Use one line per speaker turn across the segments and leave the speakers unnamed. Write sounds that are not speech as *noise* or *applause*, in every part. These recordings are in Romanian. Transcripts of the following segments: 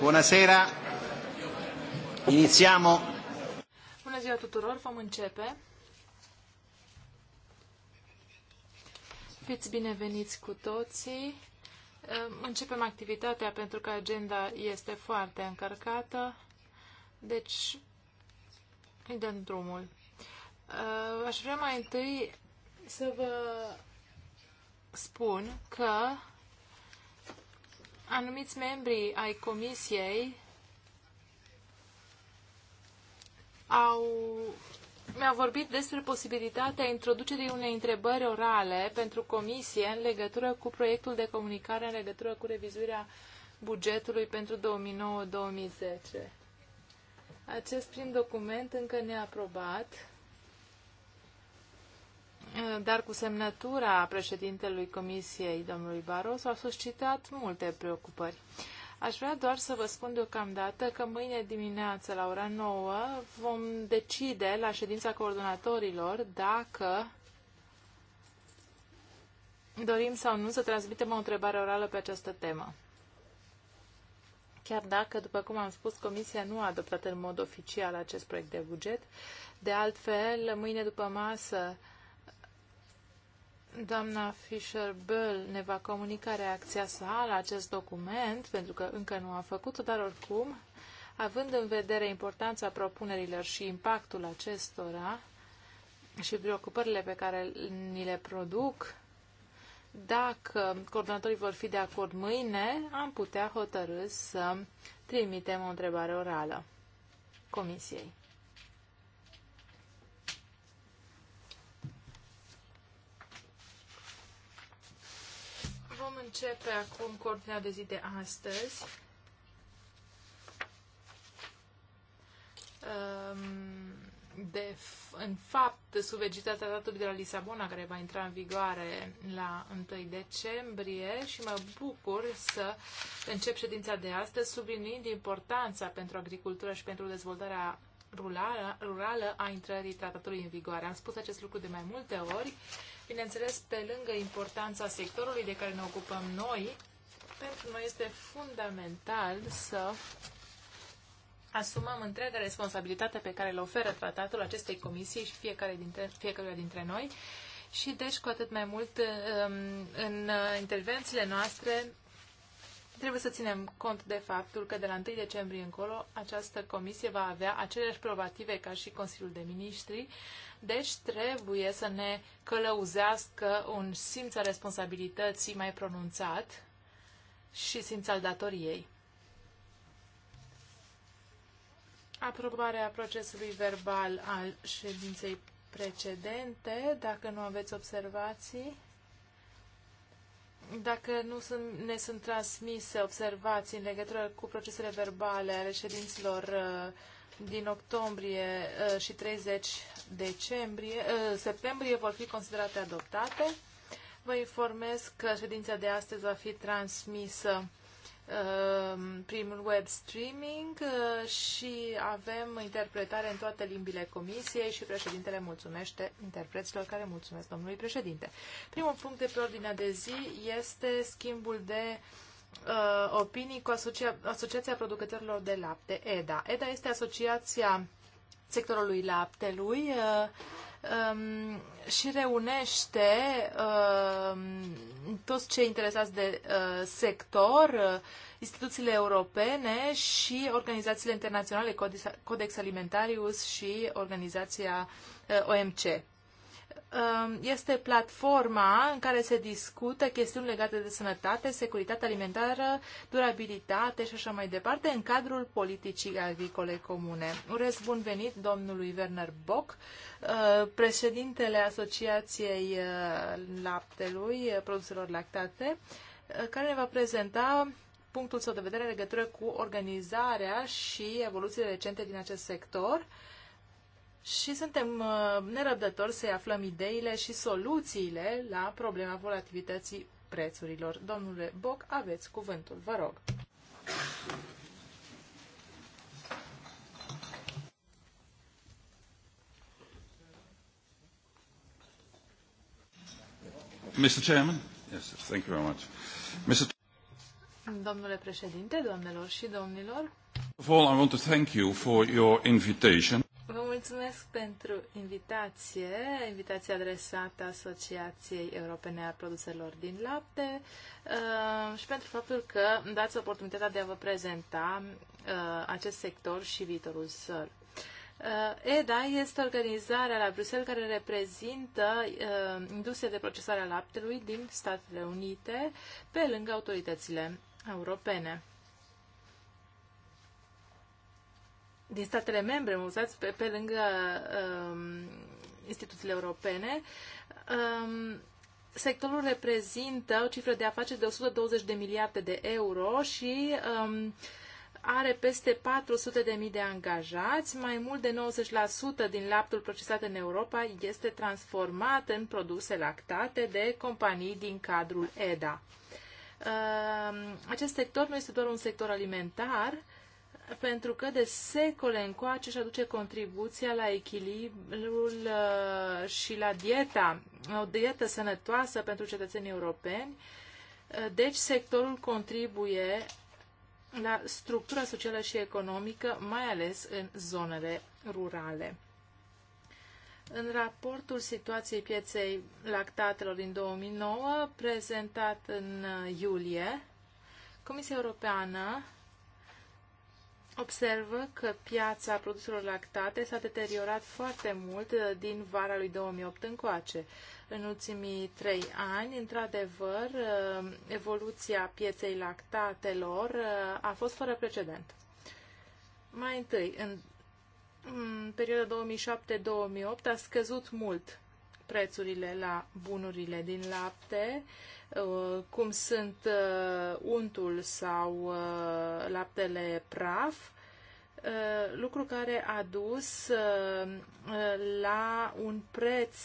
Buonasera. Iniziamo. Bună ziua tuturor, vom începe. Fiți bineveniți cu toții. Ehm, începem activitatea pentru că agenda este foarte încărcată, deci îi dăm drumul. Ehm, aș vrea mai întâi să vă spun că Anumiți membri ai comisiei au, mi-au vorbit despre posibilitatea introducerii unei întrebări orale pentru comisie în legătură cu proiectul de comunicare în legătură cu revizuirea bugetului pentru 2009-2010. Acest prim document încă neaprobat dar cu semnătura președintelui Comisiei, domnului Baros au suscitat multe preocupări. Aș vrea doar să vă spun deocamdată că mâine dimineață la ora 9 vom decide la ședința coordonatorilor dacă dorim sau nu să transmitem o întrebare orală pe această temă. Chiar dacă, după cum am spus, Comisia nu a adoptat în mod oficial acest proiect de buget, de altfel, mâine după masă, Doamna fisher bell ne va comunica reacția sa la acest document, pentru că încă nu a făcut-o, dar oricum, având în vedere importanța propunerilor și impactul acestora și preocupările pe care ni le produc, dacă coordonatorii vor fi de acord mâine, am putea hotărâ să trimitem o întrebare orală Comisiei. începe acum coordinea de zi de astăzi. Ehm, de, în fapt, sub egitatea tratatului de la Lisabona, care va intra în vigoare la 1 decembrie și mă bucur să încep ședința de astăzi sublinind importanța pentru agricultură și pentru dezvoltarea rurală, rurală a intrării tratatului în vigoare. Am spus acest lucru de mai multe ori Bineînțeles, pe lângă importanța sectorului de care ne ocupăm noi, pentru noi este fundamental să asumăm întreaga responsabilitate pe care le oferă tratatul acestei comisii și fiecare dintre, fiecare dintre noi și deci cu atât mai mult um, în intervențiile noastre trebuie să ținem cont de faptul că de la 1 decembrie încolo această comisie va avea aceleași probative ca și Consiliul de Ministri deci trebuie să ne călăuzească un simț al responsabilității mai pronunțat și simț al datoriei. Aprobarea procesului verbal al ședinței precedente, dacă nu aveți observații. Dacă nu sunt, ne sunt transmise observații în legătură cu procesele verbale ale ședinților uh, din octombrie uh, și 30 decembrie, uh, septembrie vor fi considerate adoptate. Vă informez că ședința de astăzi va fi transmisă uh, primul web streaming uh, și avem interpretare în toate limbile comisiei și președintele mulțumește interpreților care mulțumesc domnului președinte. Primul punct de pe ordinea de zi este schimbul de uh, opinii cu asocia- Asociația Producătorilor de Lapte, EDA. EDA este asociația sectorului laptelui uh, um, și reunește um, toți cei interesați de uh, sector, uh, instituțiile europene și organizațiile internaționale, Codex Alimentarius și organizația OMC. Um, este platforma în care se discută chestiuni legate de sănătate, securitate alimentară, durabilitate și așa mai departe în cadrul politicii agricole comune. Urez bun venit domnului Werner Bock, uh, președintele Asociației uh, Laptelui, uh, produselor lactate, care ne va prezenta punctul său de vedere în legătură cu organizarea și evoluțiile recente din acest sector și suntem uh, nerăbdători să-i aflăm ideile și soluțiile la problema volatilității prețurilor. Domnule Boc, aveți cuvântul, vă rog.
Mr. Chairman? Yes, thank you very much. Mr.
Domnule președinte, doamnelor și domnilor.
First of all, I want to thank you for your invitation.
Vă mulțumesc pentru invitație, invitația adresată Asociației Europene a Produselor din Lapte uh, și pentru faptul că dați oportunitatea de a vă prezenta uh, acest sector și viitorul său. Uh, EDA este organizarea la Bruxelles care reprezintă industria de procesare a laptelui din Statele Unite pe lângă autoritățile europene. din statele membre, mă pe, pe lângă um, instituțiile europene, um, sectorul reprezintă o cifră de afaceri de 120 de miliarde de euro și um, are peste 400 de, mii de angajați, mai mult de 90% din laptul procesat în Europa este transformat în produse lactate de companii din cadrul EDA. Um, acest sector nu este doar un sector alimentar, pentru că de secole încoace își aduce contribuția la echilibrul uh, și la dieta, o dietă sănătoasă pentru cetățenii europeni. Uh, deci sectorul contribuie la structura socială și economică, mai ales în zonele rurale. În raportul situației pieței lactatelor din 2009, prezentat în uh, iulie, Comisia Europeană observă că piața produselor lactate s-a deteriorat foarte mult uh, din vara lui 2008 încoace. În ultimii trei ani, într-adevăr, uh, evoluția pieței lactatelor uh, a fost fără precedent. Mai întâi, în, perioada 2007-2008 a scăzut mult prețurile la bunurile din lapte, uh, Uh, cum sunt uh, untul sau uh, laptele praf, lucru care a dus la un preț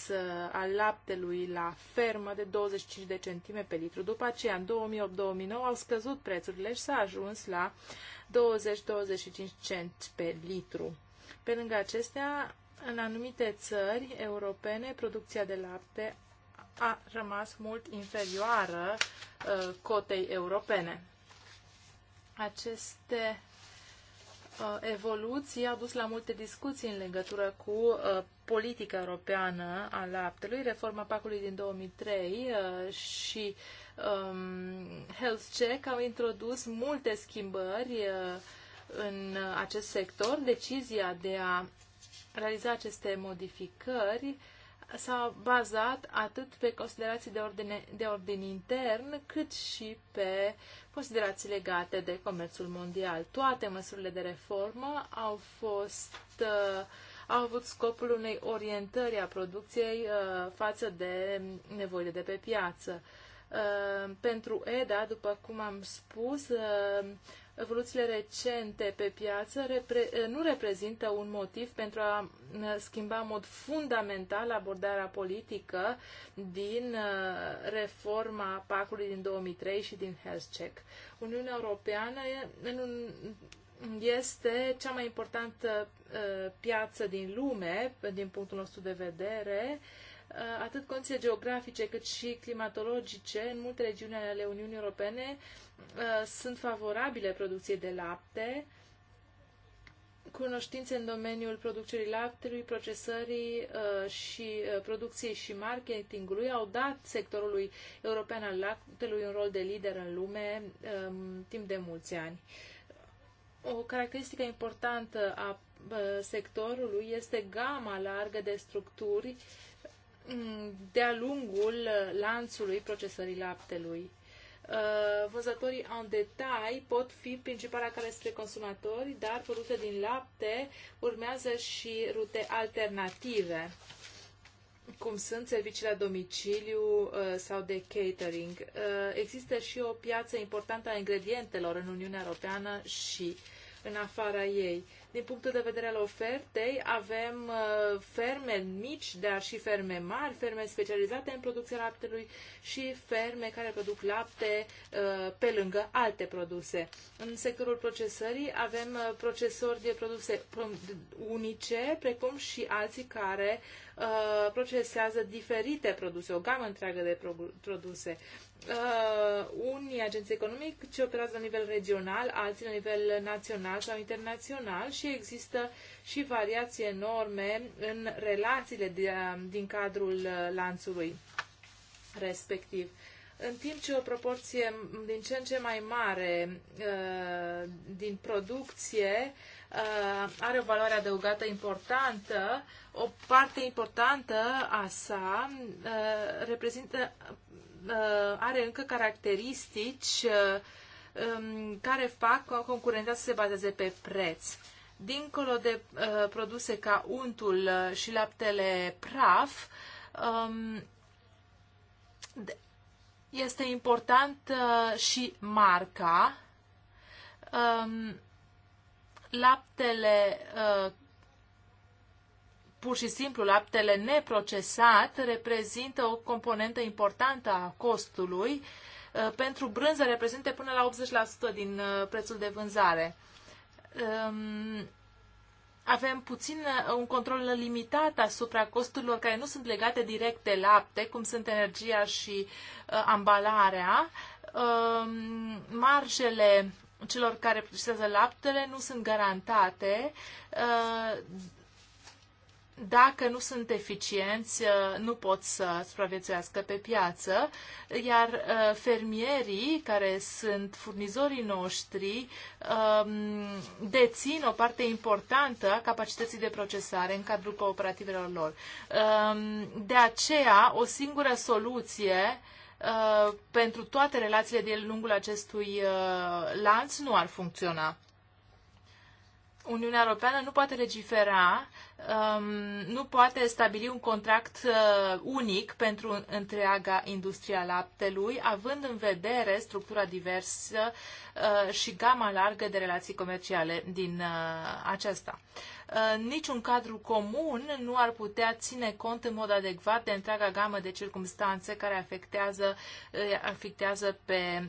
al laptelui la fermă de 25 de centime pe litru. După aceea, în 2008-2009, au scăzut prețurile și s-a ajuns la 20-25 cent pe litru. Pe lângă acestea, în anumite țări europene, producția de lapte a rămas mult inferioară uh, cotei europene. Aceste uh, evoluții au dus la multe discuții în legătură cu uh, politica europeană a laptelui, reforma pacului din 2003 și um, Health Check au introdus multe schimbări în acest sector. Decizia de a realiza aceste modificări uh, s-a bazat atât pe considerații de, ordine, de ordin intern, cât și pe considerații legate de comerțul mondial. Toate măsurile de reformă au fost uh, au avut scopul unei orientări a producției uh, față de nevoile de pe piață. Uh, pentru EDA, după cum am spus, uh, evoluțiile recente pe piață repre eh, nu reprezintă un motiv pentru a eh, schimba în mod fundamental abordarea politică din eh, reforma PAC-ului din 2003 și din health check. Uniunea Europeană este cea mai importantă piață din lume, din punctul nostru de vedere, Uh, atât condiții geografice cât și climatologice în multe regiuni ale Uniunii Europene uh, sunt favorabile producției de lapte, cunoștințe în domeniul producerii laptelui, procesării uh, și producției și marketingului au dat sectorului european al laptelui un rol de lider în lume um, timp de mulți ani. O caracteristică importantă a sectorului este gama largă de structuri uh, de-a lungul lanțului procesării laptelui. Uh, vânzătorii în detai pot fi principala care spre consumatori, dar produse din lapte urmează și rute alternative cum sunt servicii la domiciliu uh, sau de catering. Uh, există și o piață importantă a ingredientelor în Uniunea Europeană și în afara ei. Din punctul de vedere al ofertei, avem uh, ferme mici, dar și ferme mari, ferme specializate în producția laptelui și ferme care produc lapte uh, pe lângă alte produse. În sectorul procesării avem uh, procesori de produse unice, precum și alții care Uh, procesează diferite produse, o gamă întreagă de produse. Uh, unii agenți economic ce operează la nivel regional, alții la nivel național sau internațional și există și variații enorme în relațiile de, uh, din cadrul uh, lanțului respectiv în timp ce o proporție din ce în ce mai mare uh, din producție Uh, are o valoare adăugată importantă, o parte importantă a sa uh, reprezintă, uh, are încă caracteristici um, care fac ca concurența să se bazeze pe preț. Dincolo de produse ca untul și laptele praf, um, este important și marca um, laptele uh, pur și simplu laptele neprocesat reprezintă o componentă importantă a costului. Uh, pentru brânză reprezintă până la 80% din uh, prețul de vânzare. Um, avem puțin un control limitat asupra costurilor care nu sunt legate direct de lapte, cum sunt energia și ambalarea. Um, marjele celor care procesează laptele nu sunt garantate uh, dacă nu sunt eficienți, uh, nu pot să supraviețuiască pe piață, iar uh, fermierii, care sunt furnizorii noștri, um, dețin o parte importantă a capacității de procesare în cadrul cooperativelor lor. Um, de aceea, o singură soluție Uh, pentru toate relațiile de lungul acestui uh, lanț nu ar funcționa. Uniunea Europeană nu poate legifera, um, nu poate stabili un contract uh, unic pentru întreaga industria laptelui, având în vedere structura diversă uh, și gama largă de relații comerciale din uh, aceasta. Niciun cadru comun nu ar putea ține cont în mod adecvat de întreaga gamă de circumstanțe care afectează, afectează pe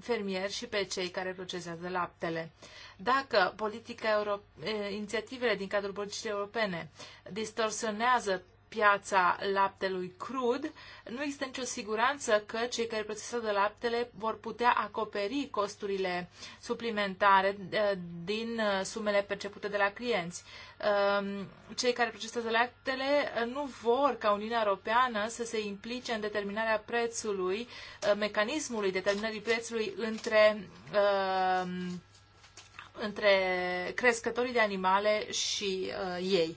fermieri și pe cei care procesează laptele. Dacă politica euro, inițiativele din cadrul politicii europene distorsionează piața laptelui crud, nu există nicio siguranță că cei care procesează laptele vor putea acoperi costurile suplimentare din sumele percepute de la clienți. Cei care procesează laptele nu vor ca Uniunea Europeană să se implice în determinarea prețului, mecanismului determinării prețului între între crescătorii de animale și uh, ei.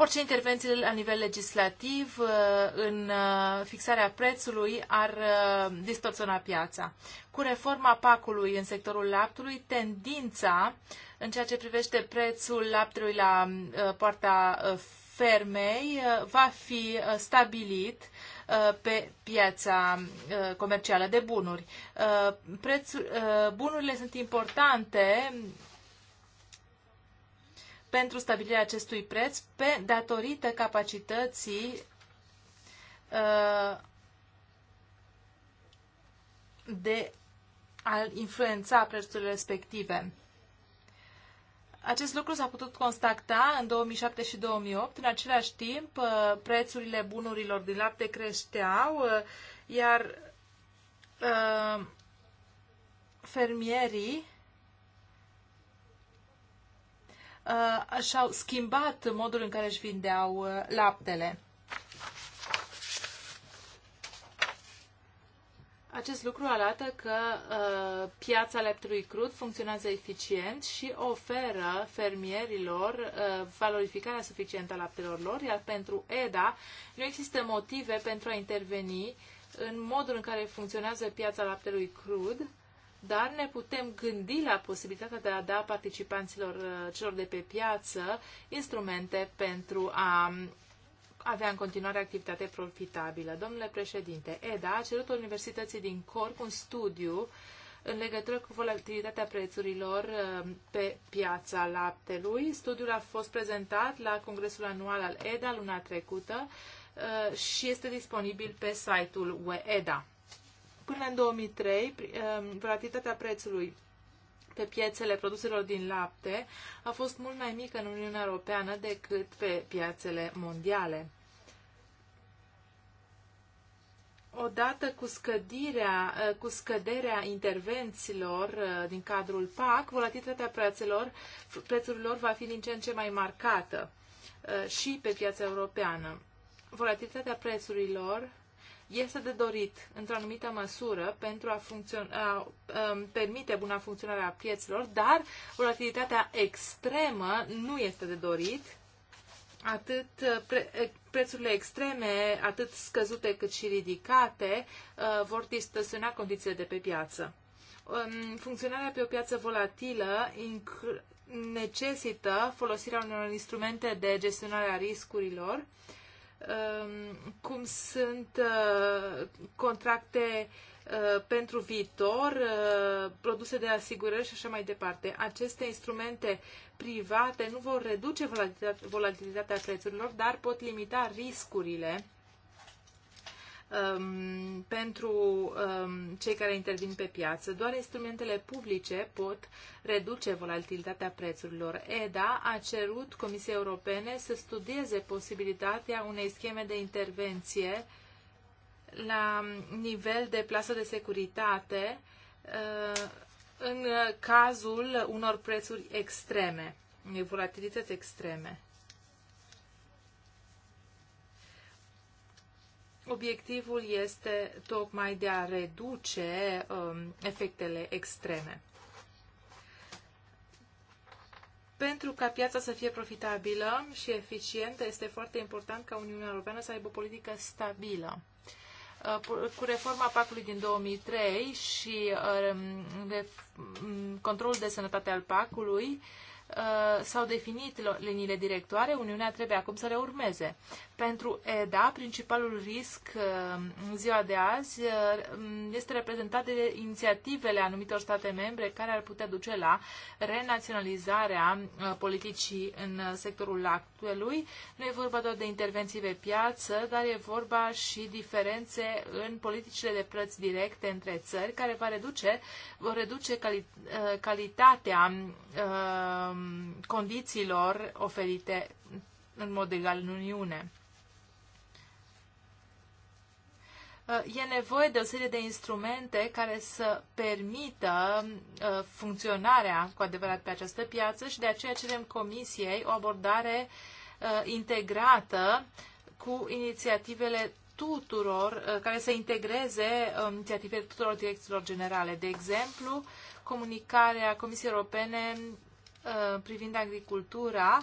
Orice intervenție la nivel legislativ uh, în uh, fixarea prețului ar uh, distorsiona piața. Cu reforma pacului în sectorul laptului, tendința în ceea ce privește prețul laptelui la poarta fermei va fi stabilit Uh, pe piața uh, comercială de bunuri. Uh, Prețul, bunurile sunt importante pentru stabilirea acestui preț pe datorită capacității de a influența prețurile respective. Acest lucru s-a putut constata în 2007 și 2008. În același timp, uh, prețurile bunurilor din lapte creșteau, uh, iar uh, fermierii și-au schimbat modul în care își vindeau laptele. Acest lucru arată că uh, piața leptului crud funcționează eficient și oferă fermierilor uh, valorificarea suficientă a laptelor lor, iar pentru EDA nu există motive pentru a interveni în modul în care funcționează piața laptelui crud, dar ne putem gândi la posibilitatea de a da participanților uh, celor de pe piață instrumente pentru a avea în continuare activitate profitabilă. Domnule președinte, EDA a cerut Universității din Cork un studiu în legătură cu volatilitatea prețurilor uh, pe piața laptelui. Studiul a fost prezentat la Congresul Anual al EDA luna trecută uh, și este disponibil pe site-ul EDA. Până în 2003, uh, volatilitatea prețului pe piețele produselor din lapte a fost mult mai mică în Uniunea Europeană decât pe piațele mondiale. odată cu, scădirea, eh, cu scăderea intervențiilor eh, din cadrul PAC, volatilitatea prețelor, prețurilor va fi din ce în ce mai marcată eh, și pe piața europeană. Volatilitatea prețurilor este de dorit într-o anumită măsură pentru a, a, a, ehm, a permite buna funcționare a piețelor, dar volatilitatea extremă nu este de dorit atât uh, pre, eh, prețurile extreme, atât scăzute cât și ridicate, uh, vor distorsiona condițiile de pe piață. Um, funcționarea pe o piață volatilă necesită folosirea unor instrumente de gestionare a riscurilor, um, cum sunt uh, contracte Uh, pentru viitor, uh, produse de asigurări și așa mai departe. Aceste instrumente private nu vor reduce volatilitatea prețurilor, dar pot limita riscurile um, pentru um, cei care intervin pe piață. Doar instrumentele publice pot reduce volatilitatea prețurilor. EDA a cerut Comisiei Europene să studieze posibilitatea unei scheme de intervenție la nivel de plasă de securitate uh, în cazul unor prețuri extreme, unei volatilități extreme. Obiectivul este tocmai de a reduce um, efectele extreme. Pentru ca piața să fie profitabilă și eficientă, este foarte important ca Uniunea Europeană să aibă o politică stabilă. Uh, Uh, cu reforma PAC-ului din 2003 și um, mm, controlul de sănătate al PAC-ului, uh, s-au definit liniile directoare, Uniunea trebuie acum să le urmeze. Pentru EDA, principalul risc uh, în ziua de azi uh, este reprezentat de inițiativele anumitor state membre care ar putea duce la renaționalizarea uh, politicii în sectorul actului. Nu e vorba doar de intervenții pe piață, dar e vorba și diferențe în politicile de plăți directe între țări, care va reduce, vor reduce cali, calitatea condițiilor oferite în mod egal în Uniune. Uh, e nevoie de o serie de instrumente care să permită uh, funcționarea cu adevărat pe această piață și de aceea cerem Comisiei o abordare uh, integrată cu inițiativele tuturor, care să integreze um, inițiativele tuturor direcțiilor generale. De exemplu, comunicarea Comisiei Europene privind agricultura,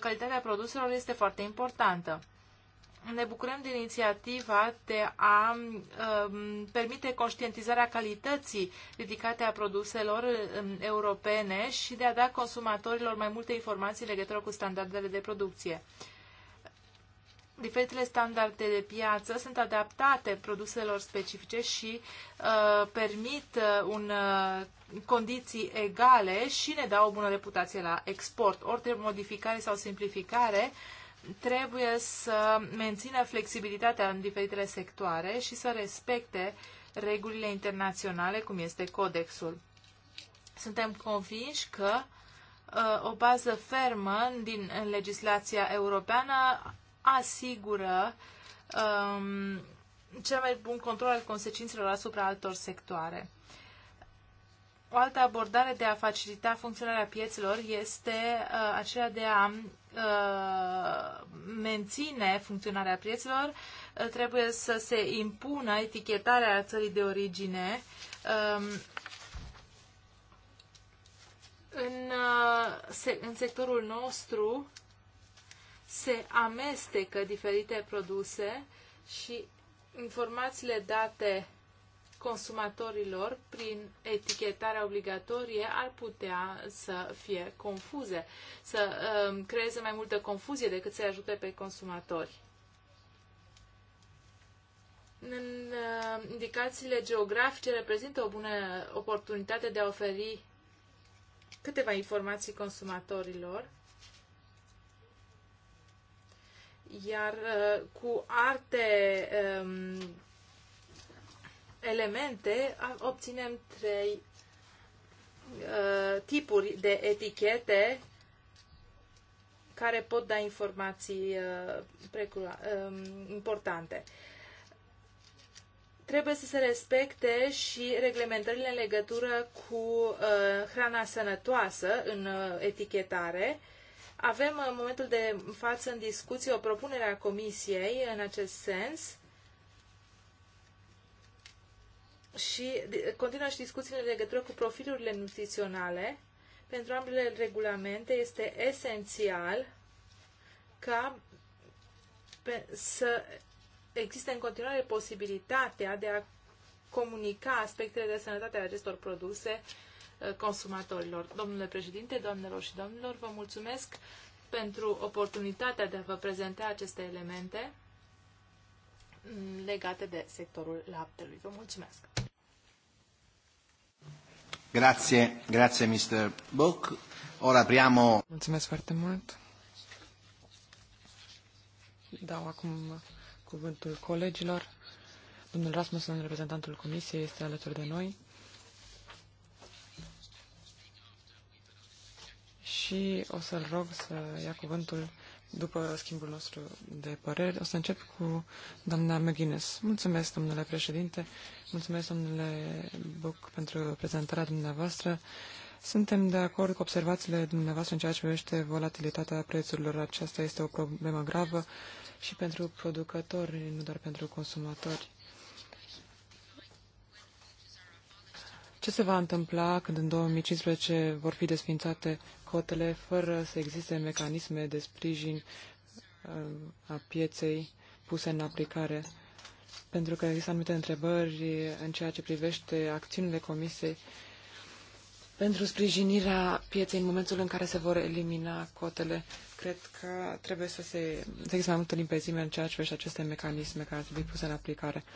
calitatea produselor este foarte importantă ne bucurăm de inițiativa de a um, permite conștientizarea calității ridicate a produselor um, europene și de a da consumatorilor mai multe informații legătură cu standardele de producție. Diferitele standarde de piață sunt adaptate produselor specifice și uh, permit uh, un, uh, condiții egale și ne dau o bună reputație la export. Orice modificare sau simplificare uh, trebuie să mențină flexibilitatea în diferitele sectoare și să respecte regulile internaționale, cum este codexul. Suntem convinși că uh, o bază fermă din legislația europeană asigură um, cel mai bun control al consecințelor asupra altor sectoare. O altă abordare de a facilita funcționarea piețelor este uh, aceea de a uh, menține funcționarea piețelor. Uh, trebuie să se impună etichetarea țării de origine. Um, în, uh, se, în sectorul nostru se amestecă diferite produse și informațiile date uh, consumatorilor prin etichetarea obligatorie ar putea să fie confuze, să um, creeze mai multă confuzie decât să-i ajute pe consumatori. În uh, indicațiile geografice reprezintă o bună oportunitate de a oferi câteva informații consumatorilor. Iar uh, cu arte um, elemente obținem trei ă, tipuri de etichete care pot da informații ă, ă, importante. Trebuie să se respecte și reglementările în legătură cu hrana sănătoasă în etichetare. Avem în momentul de față în discuție o propunere a Comisiei în acest sens și continuă și discuțiile în legătură cu profilurile nutriționale. Pentru ambele regulamente este esențial ca pe, să există în continuare posibilitatea de a comunica aspectele de sănătate ale acestor produse uh, consumatorilor. Domnule președinte, doamnelor și domnilor, vă mulțumesc pentru oportunitatea de a vă prezenta aceste elemente legate de sectorul laptelui. Vă mulțumesc!
Grazie, grazie Mr. Bock. Ora
apriamo... Mulțumesc foarte mult. Dau acum cuvântul colegilor. Domnul Rasmussen, reprezentantul Comisiei, este alături de noi. Și o să-l rog să ia cuvântul după schimbul nostru de păreri. O să încep cu doamna McGuinness. Mulțumesc, domnule președinte, mulțumesc, domnule Buc, pentru prezentarea dumneavoastră. Suntem de acord cu observațiile dumneavoastră în ceea ce privește volatilitatea prețurilor. Aceasta este o problemă gravă și pentru producători, nu doar pentru consumatori. Ce se va întâmpla când în 2015 vor fi desfințate cotele fără să existe mecanisme de sprijin uh, a pieței puse în aplicare. Pentru că există anumite întrebări în ceea ce privește acțiunile Comisiei pentru sprijinirea pieței în momentul în care se vor elimina cotele. Cred că trebuie să se să există mai multă limpezime în ceea ce privește aceste mecanisme care ar trebui puse în aplicare. Uh,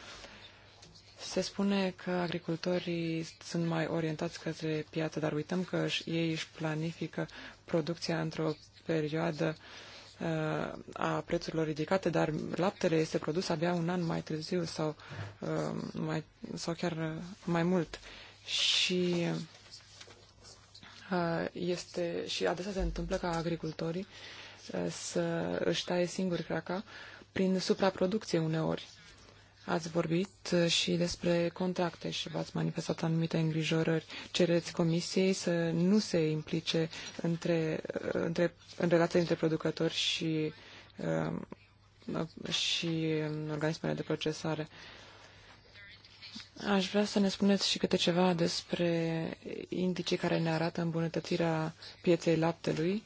se spune că agricultorii sunt mai orientați către piață, dar uităm că ei își planifică producția într-o perioadă uh, a prețurilor ridicate, dar laptele este produs abia un an mai târziu sau, uh, mai, sau chiar uh, mai mult. Și este și adesea se întâmplă ca agricultorii să își taie singuri craca prin supraproducție uneori. Ați vorbit uh, și despre contracte și v-ați manifestat anumite îngrijorări. Cereți comisiei să nu se implice între, uh, între, în relația dintre producători și, um, uh, și um, organismele de procesare. Aș vrea să ne spuneți și câte ceva despre indicii care ne arată îmbunătățirea pieței laptelui,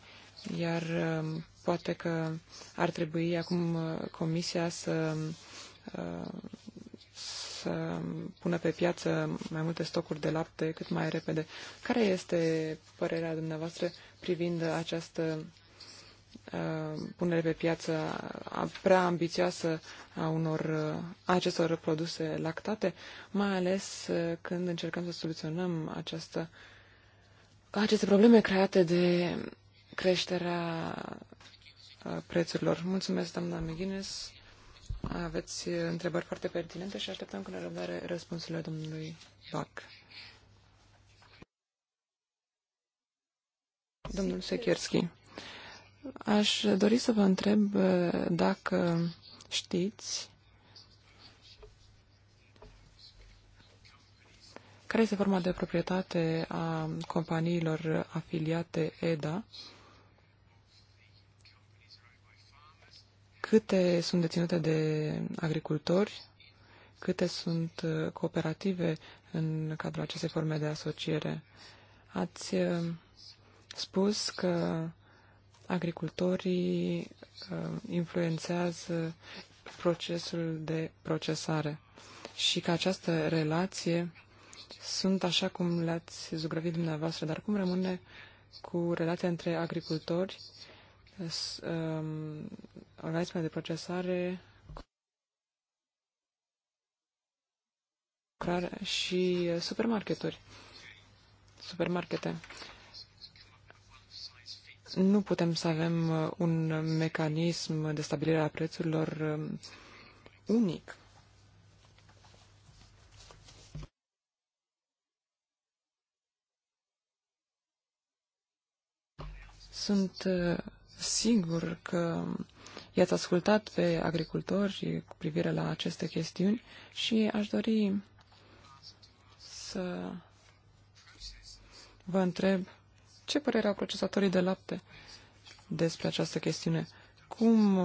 iar um, poate că ar trebui acum Comisia să să pună pe piață mai multe stocuri de lapte cât mai repede. Care este părerea dumneavoastră privind această uh, punere pe piață prea ambițioasă a unor uh, a acestor produse lactate, mai ales uh, când încercăm să soluționăm această, aceste probleme create de creșterea prețurilor. Mulțumesc, doamna McGuinness. Aveți uh, întrebări foarte pertinente și așteptăm cu nerăbdare răspunsurile domnului Bac. Domnul Sekierski, aș dori să vă întreb uh, dacă știți care este forma de proprietate a companiilor afiliate EDA câte sunt deținute de agricultori, câte sunt uh, cooperative în cadrul acestei forme de asociere. Ați uh, spus că agricultorii uh, influențează procesul de procesare și că această relație sunt așa cum le-ați zugrăvit dumneavoastră, dar cum rămâne cu relația între agricultori um, organismele de procesare și uh, supermarketuri, supermarkete. Nu putem să avem uh, un mecanism de stabilire a prețurilor um, unic. Sunt uh, Sigur că i-ați ascultat pe agricultori cu privire la aceste chestiuni și aș dori să vă întreb ce părere au procesatorii de lapte despre această chestiune. Cum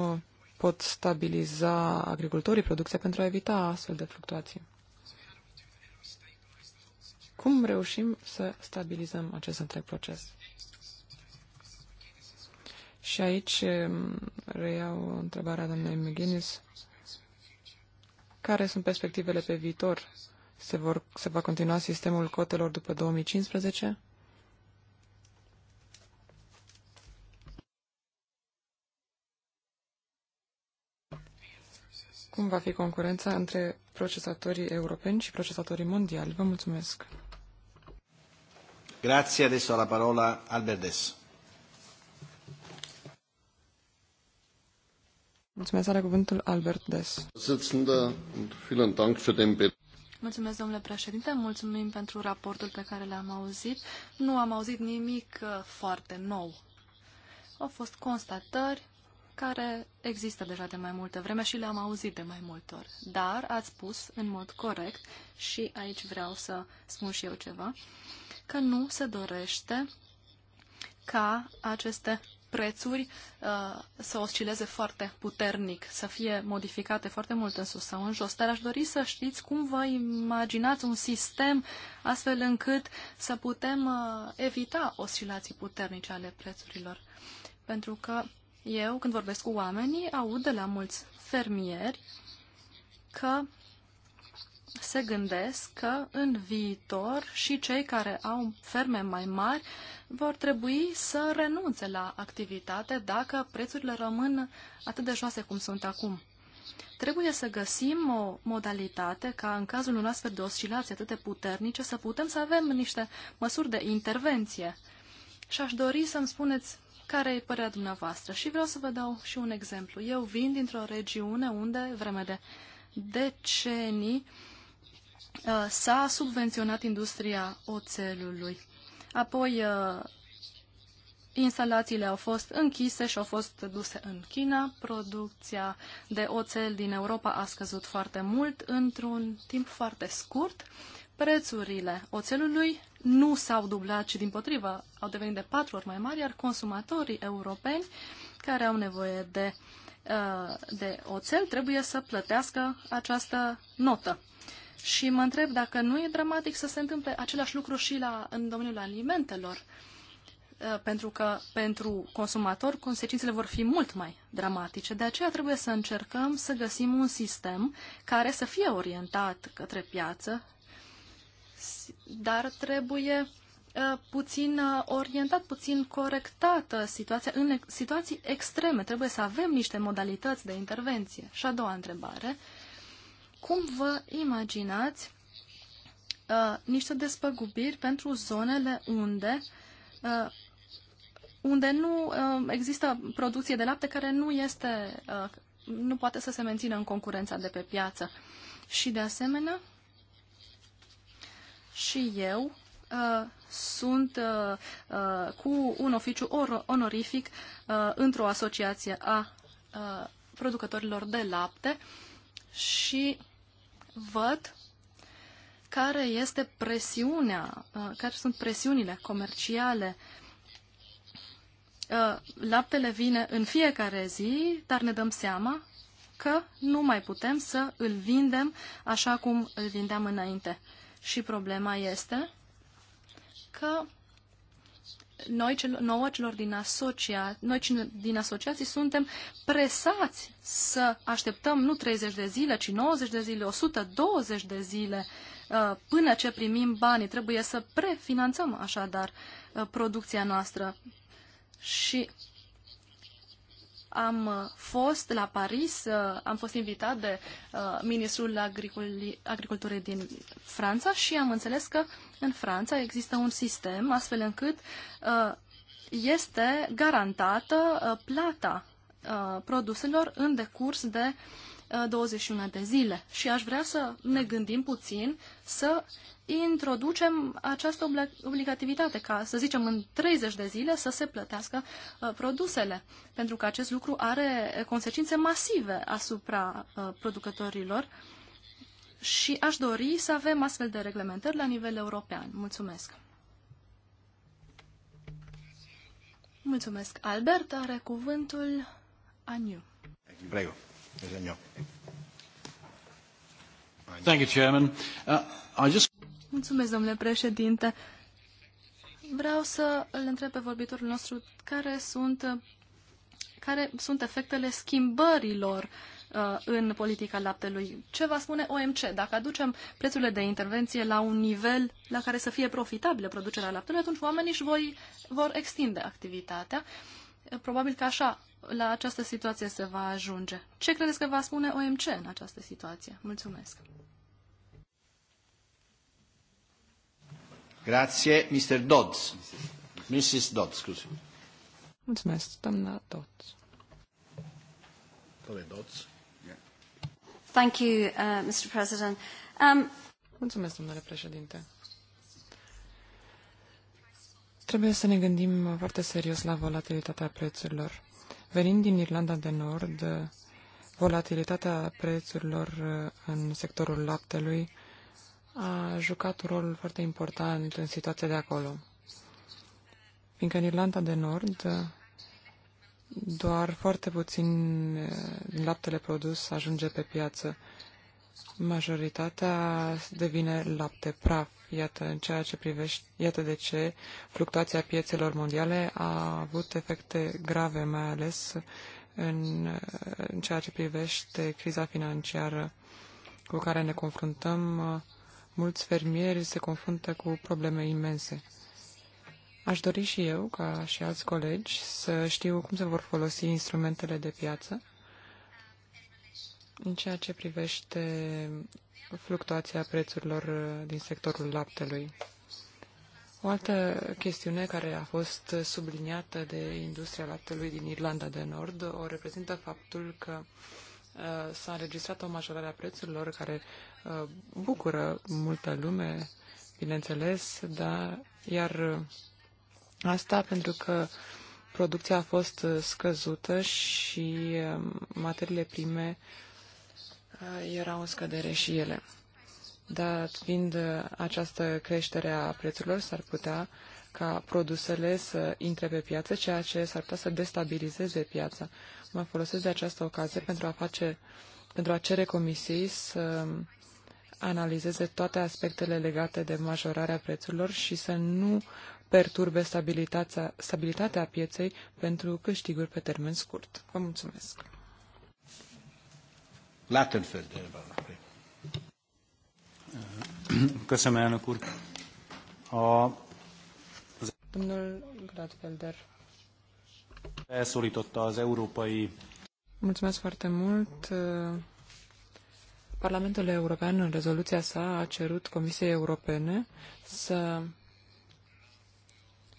pot stabiliza agricultorii producția pentru a evita astfel de fluctuații? Cum reușim să stabilizăm acest întreg proces? Și aici um, reiau întrebarea doamnei McGuinness. Care sunt perspectivele pe viitor? Se, vor, se va continua sistemul cotelor după 2015? Cum va fi concurența între procesatorii europeni și procesatorii mondiali? Vă mulțumesc.
Grazie, adesso la parola Albertes.
Mulțumesc, are cuvântul Albert Des.
Mulțumesc, domnule președinte, mulțumim pentru raportul pe care l-am auzit. Nu am auzit nimic uh, foarte nou. Au fost constatări care există deja de mai multă vreme și le-am auzit de mai multe ori. Dar ați spus în mod corect, și aici vreau să spun și eu ceva, că nu se dorește ca aceste prețuri uh, să oscileze foarte puternic, să fie modificate foarte mult în sus sau în jos. Dar aș dori să știți cum vă imaginați un sistem astfel încât să putem uh, evita oscilații puternice ale prețurilor. Pentru că eu, când vorbesc cu oamenii, aud de la mulți fermieri că se gândesc că în viitor și cei care au ferme mai mari uh, vor trebui să renunțe la activitate dacă prețurile rămân atât de joase cum sunt acum. Trebuie să găsim o modalitate ca în cazul unor astfel de oscilații atât de puternice să putem să avem niște măsuri de intervenție. Și aș dori să-mi spuneți care e părerea dumneavoastră. Și vreau să vă dau și un exemplu. Eu vin dintr-o regiune unde, vreme de decenii, uh, s-a subvenționat industria oțelului. Apoi, uh, instalațiile au fost închise și au fost duse în China. Producția de oțel din Europa a scăzut foarte mult într-un timp foarte scurt. Prețurile oțelului nu s-au dublat, ci din potrivă au devenit de patru ori mai mari, iar consumatorii europeni care au nevoie de, uh, de oțel trebuie să plătească această notă. Și mă întreb dacă nu e dramatic să se întâmple același lucru și la, în domeniul alimentelor, uh, pentru că pentru consumator consecințele vor fi mult mai dramatice. De aceea trebuie să încercăm să găsim un sistem care să fie orientat către piață, dar trebuie uh, puțin uh, orientat, puțin corectată situația în situații extreme. Trebuie să avem niște modalități de intervenție. Și a doua întrebare, cum vă imaginați uh, niște despăgubiri pentru zonele unde uh, unde nu uh, există producție de lapte care nu este uh, nu poate să se mențină în concurența de pe piață. Și de asemenea, și eu uh, sunt uh, uh, cu un oficiu onorific uh, într-o asociație a uh, producătorilor de lapte și văd care este presiunea, uh, care sunt presiunile comerciale. Uh, laptele vine în fiecare zi, dar ne dăm seama că nu mai putem să îl vindem așa cum îl vindeam înainte. Și problema este că noi, cel, nouă celor din, asocia, noi din asociații suntem presați să așteptăm nu 30 de zile, ci 90 de zile, 120 de zile uh, până ce primim banii. Trebuie să prefinanțăm așadar uh, producția noastră. Și am uh, fost la Paris, uh, am fost invitat de uh, ministrul agriculturii din Franța și am înțeles că în Franța există un sistem astfel încât este garantată plata produselor în decurs de 21 de zile. Și aș vrea să ne gândim puțin să introducem această obligativitate ca, să zicem, în 30 de zile să se plătească uh, produsele, pentru că acest lucru are consecințe masive asupra uh, producătorilor și aș dori să avem astfel de reglementări la nivel european. Mulțumesc! Mulțumesc, Albert. Are cuvântul Aniu.
Prego, Thank you, Chairman. Uh, I just...
Mulțumesc, domnule președinte. Vreau să îl întreb pe vorbitorul nostru care sunt, care sunt efectele schimbărilor uh, în politica laptelui. Ce va spune OMC? Dacă aducem prețurile de intervenție la un nivel la care să fie profitabilă producerea laptelui, atunci oamenii își voi, vor extinde activitatea. Probabil că așa la această situație se va ajunge. Ce credeți că va spune OMC în această situație? Mulțumesc! Grazie, Mr. Dodds. Mrs. Dodds, scusi.
Mulțumesc, doamna Dodds.
Doamna Dodds.
Thank you, uh, Mr. President. Um... Mulțumesc, domnule președinte. Trebuie să ne gândim foarte serios la volatilitatea prețurilor. Venind din Irlanda de Nord, volatilitatea prețurilor uh, în sectorul laptelui a jucat un rol foarte important în situația de acolo. Fiindcă în Irlanda de Nord doar foarte puțin din eh, laptele produs ajunge pe piață. Majoritatea devine lapte praf. Iată, în ceea ce privește, iată de ce fluctuația piețelor mondiale a avut efecte grave, mai ales în, eh, în ceea ce privește criza financiară cu care ne confruntăm eh, mulți fermieri se confruntă cu probleme imense. Aș dori și eu, ca și alți colegi, să știu cum se vor folosi instrumentele de piață în ceea ce privește fluctuația prețurilor uh, din sectorul laptelui. O altă chestiune care a fost subliniată de industria laptelui din Irlanda de Nord o reprezintă faptul că Uh, s-a înregistrat o majorare a prețurilor care uh, bucură multă lume, bineînțeles, dar iar uh, asta pentru că producția a fost scăzută și materiile prime erau în scădere și ele. Dar fiind această creștere a prețurilor, s-ar putea uh, ca produsele să intre pe piață, ceea ce s-ar putea să destabilizeze piața. Mă folosesc de această ocazie pentru a face, pentru a cere comisiei să analizeze toate aspectele legate de majorarea prețurilor și să nu perturbe stabilitatea, stabilitatea pieței pentru câștiguri pe termen scurt. Vă mulțumesc.
Köszönöm, elnök úr. A
Domnul Gladfelder.
Szólította az európai...
Mulțumesc foarte mult. Parlamentul European, în rezoluția sa, a cerut Comisiei Europene să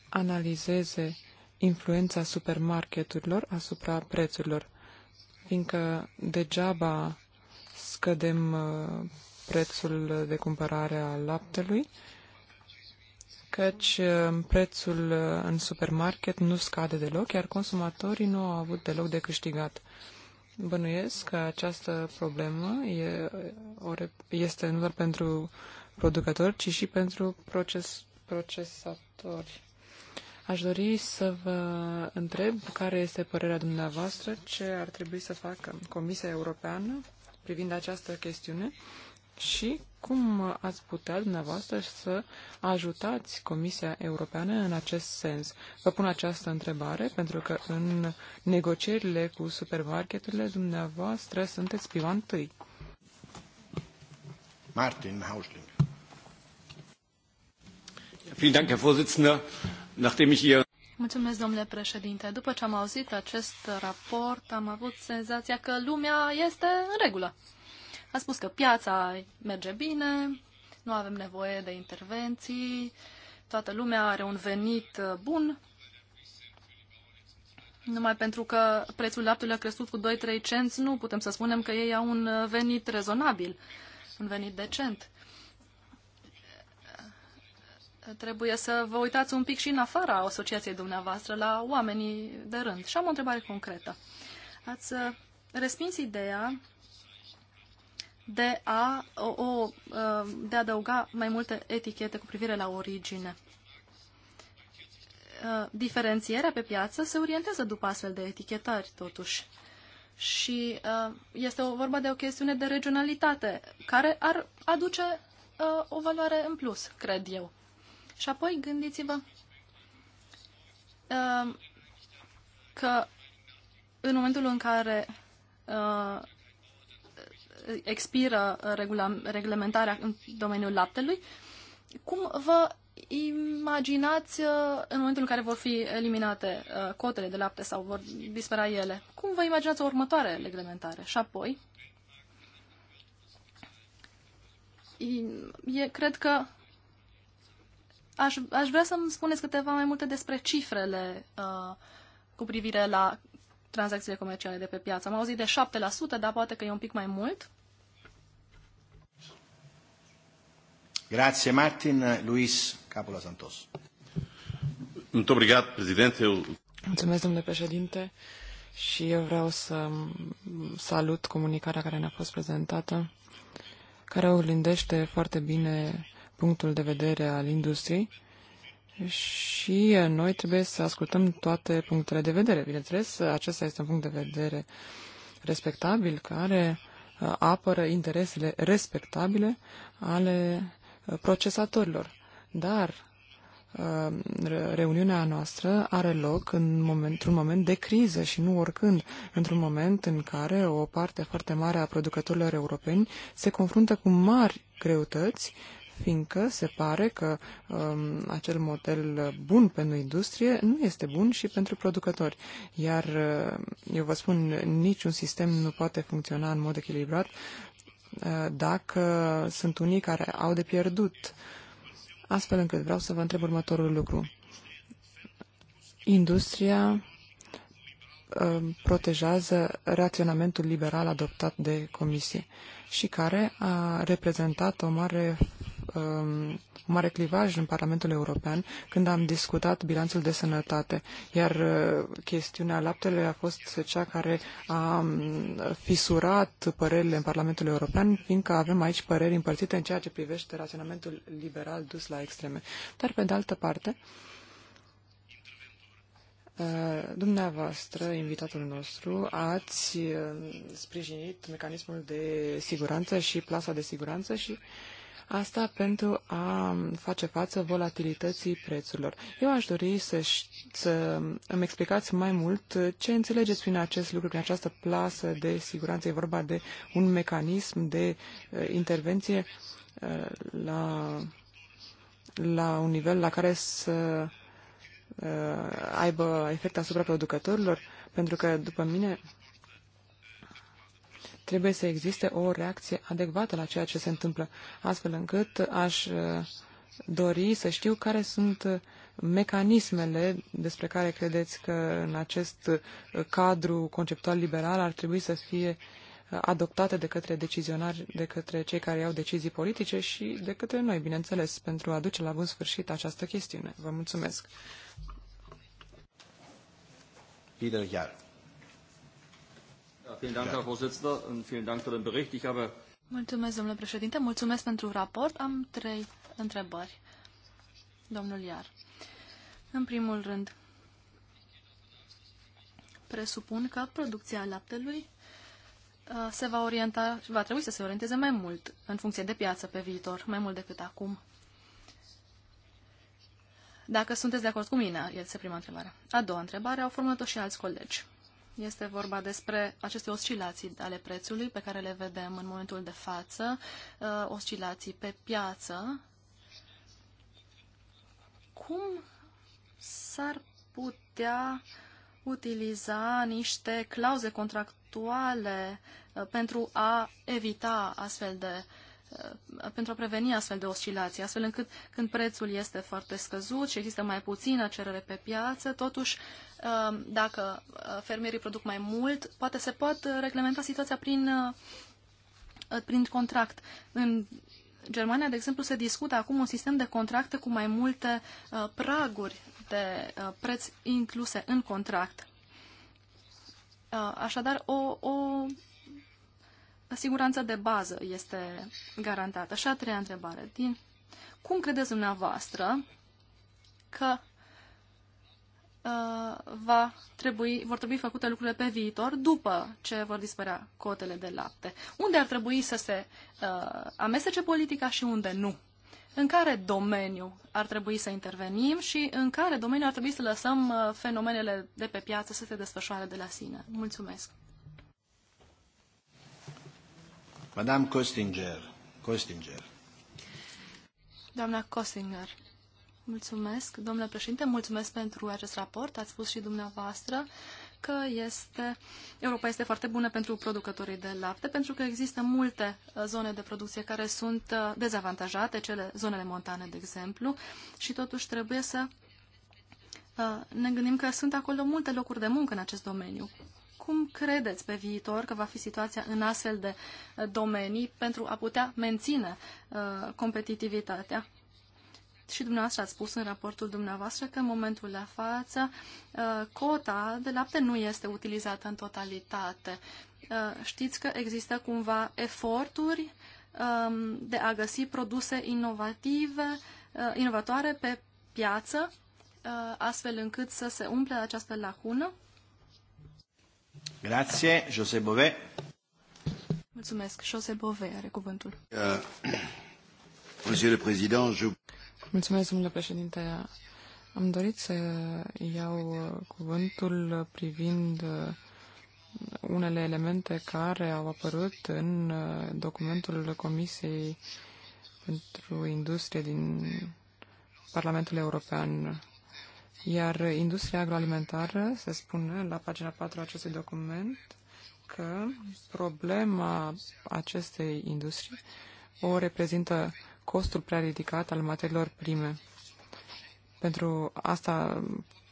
analizeze influența supermarketurilor asupra prețurilor, fiindcă degeaba scădem uh, prețul de cumpărare a laptelui căci uh, prețul uh, în supermarket nu scade deloc, iar consumatorii nu au avut deloc de câștigat. Bănuiesc că această problemă e, este nu doar pentru producători, ci și pentru proces, procesatori. Aș dori să vă întreb care este părerea dumneavoastră, ce ar trebui să facă Comisia Europeană privind această chestiune și cum ați putea dumneavoastră să ajutați Comisia Europeană în acest sens? Vă pun această întrebare pentru că în negocierile cu supermarketurile dumneavoastră sunteți piva întâi.
Martin Hausling. Mulțumesc, domnule președinte. După ce am auzit acest raport, am avut senzația că lumea este în regulă a spus că piața merge bine, nu avem nevoie de intervenții, toată lumea are un venit uh, bun, numai pentru că prețul laptelui a crescut cu 2-3 cenți, nu putem să spunem că ei au un uh, venit rezonabil, un venit decent. Trebuie să vă uitați un pic și în afara asociației dumneavoastră la oamenii de rând. Și am o întrebare concretă. Ați uh, respins ideea de a, o, o, de a adăuga mai multe etichete cu privire la origine. Uh, diferențierea pe piață se orientează după astfel de etichetări, totuși. Și uh, este o, vorba de o chestiune de regionalitate, care ar aduce uh, o valoare în plus, cred eu. Și apoi gândiți-vă că în momentul în care expiră uh, regula, reglementarea în domeniul laptelui, cum vă imaginați uh, în momentul în care vor fi eliminate uh, cotele de lapte sau vor dispărea ele? Cum vă imaginați o următoare reglementare? Și apoi, e, cred că aș, aș vrea să-mi spuneți câteva mai multe despre cifrele uh, cu privire la tranzacțiile comerciale de pe piață. Am auzit de 7%, dar poate că e un pic mai mult. Grazie Martin.
Luis Capula Santos. Mulțumesc, domnule președinte, și eu vreau să salut comunicarea care ne-a fost prezentată, care oglindește foarte bine punctul de vedere al industriei și noi trebuie să ascultăm toate punctele de vedere. Bineînțeles, acesta este un punct de vedere respectabil care uh, apără interesele respectabile ale procesatorilor. Dar uh, reuniunea noastră are loc în moment, într-un moment de criză și nu oricând, într-un moment în care o parte foarte mare a producătorilor europeni se confruntă cu mari greutăți, fiindcă se pare că um, acel model bun pentru industrie nu este bun și pentru producători. Iar, uh, eu vă spun, niciun sistem nu poate funcționa în mod echilibrat Eh, dacă sunt unii care au de pierdut. Astfel încât vreau să vă întreb următorul lucru. Industria eh, protejează raționamentul liberal adoptat de comisie și care a reprezentat o mare um, mare clivaj în Parlamentul European când am discutat bilanțul de sănătate, iar uh, chestiunea laptele a fost cea care a um, fisurat părerile în Parlamentul European, fiindcă avem aici păreri împărțite în ceea ce privește raționamentul liberal dus la extreme. Dar, pe de altă parte, uh, Dumneavoastră, invitatul nostru, ați uh, sprijinit mecanismul de siguranță și plasa de siguranță și uh, Asta pentru a face față volatilității prețurilor. Eu aș dori să, să îmi explicați mai mult ce înțelegeți prin acest lucru, prin această plasă de siguranță. E vorba de un mecanism de uh, intervenție uh, la, la un nivel la care să uh, aibă efect asupra producătorilor, pentru că, după mine, Trebuie să existe o reacție adecvată la ceea ce se întâmplă, astfel încât aș uh, dori să știu care sunt mecanismele despre care credeți că în acest uh, cadru conceptual liberal ar trebui să fie uh, adoptate de către decizionari, de către cei care iau decizii politice și de către noi, bineînțeles, pentru a duce la bun sfârșit această chestiune. Vă mulțumesc! Peter yeah.
Mulțumesc, domnule președinte. Mulțumesc pentru raport. Am trei întrebări. Domnul Iar. În primul rând, presupun că producția laptelui uh, se va orienta, și va trebui să se orienteze mai mult în funcție de piață pe viitor, mai mult decât acum. Dacă sunteți de acord cu mine, este prima întrebare. A doua întrebare au formulat-o și alți colegi. Este vorba despre aceste oscilații ale prețului pe care le vedem în momentul de față, uh, oscilații pe piață. Cum s-ar putea utiliza niște clauze contractuale uh, pentru a evita astfel de uh, Uh, pentru a preveni astfel de oscilații, astfel încât când prețul este foarte scăzut și există mai puțină cerere pe piață, totuși uh, dacă uh, fermierii produc mai mult, poate se pot reglementa situația prin, prin contract. În Germania, de exemplu, se discută acum un sistem de contracte cu mai multe praguri de preț incluse în contract. Așadar, o, o siguranța de bază este garantată. Și a treia întrebare. Din, cum credeți dumneavoastră că uh, va trebui, vor trebui făcute lucrurile pe viitor după ce vor dispărea cotele de lapte? Unde ar trebui să se uh, amestece politica și unde nu? În care domeniu ar trebui să intervenim și în care domeniu ar trebui să lăsăm uh, fenomenele de pe piață să se desfășoare de la sine? Mulțumesc! Madame Costinger. Costinger. Doamna Costinger, mulțumesc. Domnule președinte, mulțumesc pentru acest raport. Ați spus și dumneavoastră că este, Europa este foarte bună pentru producătorii de lapte, pentru că există multe uh, zone de producție care sunt uh, dezavantajate, cele zonele montane, de exemplu, și totuși trebuie să uh, ne gândim că sunt acolo multe locuri de muncă în acest domeniu cum credeți pe viitor că va fi situația în astfel de uh, domenii pentru a putea menține uh, competitivitatea? Și dumneavoastră ați spus în raportul dumneavoastră că în momentul de față uh, cota de lapte nu este utilizată în totalitate. știți că există cumva eforturi um, de a găsi produse inovative, inovatoare pe piață, astfel încât să se umple această lacună? Grazie, José Bové. Mulțumesc. José Bové are cuvântul. Uh, le Président, je...
Mulțumesc, domnule președinte. Am dorit să iau cuvântul privind unele elemente care au apărut în documentul Comisiei pentru Industrie din Parlamentul European iar industria agroalimentară, se spune la pagina 4 a acestui document, că problema acestei industrii o reprezintă costul prea ridicat al materiilor prime. Pentru asta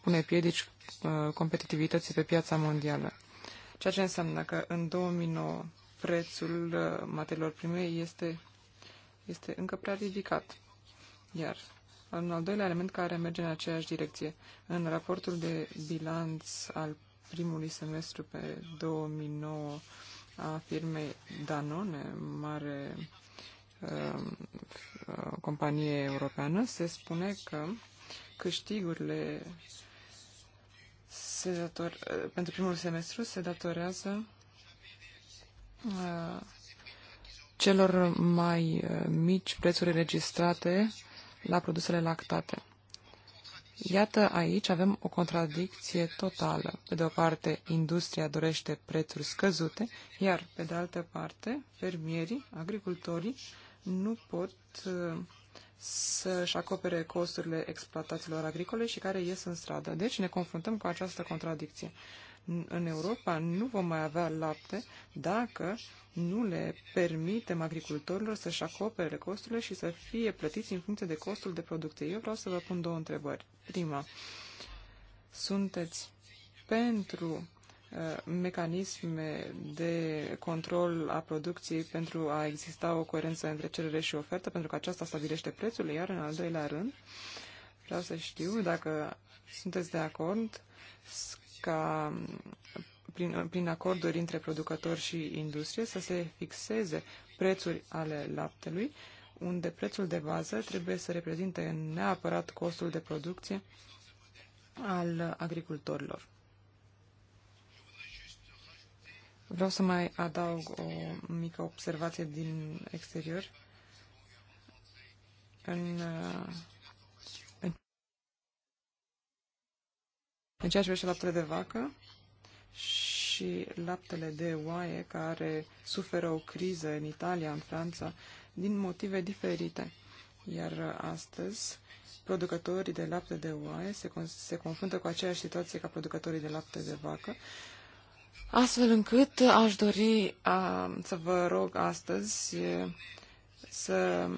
pune piedici uh, competitivității pe piața mondială. Ceea ce înseamnă că în 2009 prețul uh, materiilor prime este, este încă prea ridicat. Iar un al doilea element care merge în aceeași direcție. În raportul de bilanț al primului semestru pe 2009 a firmei Danone, mare um, uh, companie europeană, se spune că câștigurile se dator, uh, pentru primul semestru se datorează uh, celor mai mici prețuri registrate la produsele lactate. Iată aici avem o contradicție totală. Pe de o parte, industria dorește prețuri scăzute, iar pe de altă parte, fermierii, agricultorii, nu pot uh, să-și acopere costurile exploatațiilor agricole și care ies în stradă. Deci ne confruntăm cu această contradicție în Europa nu vom mai avea lapte dacă nu le permitem agricultorilor să-și acopere costurile și să fie plătiți în funcție de costul de producție. Eu vreau să vă pun două întrebări. Prima, sunteți pentru uh, mecanisme de control a producției pentru a exista o coerență între cerere și ofertă, pentru că aceasta stabilește prețul, iar în al doilea rând, vreau să știu dacă sunteți de acord ca prin, prin acorduri între producători și industrie să se fixeze prețuri ale laptelui, unde prețul de bază trebuie să reprezinte neapărat costul de producție al agricultorilor. Vreau să mai adaug o mică observație din exterior. În În ceea ce privește laptele de vacă și laptele de oaie care suferă o criză în Italia, în Franța, din motive diferite. Iar astăzi, producătorii de lapte de oaie se, se confruntă cu aceeași situație ca producătorii de lapte de vacă, astfel încât aș dori a, să vă rog astăzi să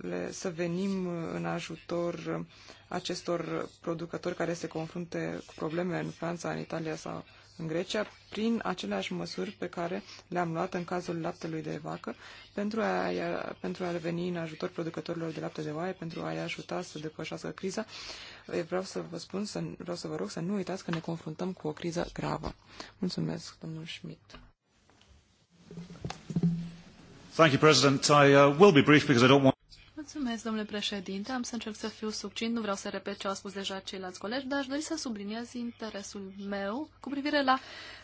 le, să venim în ajutor acestor producători care se confrunte cu probleme în Franța, în Italia sau în Grecia, prin aceleași măsuri pe care le-am luat în cazul laptelui de vacă, pentru a, pentru a veni în ajutor producătorilor de lapte de oaie, pentru a-i ajuta să depășească criza. Vreau să vă spun, să, vreau să vă rog să nu uitați că ne confruntăm cu o criză gravă. Mulțumesc, domnul Schmidt.
Thank you, President. I uh, will be brief because I don't want
Mulțumesc, domnule președinte. Am să încerc să fiu succint. Nu vreau să repet ce au spus deja ceilalți colegi, dar aș dori să subliniez interesul meu cu privire la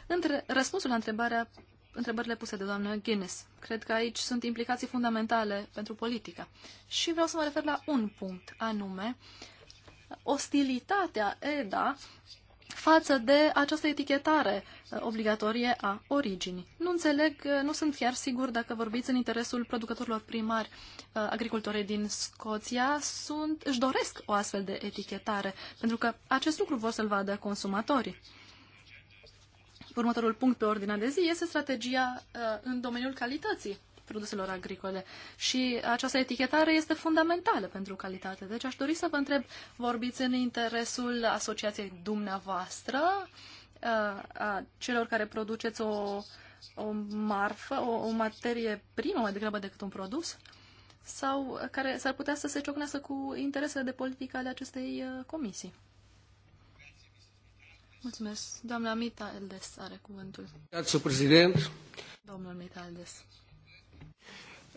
între, răspunsul la întrebarea, întrebările puse de doamna Guinness. Cred că aici sunt implicații fundamentale pentru politică. Și vreau să mă refer la un punct, anume ostilitatea EDA față de această etichetare uh, obligatorie a originii. Nu înțeleg, uh, nu sunt chiar sigur dacă vorbiți în interesul producătorilor primari uh, agricultorii din Scoția, sunt, își doresc o astfel de etichetare, pentru că acest lucru vor să-l vadă consumatorii. Următorul punct pe ordinea de zi este strategia în domeniul calității produselor agricole. Și această etichetare este fundamentală pentru calitate. Deci aș dori să vă întreb, vorbiți în interesul asociației dumneavoastră, a celor care produceți o, o marfă, o, o materie primă mai degrabă decât un produs, sau care s-ar putea să se ciocnească cu interesele de politică ale acestei uh, comisii. Mulțumesc. Doamna Mita Eldes are cuvântul. Domnul Mita Eldes.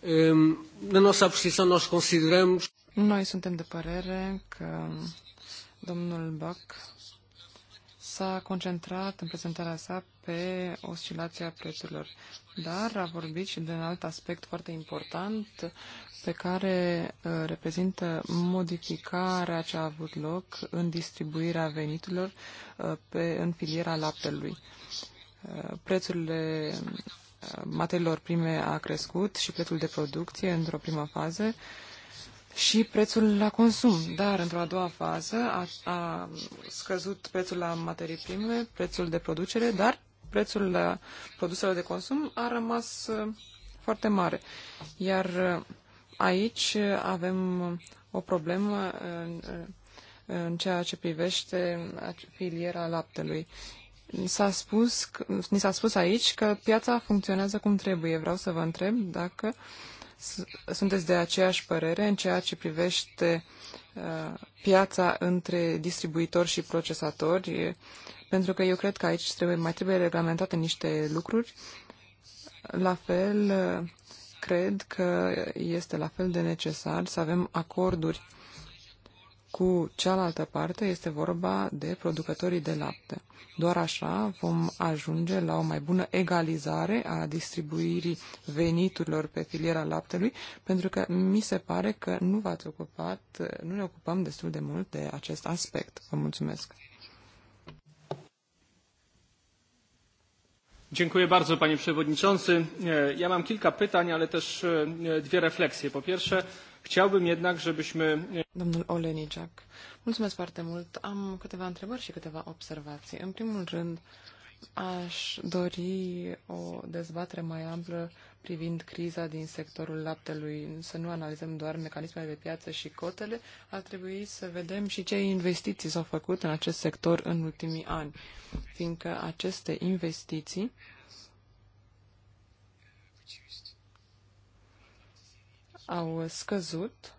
Na nossa posição, nós consideramos. Noi suntem de părere că domnul Buck s-a concentrat în prezentarea sa pe oscilația prețurilor, dar a vorbit și de un alt aspect foarte important pe care uh, reprezintă modificarea ce a avut loc în distribuirea veniturilor uh, pe, în filiera laptelui. Uh, prețurile materiilor prime a crescut și prețul de producție într-o primă fază și prețul la consum. Dar într-o a doua fază a, a scăzut prețul la materii prime, prețul de producere, dar prețul la produselor de consum a rămas uh, foarte mare. Iar uh, aici uh, avem o problemă în ceea ce privește filiera laptelui. S-a spus, ni s-a spus aici că piața funcționează cum trebuie. Vreau să vă întreb dacă sunteți de aceeași părere în ceea ce privește uh, piața între distribuitori și procesatori, pentru că eu cred că aici trebuie, mai trebuie reglementate niște lucruri. La fel, uh, cred că este la fel de necesar să avem acorduri uh, cu cealaltă parte este vorba de producătorii de lapte. Doar așa vom ajunge la o mai bună egalizare a distribuirii veniturilor pe filiera laptelui, pentru că mi se pare că nu v-ați ocupat, nu ne ocupăm destul de mult de acest aspect. Vă mulțumesc! Dziękuję bardzo, panie przewodniczący. Ja mam kilka pytań, ale też dwie refleksje. Po pierwsze, Chciałbym jednak, żebyśmy... Domnul Oleniciak, mulțumesc foarte mult. Am câteva întrebări și câteva observații. În primul rând, aș dori o dezbatere mai amplă privind criza din sectorul laptelui. Să nu analizăm doar mecanismele de piață și cotele, ar trebui să vedem și ce investiții s-au făcut în acest sector în ultimii ani, fiindcă aceste investiții au scăzut,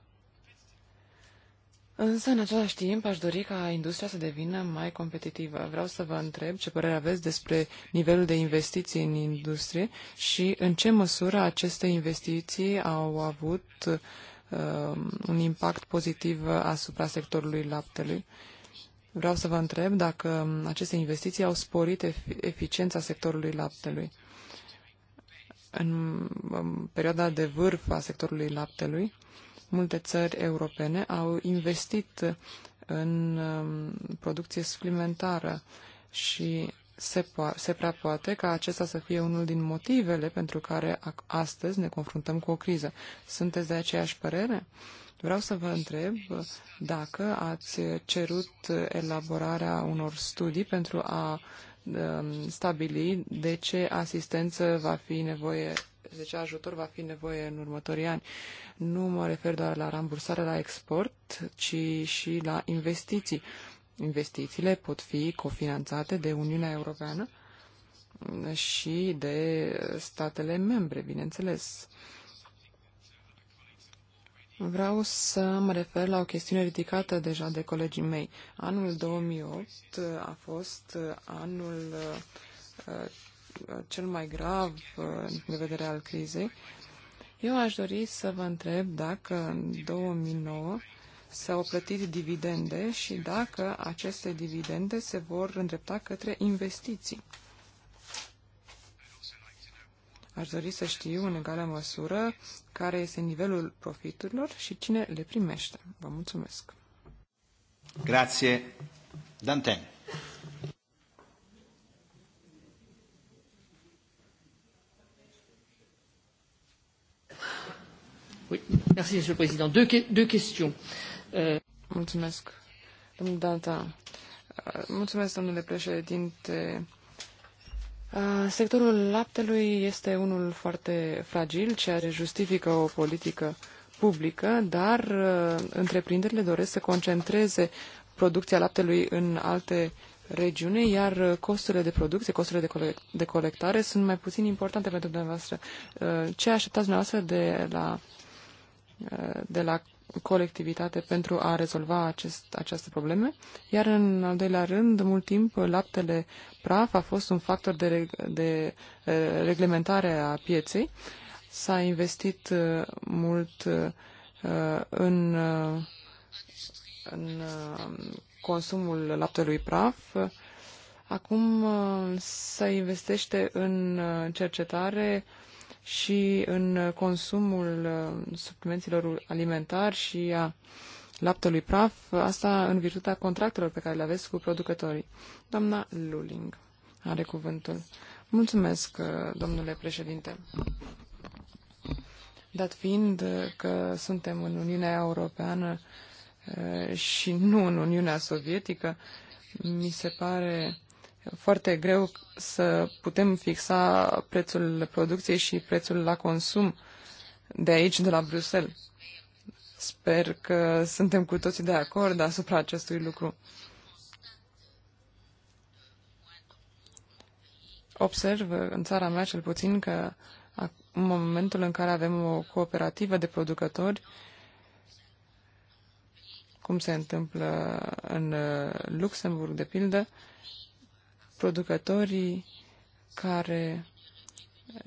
însă în același timp aș dori ca industria să devină mai competitivă. Vreau să vă întreb ce părere aveți despre nivelul de investiții în industrie și în ce măsură aceste investiții au avut uh, un impact pozitiv asupra sectorului laptelui. Vreau să vă întreb dacă aceste investiții au sporit eficiența sectorului laptelui. În perioada de vârf a sectorului laptelui, multe țări europene au investit în um, producție suplimentară și se, se prea poate ca acesta să fie unul din motivele pentru care astăzi ne confruntăm cu o criză. Sunteți de aceeași părere? Vreau să vă întreb dacă ați cerut elaborarea unor studii pentru a Um, stabili de ce asistență va fi nevoie, de ce ajutor va fi nevoie în următorii ani. Nu mă refer doar la rambursare la export, ci și la investiții. Investițiile pot fi cofinanțate de Uniunea Europeană și de statele membre, bineînțeles. Uh, Vreau să mă refer la o chestiune ridicată deja de colegii mei. Anul 2008 a fost uh, anul uh, uh, cel mai grav de vedere al crizei. Eu aș dori să vă întreb dacă în 2009 s-au plătit dividende și dacă aceste dividende se vor îndrepta către investiții. Aș dori să știu, în egală măsură, care este nivelul profiturilor și cine le primește. Vă mulțumesc.
Grazie. Danten.
Oui. Merci, M. le Président. Deux, deux questions. Euh... Mulțumesc, domnul Dantin. Mulțumesc, domnule președinte. Sectorul laptelui este unul foarte fragil, ceea ce justifică o politică publică, dar întreprinderile doresc să concentreze producția laptelui în alte regiune, iar costurile de producție, costurile de, de colectare sunt mai puțin importante pentru dumneavoastră. Ce așteptați dumneavoastră de la, de la colectivitate pentru a rezolva acest, aceste probleme. Iar în al doilea rând, mult timp, laptele praf a fost un factor de, de eh, reglementare a pieței. S-a investit eh, mult eh, în, în consumul laptelui praf. Acum se investește în cercetare și în consumul uh, suplimenților alimentari și a laptelui praf, asta în virtutea contractelor pe care le aveți cu producătorii. Doamna Luling are cuvântul. Mulțumesc, uh, domnule președinte. Dat fiind uh, că suntem în Uniunea Europeană și nu în Uniunea Sovietică, mi se pare foarte greu să putem fixa prețul producției și prețul la consum de aici, de la Bruxelles. Sper că suntem cu toții de acord asupra acestui lucru. Observ în țara mea cel puțin că în momentul în care avem o cooperativă de producători, cum se întâmplă în Luxemburg, de pildă, Producătorii care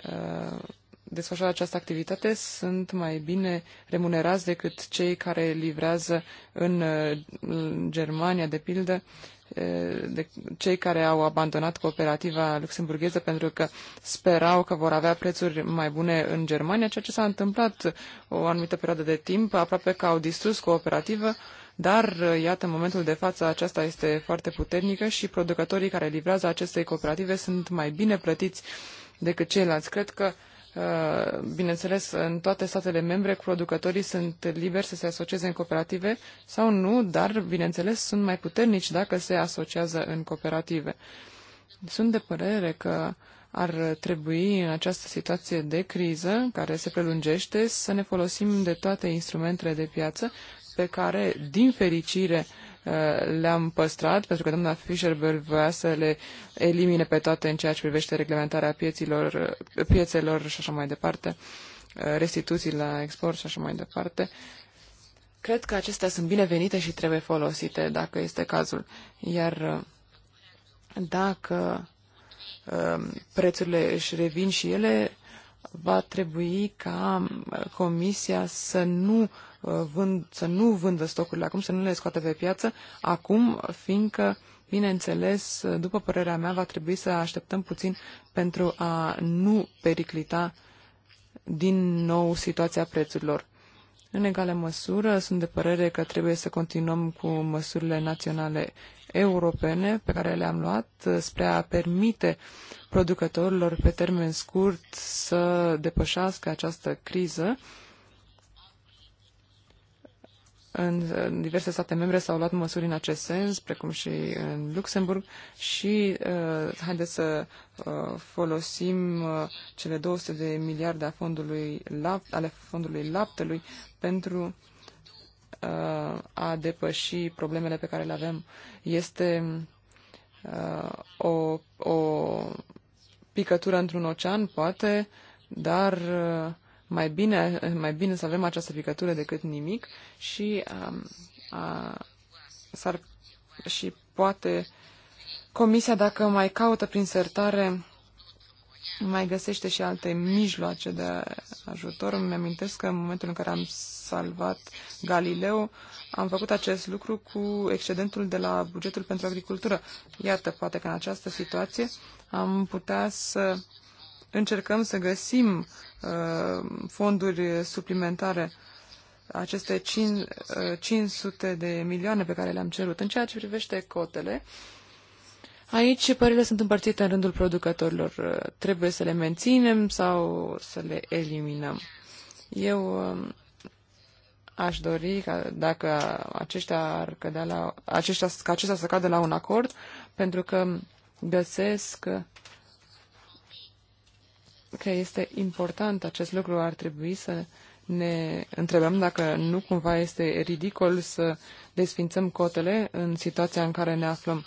uh, desfășoară această activitate sunt mai bine remunerați decât cei care livrează în, uh, în Germania, de pildă, uh, de cei care au abandonat cooperativa luxemburgheză pentru că sperau că vor avea prețuri mai bune în Germania, ceea ce s-a întâmplat o anumită perioadă de timp, aproape că au distrus cooperativă, dar, uh, iată, în momentul de față aceasta este foarte puternică și producătorii care livrează acestei cooperative sunt mai bine plătiți decât ceilalți. Cred că uh, bineînțeles, în toate statele membre, producătorii sunt liberi să se asocieze în cooperative sau nu, dar, bineînțeles, sunt mai puternici dacă se asociază în cooperative. Sunt de părere că ar trebui, în această situație de criză care se prelungește, să ne folosim de toate instrumentele de piață pe care, din fericire, uh, le-am păstrat, pentru că doamna Fischerberg voia să le elimine pe toate în ceea ce privește reglementarea pieților, uh, piețelor și așa mai departe, uh, restituții la export și așa mai departe. Cred că acestea sunt binevenite și trebuie folosite, dacă este cazul. Iar dacă prețurile își revin și ele, va trebui ca Comisia să nu Uh, vând, să nu vândă stocurile acum, să nu le scoată pe piață acum, fiindcă, bineînțeles, după părerea mea, va trebui să așteptăm puțin pentru a nu periclita din nou situația prețurilor. În egală măsură, sunt de părere că trebuie să continuăm cu măsurile naționale europene pe care le-am luat uh, spre a permite producătorilor pe termen scurt să depășească această criză în diverse state membre s-au luat măsuri în acest sens, precum și în Luxemburg, și uh, haideți să uh, folosim uh, cele 200 de miliarde a fondului lapte ale fondului laptelui pentru uh, a depăși problemele pe care le avem. Este uh, o, o picătură într-un ocean, poate, dar uh, mai bine, mai bine să avem această picătură decât nimic și, uh, uh, s-ar, și poate comisia, dacă mai caută prin sertare, mai găsește și alte mijloace de ajutor. Îmi amintesc că în momentul în care am salvat Galileo, am făcut acest lucru cu excedentul de la bugetul pentru agricultură. Iată, poate că în această situație am putea să încercăm să găsim uh, fonduri suplimentare aceste 500 uh, de milioane pe care le-am cerut. În ceea ce privește cotele, aici părerile sunt împărțite în rândul producătorilor. Uh, trebuie să le menținem sau să le eliminăm. Eu aș dori ca dacă aceștia ar cădea la, aceștia, ca acestea să cadă la un acord, pentru că găsesc că este important acest lucru. Ar trebui să ne întrebăm dacă nu cumva este ridicol să desfințăm cotele în situația în care ne aflăm.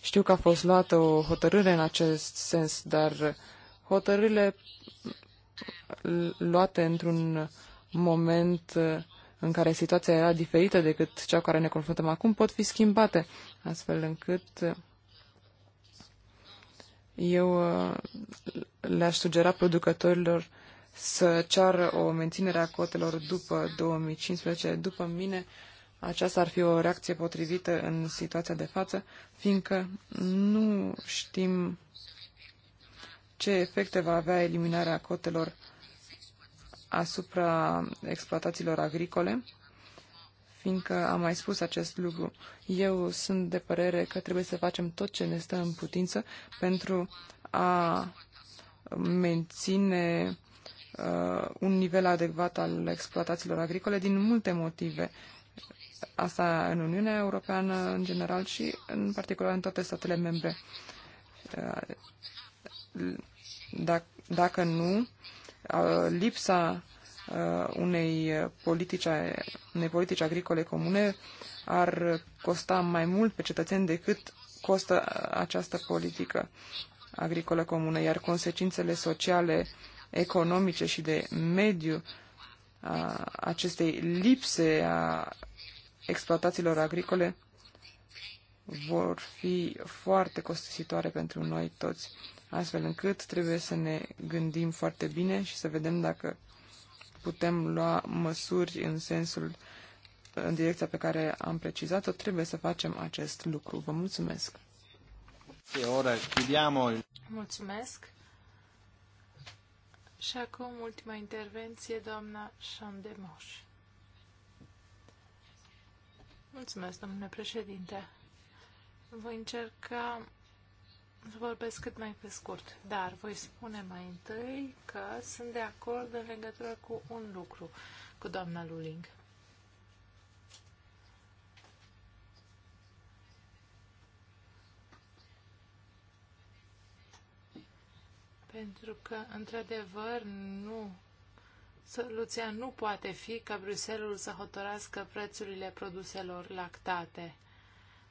Știu că a fost luată o hotărâre în acest sens, dar hotărârile luate într-un moment în care situația era diferită decât cea cu care ne confruntăm acum pot fi schimbate, astfel încât eu uh, le-aș sugera producătorilor să ceară o menținere a cotelor după 2015. După mine, aceasta ar fi o reacție potrivită în situația de față, fiindcă nu știm ce efecte va avea eliminarea cotelor asupra exploatațiilor agricole fiindcă am mai spus acest lucru. Eu sunt de părere că trebuie să facem tot ce ne stă în putință pentru a menține uh, un nivel adecvat al exploatațiilor agricole din multe motive. Asta în Uniunea Europeană în general și în particular în toate statele membre. Uh, dacă, dacă nu, uh, lipsa Uh, unei uh, politici, unei politici agricole comune ar costa mai mult pe cetățeni decât costă uh, această politică agricolă comună, iar consecințele sociale, economice și de mediu a acestei lipse a exploatațiilor agricole vor fi foarte costisitoare pentru noi toți, astfel încât trebuie să ne gândim foarte bine și să vedem dacă putem lua măsuri în sensul, în direcția pe care am precizat-o, trebuie să facem acest lucru. Vă mulțumesc!
Mulțumesc! Și acum ultima intervenție, doamna Șandemoș. Mulțumesc, domnule președinte. Voi încerca să vorbesc cât mai pe scurt, dar voi spune mai întâi că sunt de acord în legătură cu un lucru cu doamna Luling. Pentru că, într-adevăr, nu soluția nu poate fi ca Bruselul să hotărască prețurile produselor lactate.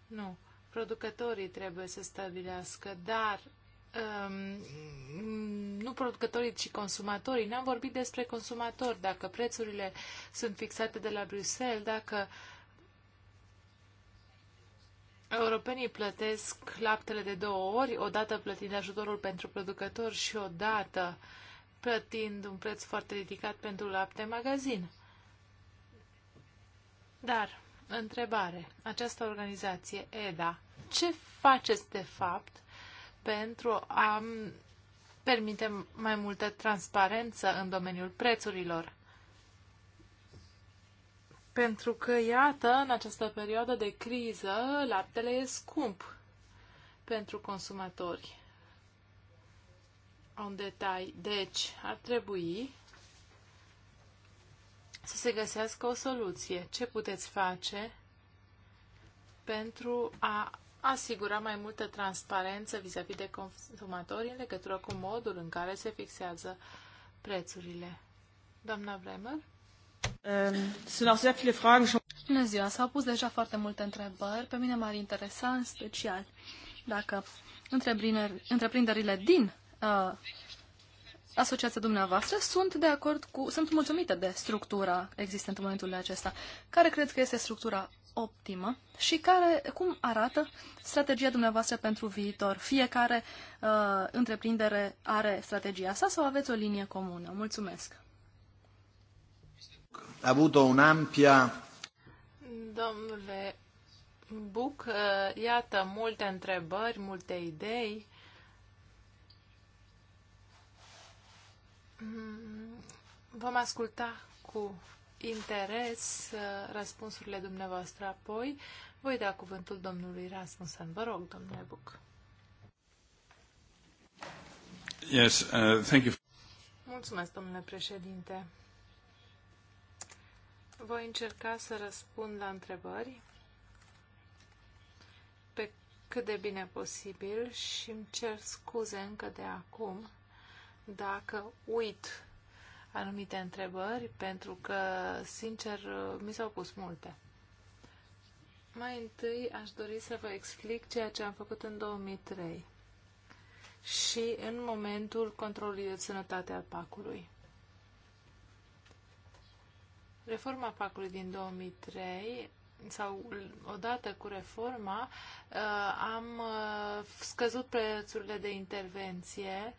Nu producătorii trebuie să stabilească, dar um, nu producătorii, ci consumatorii. N-am vorbit despre consumatori, dacă prețurile sunt fixate de la Bruxelles, dacă europenii plătesc laptele de două ori, odată plătind ajutorul pentru producători și odată plătind un preț foarte ridicat pentru lapte în magazin. Dar Întrebare. Această organizație, EDA, ce faceți de fapt pentru a permite mai multă transparență în domeniul prețurilor? Pentru că, iată, în această perioadă de criză, laptele e scump pentru consumatori. Un detai. Deci, ar trebui să se găsească o soluție. Ce puteți face pentru a asigura mai multă transparență vis-a-vis -vis de consumatori în legătură cu modul în care se fixează prețurile?
Doamna Bremer? Ehm, Bună ziua, s-au pus deja foarte multe întrebări. Pe mine m-ar interesa în special dacă întreprinderile din uh, asociația dumneavoastră, sunt de acord cu, sunt mulțumită de structura existentă în momentul acesta. Care cred că este structura optimă și care, cum arată strategia dumneavoastră pentru viitor? Fiecare uh, întreprindere are strategia sa sau aveți o linie comună? Mulțumesc! A avut un ampia... Domnule
Buc, uh, iată multe întrebări, multe idei Mm, vom asculta cu interes uh, răspunsurile dumneavoastră apoi. Voi da cuvântul domnului Rasmussen. Vă rog, domnule Buc.
Yes, uh, thank you.
Mulțumesc, domnule președinte. Voi încerca să răspund la întrebări pe cât de bine posibil și îmi cer scuze încă de acum dacă uit anumite întrebări, pentru că, sincer, mi s-au pus multe. Mai întâi aș dori să vă explic ceea ce am făcut în 2003 și în momentul controlului de sănătate al pacului. Reforma pacului din 2003 sau odată cu reforma uh, am uh, scăzut prețurile de intervenție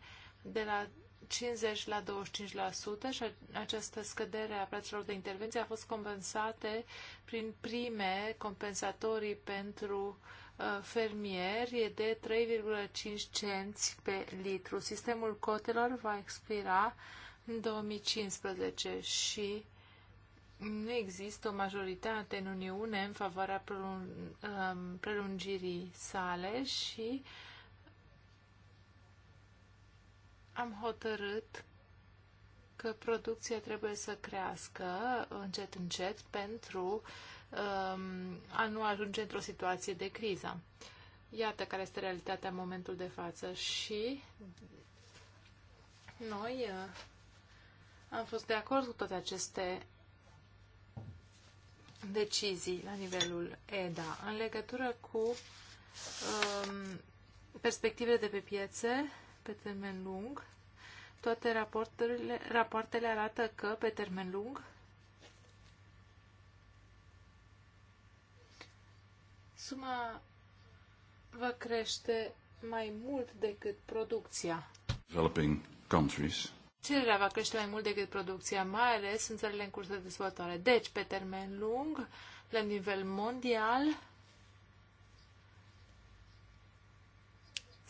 de la 50 la 25% și această scădere a prețurilor de intervenție a fost compensate prin prime compensatorii pentru uh, fermieri de 3,5 cenți pe litru. Sistemul cotelor va expira în 2015 și nu există o majoritate în Uniune în favoarea um, prelungirii sale și uh, am hotărât că producția trebuie să crească încet, încet pentru um, a nu ajunge într-o situație de criză. Iată care este realitatea în momentul de față și noi uh, am fost de acord cu toate aceste decizii la nivelul EDA în legătură cu um, perspectivele de pe piețe pe termen lung, toate raportele, rapoartele arată că, pe termen lung, suma va crește mai mult decât producția.
Developing countries.
Cererea va crește mai mult decât producția, mai ales în țările în curs de dezvoltare. Deci, pe termen lung, la nivel mondial,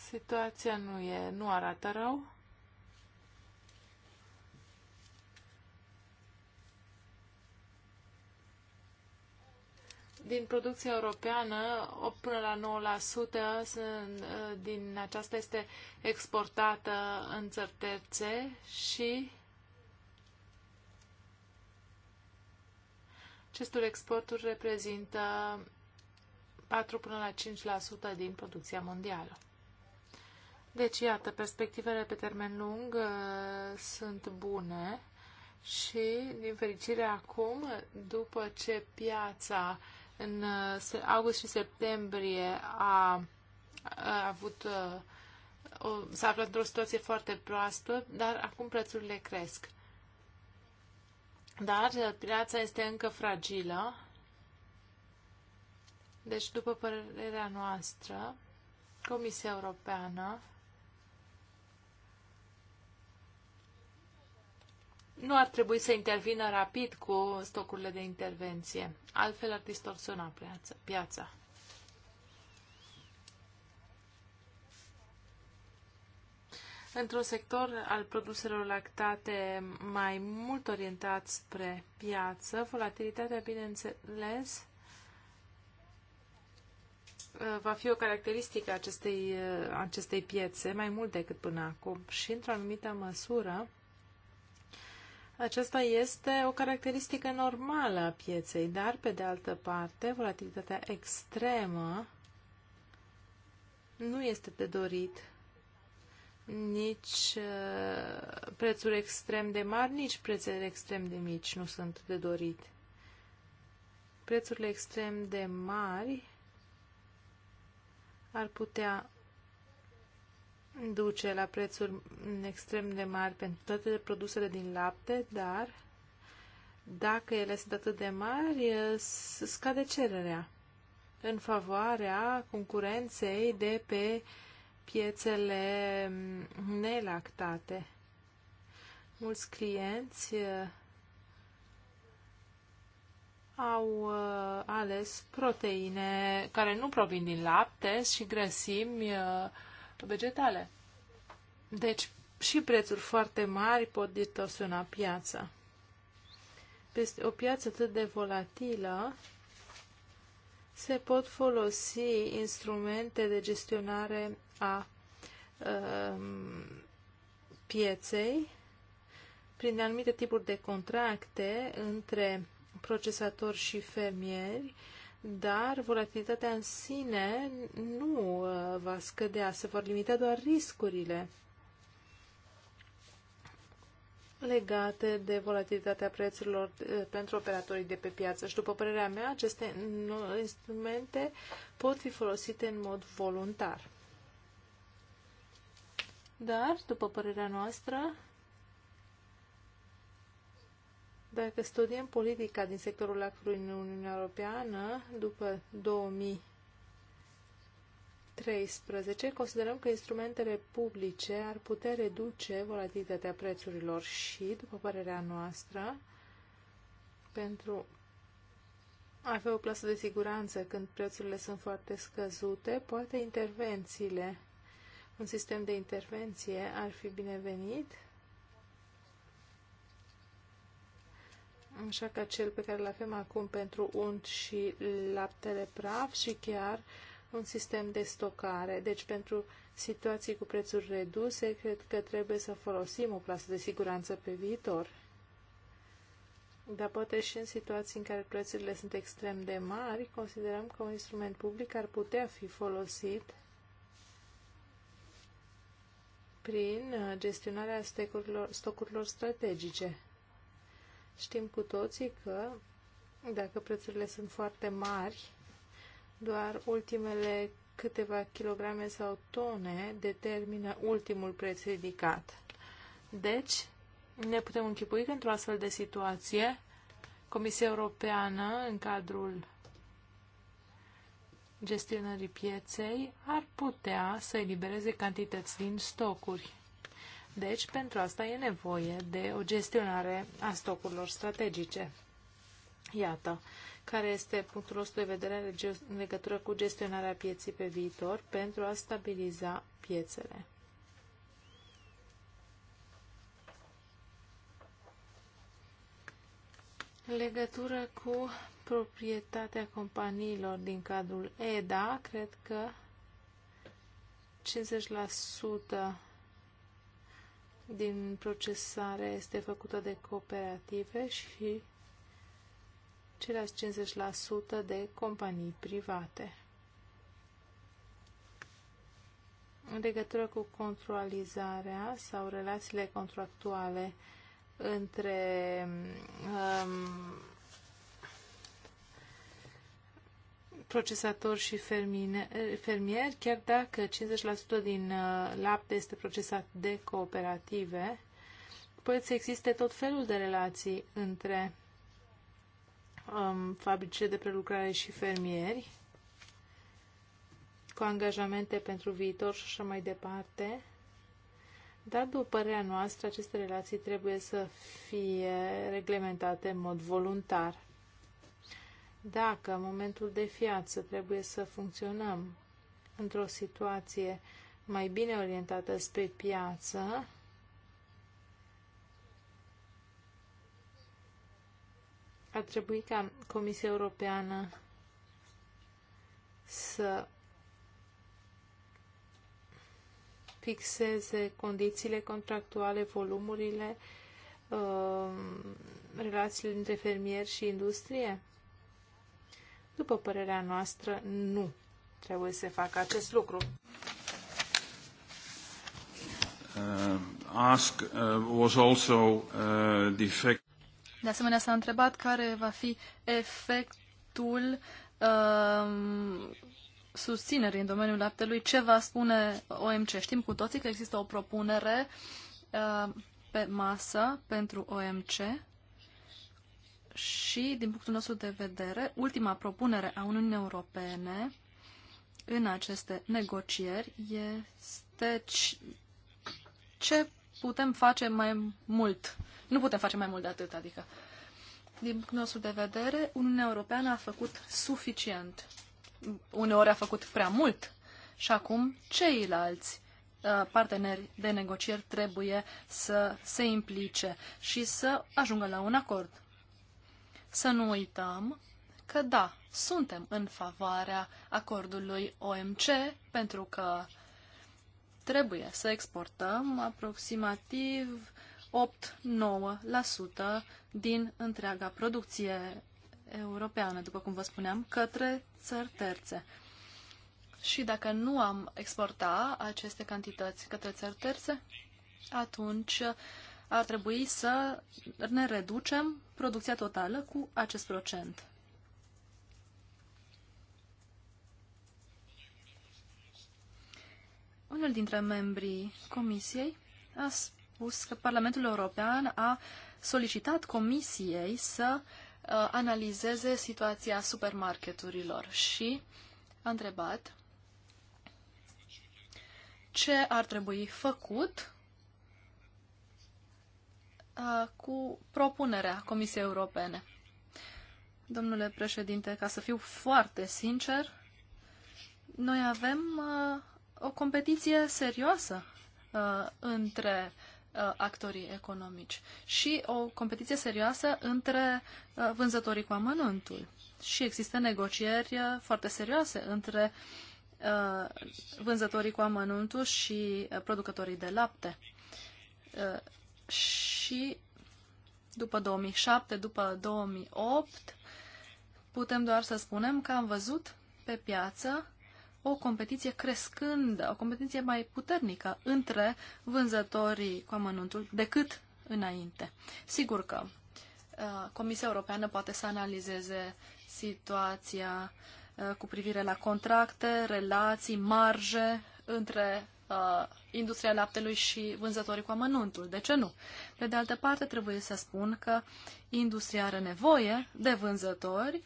Situația nu, e, nu arată rău. Din producția europeană, 8 până la 9% ă, din aceasta este exportată în țări terțe și acestul exporturi reprezintă 4 până la 5% din producția mondială. Deci, iată, perspectivele pe termen lung uh, sunt bune și, din fericire, acum, după ce piața în uh, august și septembrie a, a avut uh, s-a aflat într-o situație foarte proastă, dar acum prețurile cresc. Dar piața este încă fragilă. Deci, după părerea noastră, Comisia Europeană nu ar trebui să intervină rapid cu stocurile de intervenție, altfel ar distorsiona piața. Într-un sector al produselor lactate mai mult orientat spre piață, volatilitatea, bineînțeles, va fi o caracteristică acestei, acestei piețe mai mult decât până acum și, într-o anumită măsură, aceasta este o caracteristică normală a pieței, dar, pe de altă parte, volatilitatea extremă nu este de dorit. Nici uh, prețuri extrem de mari, nici prețuri extrem de mici nu sunt de dorit. Prețurile extrem de mari ar putea duce la prețuri extrem de mari pentru toate produsele din lapte, dar dacă ele sunt atât de mari, scade cererea în favoarea concurenței de pe piețele mm, nelactate. Mulți clienți au ales proteine care nu provin din lapte și grăsimi vegetale. Deci, și prețuri foarte mari pot distorsiona piața. Peste o piață atât de volatilă, se pot folosi instrumente de gestionare a um, pieței prin anumite tipuri de contracte între procesatori și fermieri, dar volatilitatea în sine nu uh, va scădea, se vor limita doar riscurile legate de volatilitatea prețurilor uh, pentru operatorii de pe piață. Și după părerea mea, aceste instrumente pot fi folosite în mod voluntar. Dar, după părerea noastră, Dacă studiem politica din sectorul lacului în Uniunea Europeană după 2013, considerăm că instrumentele publice ar putea reduce volatilitatea prețurilor și, după părerea noastră, pentru a avea o plasă de siguranță când prețurile sunt foarte scăzute, poate intervențiile, un sistem de intervenție ar fi binevenit Așa ca cel pe care îl avem acum pentru unt și laptele praf și chiar un sistem de stocare. Deci pentru situații cu prețuri reduse, cred că trebuie să folosim o plasă de siguranță pe viitor. Dar poate și în situații în care prețurile sunt extrem de mari, considerăm că un instrument public ar putea fi folosit prin uh, gestionarea stocurilor strategice. Știm cu toții că dacă prețurile sunt foarte mari, doar ultimele câteva kilograme sau tone determină ultimul preț ridicat. Deci, ne putem închipui că într-o astfel de situație, Comisia Europeană, în cadrul gestionării pieței, ar putea să elibereze cantități din stocuri. Deci, pentru asta e nevoie de o gestionare a stocurilor strategice. Iată, care este punctul nostru de vedere în legătură cu gestionarea pieții pe viitor pentru a stabiliza piețele. În legătură cu proprietatea companiilor din cadrul EDA, cred că 50% din procesare este făcută de cooperative și ceilalți 50% de companii private. În legătură cu controlizarea sau relațiile contractuale între um, procesatori și eh, fermieri, chiar dacă 50% din eh, lapte este procesat de cooperative, poate să existe tot felul de relații între um, fabricile de prelucrare și fermieri, cu angajamente pentru viitor și așa mai departe. Dar, după părerea noastră, aceste relații trebuie să fie reglementate în mod voluntar. Dacă în momentul de viață trebuie să funcționăm într-o situație mai bine orientată spre piață, ar trebui ca Comisia Europeană să fixeze condițiile contractuale, volumurile, uh, relațiile între fermier și industrie? După părerea noastră, nu trebuie să facă acest lucru. Uh, ask, uh, was also, uh, the
De asemenea, s-a întrebat care va fi efectul uh, susținerii în domeniul laptelui. Ce va spune OMC? Știm cu toții că există o propunere uh, pe masă pentru OMC și, din punctul nostru de vedere, ultima propunere a Uniunii Europene în aceste negocieri este ce putem face mai mult. Nu putem face mai mult de atât, adică. Din punctul nostru de vedere, Uniunea Europeană a făcut suficient. Uneori a făcut prea mult. Și acum ceilalți uh, parteneri de negocieri trebuie să se implice și să ajungă la un acord să nu uităm că da, suntem în favoarea acordului OMC pentru că trebuie să exportăm aproximativ 8-9% din întreaga producție europeană, după cum vă spuneam, către țări terțe. Și dacă nu am exporta aceste cantități către țări terțe, atunci ar trebui să ne reducem producția totală cu acest procent. Unul dintre membrii Comisiei a spus că Parlamentul European a solicitat Comisiei să uh, analizeze situația supermarketurilor și a întrebat ce ar trebui făcut Uh, cu propunerea Comisiei Europene. Domnule președinte, ca să fiu foarte sincer, noi avem uh, o competiție serioasă uh, între actorii economici și o competiție serioasă între vânzătorii cu amănuntul. Și există negocieri foarte serioase între vânzătorii cu amănuntul și producătorii de lapte și după 2007, după 2008, putem doar să spunem că am văzut pe piață o competiție crescândă, o competiție mai puternică între vânzătorii cu amănuntul decât înainte. Sigur că uh, Comisia Europeană poate să analizeze situația uh, cu privire la contracte, relații, marje între uh, industria laptelui și vânzătorii cu amănuntul. De ce nu? Pe de altă parte, trebuie să spun că industria are nevoie de vânzători,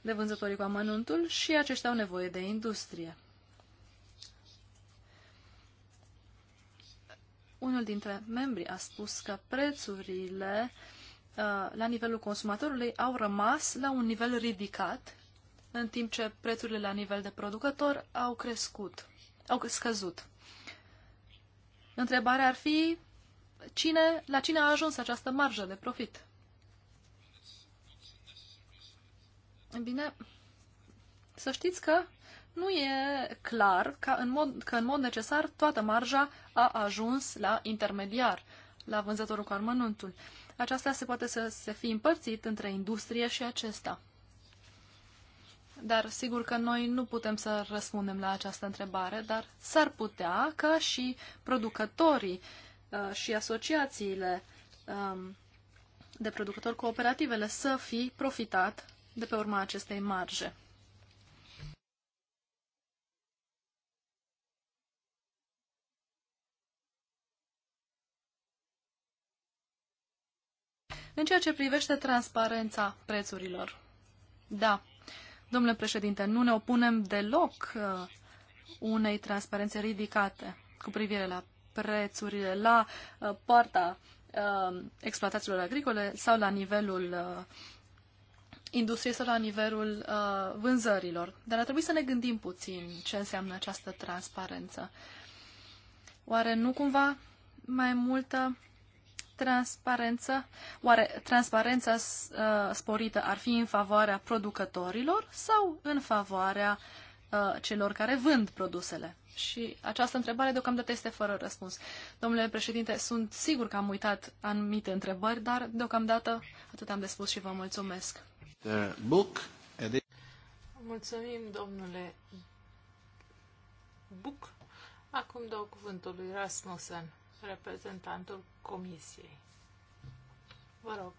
de vânzătorii cu amănuntul și aceștia au nevoie de industrie. Unul dintre membri a spus că prețurile uh, la nivelul consumatorului au rămas la un nivel ridicat, în timp ce prețurile la nivel de producător au crescut, au scăzut. Întrebarea ar fi cine, la cine a ajuns această marjă de profit. Bine, să știți că nu e clar că în mod, că în mod necesar toată marja a ajuns la intermediar, la vânzătorul cu armănuntul. Aceasta se poate să se fi împărțit între industrie și acesta. Dar sigur că noi nu putem să răspundem la această întrebare, dar s-ar putea ca și producătorii uh, și asociațiile um, de producători cooperativele să fi profitat de pe urma acestei marje. În ceea ce privește transparența prețurilor. Da, Domnule președinte, nu ne opunem deloc uh, unei transparențe ridicate cu privire la prețurile, la uh, poarta uh, exploatațiilor agricole sau la nivelul industriei sau la nivelul vânzărilor. Dar ar trebui să ne gândim puțin ce înseamnă această transparență. Oare nu cumva mai multă transparență, oare transparența uh, sporită ar fi în favoarea producătorilor sau în favoarea uh, celor care vând produsele? Și această întrebare deocamdată este fără răspuns. Domnule președinte, sunt sigur că am uitat anumite întrebări, dar deocamdată atât am de spus și vă mulțumesc. Book.
Mulțumim, domnule Buc. Acum dau cuvântul lui Rasmussen reprezentantul Comisiei. Vă rog.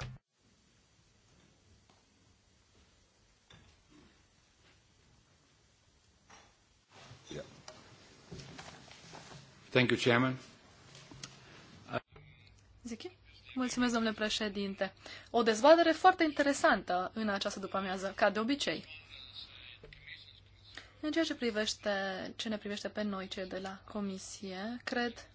Thank you, Chairman. Zichi? Mulțumesc, domnule președinte. O dezbatere foarte interesantă în această după-amiază, ca de obicei. În ceea ce privește, ce ne privește pe noi, cei de la comisie, cred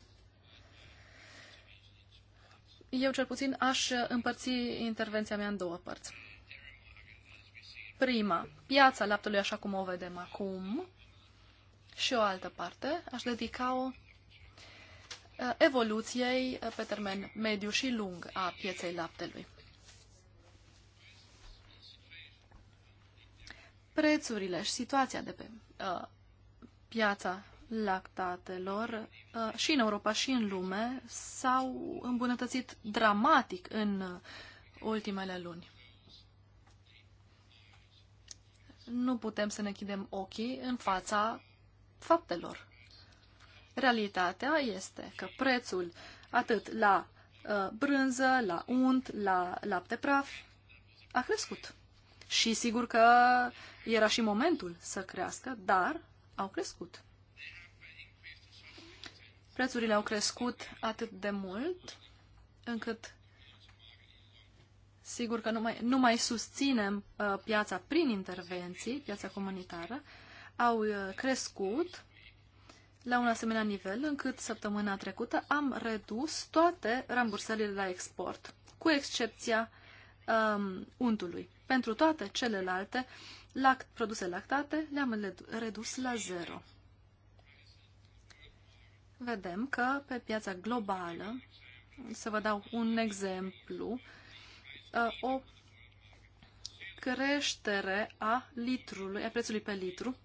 eu cel puțin aș împărți intervenția mea în două părți. Prima, piața laptelui așa cum o vedem acum și o altă parte, aș dedica-o uh, evoluției uh, pe termen mediu și lung a pieței laptelui. Prețurile și situația de pe uh, piața lactatelor uh, și în Europa și în lume s-au îmbunătățit dramatic în uh, ultimele luni. Nu putem să ne chidem ochii în fața faptelor. Realitatea este că prețul atât la uh, brânză, la unt, la lapte praf a crescut. Și sigur că era și momentul să crească, dar au crescut prețurile au crescut atât de mult încât sigur că nu mai, nu mai susținem uh, piața prin intervenții, piața comunitară, au uh, crescut la un asemenea nivel încât săptămâna trecută am redus toate rambursările la export, cu excepția um, untului. Pentru toate celelalte lact, produse lactate le-am redus la zero vedem că pe piața globală, să vă dau un exemplu, uh, o creștere a litrului, a prețului pe litru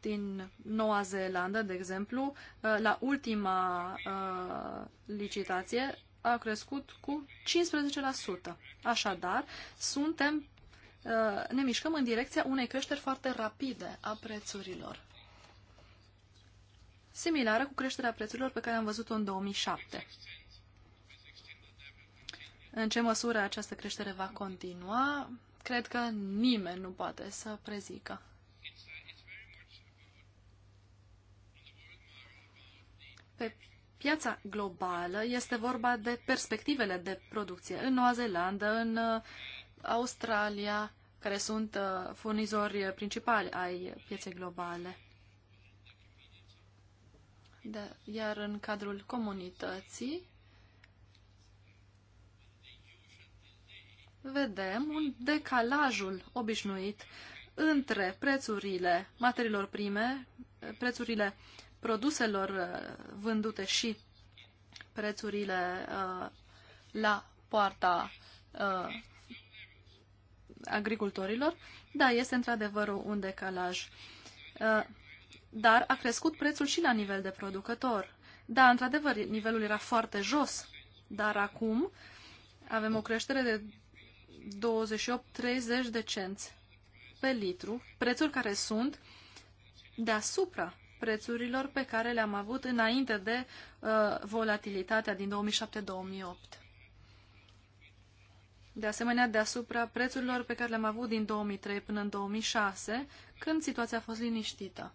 din Noua Zeelandă, de exemplu, uh, la ultima uh, licitație a crescut cu 15%. Așadar, suntem ne mișcăm în direcția unei creșteri foarte rapide a prețurilor similară cu creșterea prețurilor pe care am văzut-o în 2007. În ce măsură această creștere va continua, cred că nimeni nu poate să prezică. Pe piața globală este vorba de perspectivele de producție în Noua Zeelandă, în uh, Australia, care sunt uh, furnizori uh, principali ai pieței globale. Da. iar în cadrul comunității vedem un decalajul obișnuit între prețurile materiilor prime, prețurile produselor uh, vândute și prețurile uh, la poarta uh, agricultorilor. Da, este într-adevăr un decalaj dar a crescut prețul și la nivel de producător. Da, într-adevăr, nivelul era foarte jos, dar acum avem o creștere de 28-30 de cenți pe litru, prețuri care sunt deasupra prețurilor pe care le-am avut înainte de uh, volatilitatea din 2007-2008. De asemenea, deasupra prețurilor pe care le-am avut din 2003 până în 2006, când situația a fost liniștită.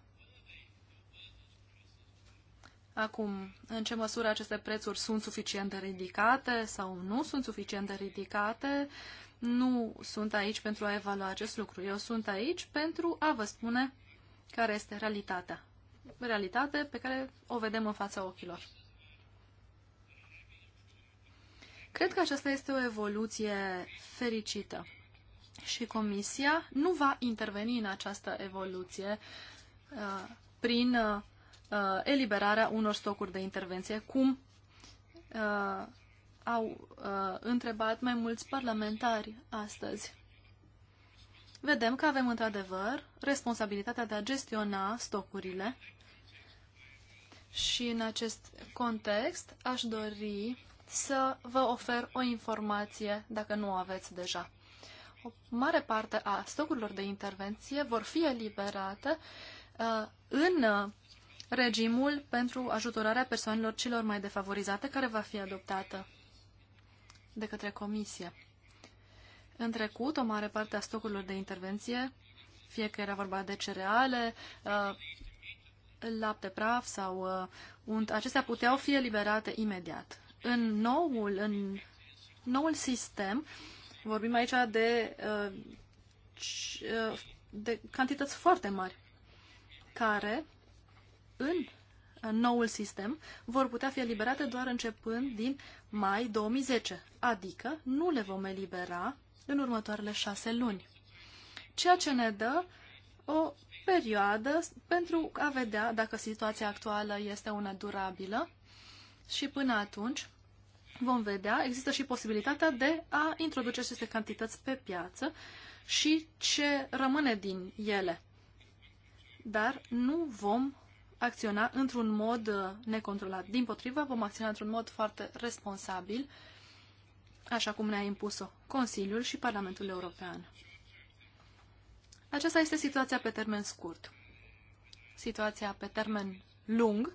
Acum, în ce măsură aceste prețuri sunt suficient de ridicate sau nu sunt suficient de ridicate, nu sunt aici pentru a evalua acest lucru. Eu sunt aici pentru a vă spune care este realitatea. Realitate pe care o vedem în fața ochilor. Cred că aceasta este o evoluție fericită și Comisia nu va interveni în această evoluție uh, prin uh, uh, eliberarea unor stocuri de intervenție, cum uh, au uh, întrebat mai mulți parlamentari astăzi. Vedem că avem într-adevăr responsabilitatea de a gestiona stocurile și în acest context aș dori să vă ofer o informație dacă nu o aveți deja. O mare parte a stocurilor de intervenție vor fi eliberate uh, în regimul pentru ajutorarea persoanelor celor mai defavorizate care va fi adoptată de către Comisie. În trecut, o mare parte a stocurilor de intervenție, fie că era vorba de cereale, uh, lapte praf sau uh, unt, acestea puteau fi eliberate imediat. În noul, în noul sistem, vorbim aici de, uh, de cantități foarte mari, care în noul sistem vor putea fi eliberate doar începând din mai 2010, adică nu le vom elibera în următoarele șase luni, ceea ce ne dă o perioadă pentru a vedea dacă situația actuală este una durabilă și până atunci vom vedea, există și posibilitatea de a introduce aceste cantități pe piață și ce rămâne din ele. Dar nu vom acționa într-un mod uh, necontrolat. Din potrivă, vom acționa într-un mod foarte responsabil, așa cum ne-a impus-o Consiliul și Parlamentul European. Aceasta este situația pe termen scurt. Situația pe termen lung,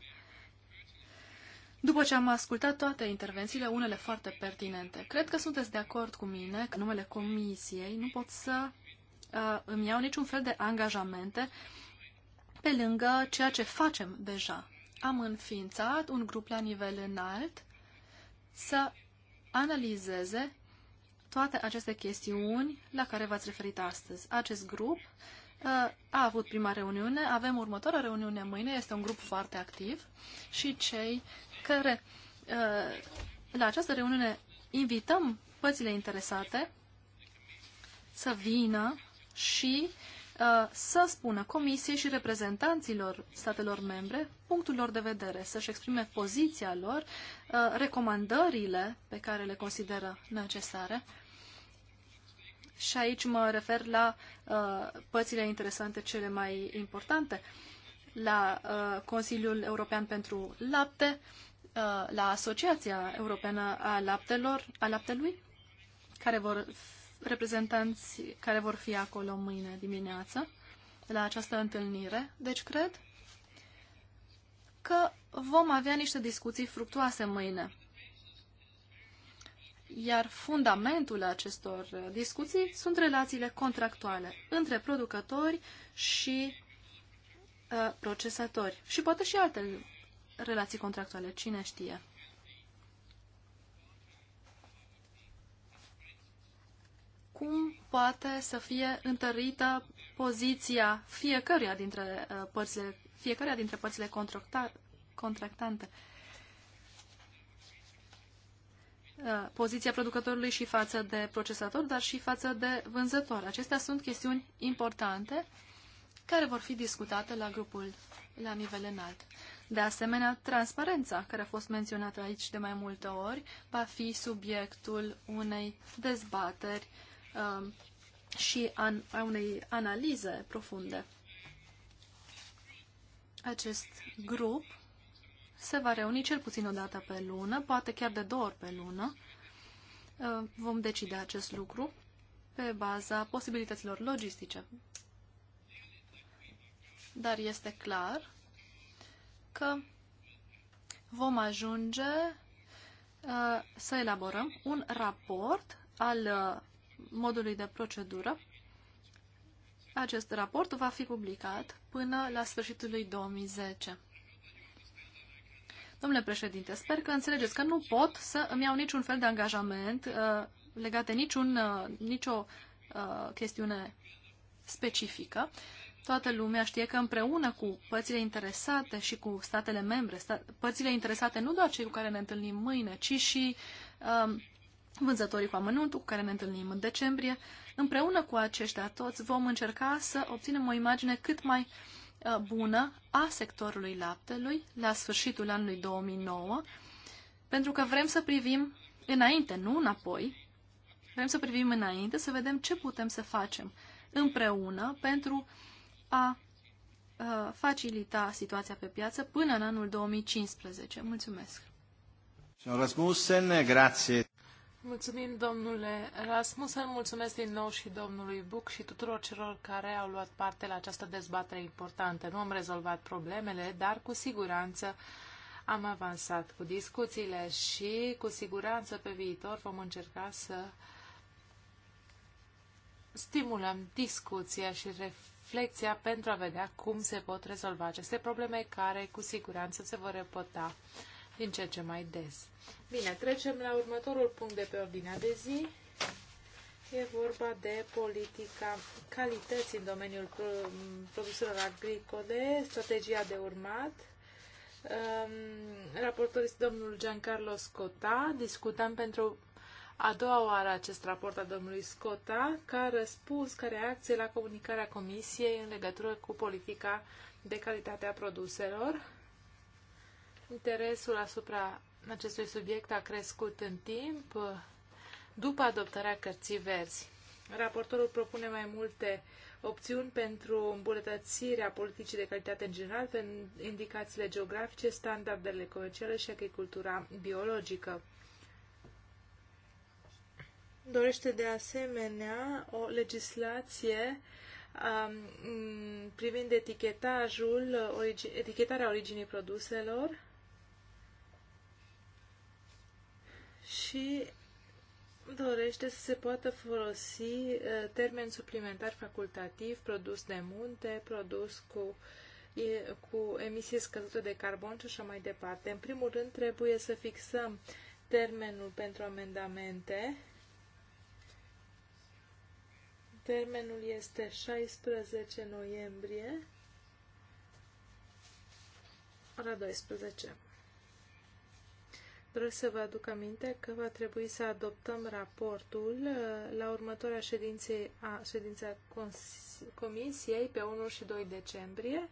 după ce am ascultat toate intervențiile, unele foarte pertinente, cred că sunteți de acord cu mine că numele Comisiei nu pot să uh, îmi iau niciun fel de angajamente uh, pe lângă ceea ce facem deja. Am înființat un grup la nivel înalt să analizeze toate aceste chestiuni la care v-ați referit astăzi. Acest grup uh, a avut prima reuniune, avem următoarea reuniune mâine, este un grup foarte activ și cei care uh, la această reuniune invităm părțile interesate să vină și uh, Uh, să spună Comisiei și reprezentanților statelor membre punctul lor de vedere, să-și exprime poziția lor, uh, recomandările pe care le consideră necesare. Și aici mă refer la uh, părțile interesante cele mai importante, la Consiliul European pentru Lapte, la Asociația Europeană a Laptelor, a Laptelui, care vor reprezentanți care vor fi acolo mâine dimineață la această întâlnire. Deci cred că vom avea niște discuții fructuoase mâine. Iar fundamentul acestor discuții sunt relațiile contractuale între producători și uh, procesatori și poate și alte relații contractuale, cine știe. cum poate să fie întărită poziția fiecăruia dintre uh, părțile, fiecăruia dintre părțile contractante. Uh, poziția producătorului și față de procesator, dar și față de vânzător. Acestea sunt chestiuni importante care vor fi discutate la grupul la nivel înalt. De asemenea, transparența, care a fost menționată aici de mai multe ori, va fi subiectul unei dezbateri uh, Um, și a unei analize profunde. Acest grup se va reuni cel puțin o dată pe lună, poate chiar de două ori pe lună. Uh, vom decide acest lucru pe baza posibilităților logistice. Dar este clar că vom ajunge uh, să elaborăm un raport al uh, modului de procedură. Acest raport va fi publicat până la sfârșitul lui 2010. Domnule președinte, sper că înțelegeți că nu pot să îmi iau niciun fel de angajament uh, legat de niciun, uh, nicio uh, chestiune specifică. Toată lumea știe că împreună cu părțile interesate și cu statele membre, sta- părțile interesate nu doar cei cu care ne întâlnim mâine, ci și uh, vânzătorii cu amănuntul, cu care ne întâlnim în decembrie. Împreună cu aceștia toți vom încerca să obținem o imagine cât mai uh, bună a sectorului laptelui la sfârșitul anului 2009, pentru că vrem să privim înainte, nu înapoi, vrem să privim înainte, să vedem ce putem să facem împreună pentru a uh, facilita situația pe piață până în anul 2015. Mulțumesc! Rasmussen, grazie. Mulțumim, domnule îl
mulțumesc din nou și domnului Buc și tuturor celor care au luat parte la această dezbatere importantă. Nu am rezolvat problemele, dar cu siguranță am avansat cu discuțiile și cu siguranță pe viitor vom încerca să stimulăm discuția și reflexia pentru a vedea cum se pot rezolva aceste probleme care cu siguranță se vor repota din ce ce mai des. Bine, trecem la următorul punct de pe ordinea de zi. E vorba de politica calității în domeniul produselor agricole, strategia de urmat. Um, Raportor este domnul Giancarlo Scota. Discutăm pentru a doua oară acest raport a domnului Scota, ca răspuns, ca reacție la comunicarea Comisiei în legătură cu politica de calitate a produselor Interesul asupra acestui subiect a crescut în timp după adoptarea cărții verzi. Raportorul propune mai multe opțiuni pentru îmbunătățirea politicii de calitate în general, pe indicațiile geografice, standardele comerciale și agricultura biologică. Dorește de asemenea o legislație um, privind etichetajul, origi, etichetarea originii produselor, și dorește să se poată folosi uh, termen suplimentar facultativ, produs de munte, produs cu, cu emisie scăzută de carbon și așa mai departe. În primul rând, trebuie să fixăm termenul pentru amendamente. Termenul este 16 noiembrie, ora 12. Doresc să vă aduc aminte că va trebui să adoptăm raportul uh, la următoarea ședință a, ședința Comisiei pe 1 și 2 decembrie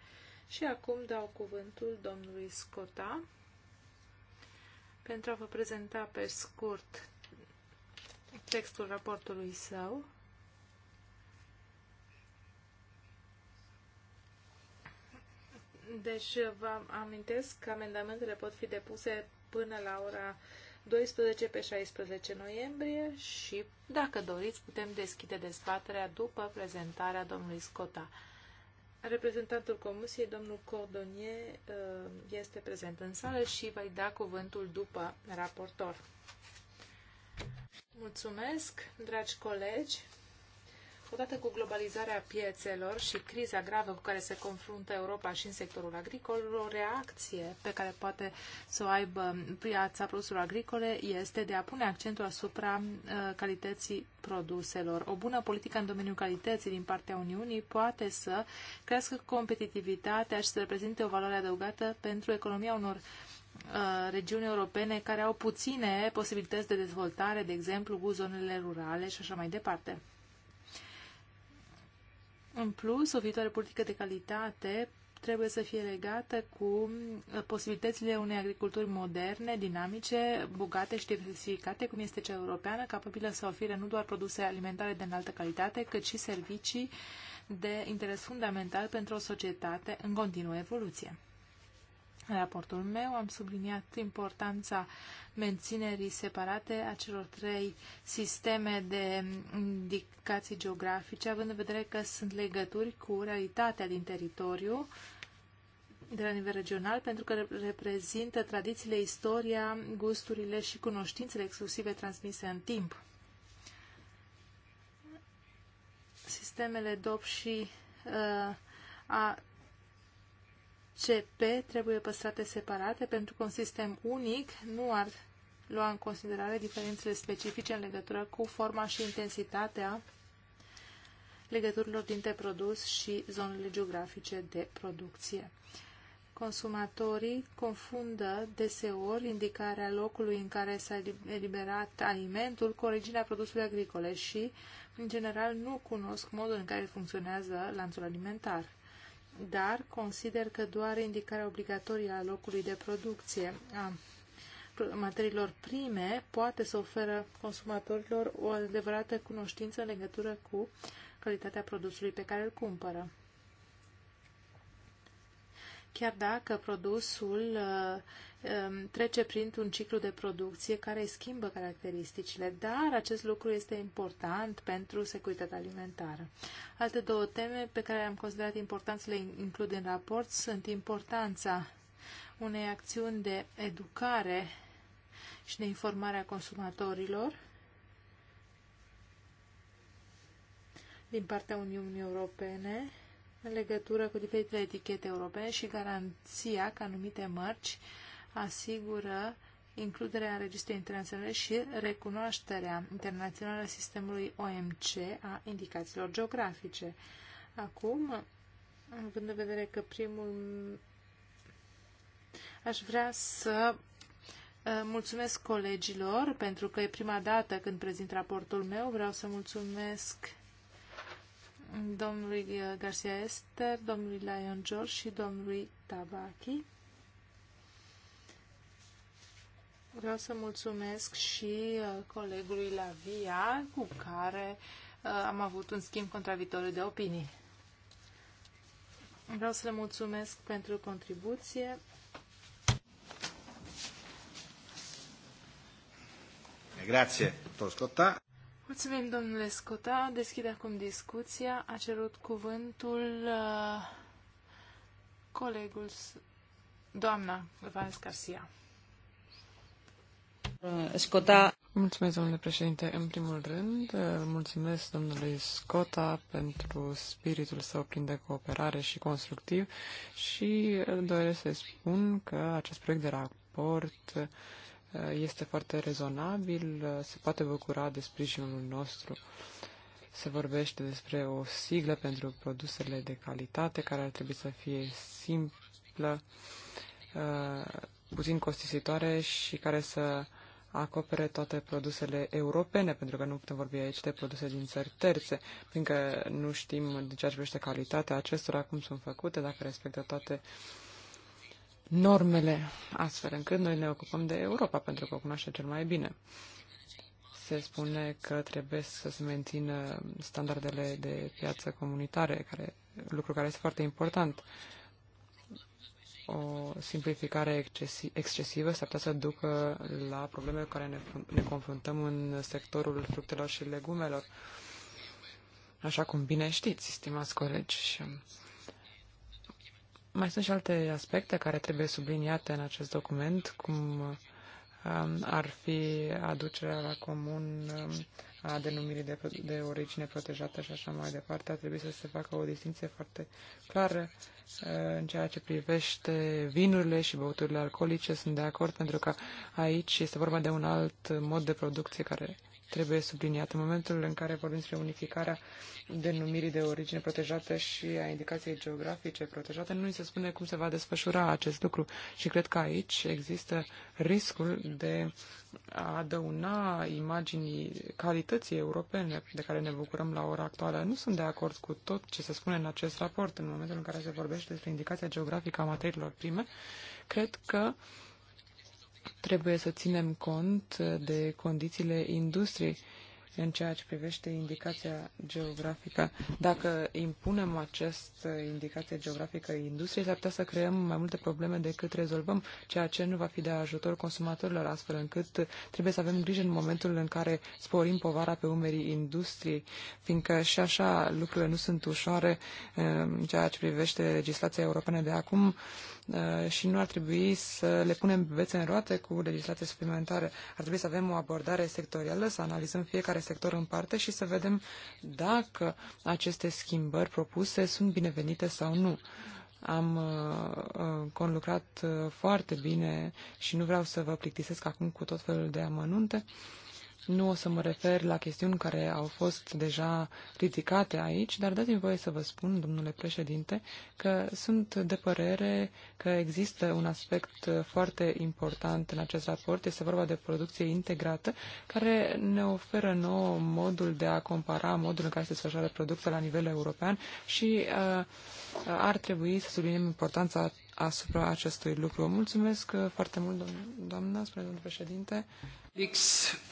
și acum dau cuvântul domnului Scota pentru a vă prezenta pe scurt textul raportului său. Deci vă amintesc că amendamentele pot fi depuse până la ora 12 pe 16 noiembrie și, dacă doriți, putem deschide dezbaterea după prezentarea domnului Scota. Reprezentantul Comisiei, domnul Cordonier, uh, este prezent în sală și va da cuvântul după raportor. Mulțumesc, dragi colegi! Odată cu globalizarea piețelor și criza gravă cu care se confruntă Europa și în sectorul agricol, o reacție pe care poate să o aibă piața produselor agricole este de a pune accentul asupra uh, calității produselor. O bună politică în domeniul calității din partea Uniunii poate să crească competitivitatea și să reprezinte o valoare adăugată pentru economia unor uh, regiuni europene care au puține posibilități de dezvoltare, de exemplu, cu zonele rurale și așa mai departe. În plus, o viitoare politică de calitate trebuie să fie legată cu uh, posibilitățile unei agriculturi moderne, dinamice, bogate și diversificate, cum este cea europeană, capabilă să ofere nu doar produse alimentare de înaltă calitate, cât și servicii de interes fundamental pentru o societate în continuă evoluție. În raportul meu am subliniat importanța menținerii separate a celor trei sisteme de indicații geografice, având în vedere că sunt legături cu realitatea din teritoriu de la nivel regional, pentru că reprezintă tradițiile, istoria, gusturile și cunoștințele exclusive transmise în timp. Sistemele DOP și uh, a CP trebuie păstrate separate pentru că un sistem unic nu ar lua în considerare diferențele specifice în legătură cu forma și intensitatea legăturilor dintre produs și zonele geografice de producție. Consumatorii confundă deseori indicarea locului în care s-a eliberat alimentul cu originea produsului agricole și, în general, nu cunosc modul în care funcționează lanțul alimentar dar consider că doar indicarea obligatorie a locului de producție a materiilor prime poate să oferă consumatorilor o adevărată cunoștință în legătură cu calitatea produsului pe care îl cumpără. Chiar dacă produsul uh, Um, trece printr-un ciclu de producție care schimbă caracteristicile, dar acest lucru este important pentru securitatea alimentară. Alte două teme pe care am considerat important să le includ în raport sunt importanța unei acțiuni de educare și de informare a consumatorilor din partea Uniunii Europene în legătură cu diferitele etichete europene și garanția că anumite mărci uh, asigură includerea în registre internaționale și recunoașterea internațională a sistemului OMC a indicațiilor geografice. Acum, având în vedere că primul... Aș vrea să uh, mulțumesc colegilor, pentru că e prima dată când prezint raportul meu. Vreau să mulțumesc domnului Garcia Ester, domnului Lion George și domnului Tabaki Vreau să mulțumesc și uh, colegului la VIA cu care uh, am avut un schimb contradictoriu de opinii. Vreau să le mulțumesc pentru contribuție.
Grazie, Scotta.
Mulțumim, domnule Scotta. Deschid acum discuția. A cerut cuvântul uh, colegul, doamna Vans Garcia.
Scota. Mulțumesc, domnule președinte. În primul rând, mulțumesc domnului Scota pentru spiritul său plin de cooperare și constructiv și doresc să spun că acest proiect de raport uh, este foarte rezonabil, uh, se poate bucura de sprijinul nostru. Se vorbește despre o siglă pentru produsele de calitate care ar trebui să fie simplă, uh, puțin costisitoare și care să acopere toate produsele europene, pentru că nu putem vorbi aici de produse din țări terțe, fiindcă nu știm din ceea ce privește calitatea acestora, cum sunt făcute, dacă respectă toate normele, astfel încât noi ne ocupăm de Europa, pentru că o cunoaște cel mai bine. Se spune că trebuie să se mențină standardele de piață comunitare, care, lucru care este foarte important. Uh, o simplificare excesivă s-ar putea să ducă la problemele cu care ne, ne confruntăm în sectorul fructelor și legumelor. Așa cum bine știți, stimați colegi. Mai sunt și alte aspecte care trebuie subliniate în acest document, cum um, ar fi aducerea la comun um, a denumirii de, de origine protejată și așa mai departe, ar trebui să se facă o distinție foarte clară uh, în ceea ce privește vinurile și băuturile alcoolice. Sunt de acord pentru că aici este vorba de un alt mod de producție care trebuie subliniat. În momentul în care vorbim despre unificarea denumirii de origine protejată și a indicației geografice protejate, nu ni se spune cum se va desfășura acest lucru. Și cred că aici există riscul de a adăuna imaginii calității europene de care ne bucurăm la ora actuală. Nu sunt de acord cu tot ce se spune în acest raport în momentul în care se vorbește despre indicația geografică a materiilor prime. Cred că uh, Trebuie să ținem cont uh, de condițiile industriei în ceea ce privește indicația geografică. Dacă impunem această indicație geografică industriei, s-ar putea să creăm mai multe probleme decât rezolvăm, ceea ce nu va fi de ajutor consumatorilor, astfel încât trebuie să avem grijă în momentul în care sporim povara pe umerii industriei, fiindcă și așa lucrurile nu sunt ușoare uh, în ceea ce privește legislația europeană de acum. Uh, și nu ar trebui să le punem bețe în roate cu legislație suplimentară. Ar trebui să avem o abordare sectorială, să analizăm fiecare sector în parte și să vedem dacă aceste schimbări propuse sunt binevenite sau nu. Am uh, uh conlucrat uh, foarte bine și nu vreau să vă plictisesc acum cu tot felul de amănunte. Uh, nu o să mă refer la chestiuni care au fost deja ridicate aici, dar dați-mi voie să vă spun, domnule președinte, că sunt de părere că există un aspect foarte important în acest raport. Este vorba de producție integrată, care ne oferă nou modul de a compara modul în care se desfășoară producția la nivel european și uh, ar trebui să subliniem importanța asupra acestui lucru. Mulțumesc foarte mult, doamna, spre domnul președinte.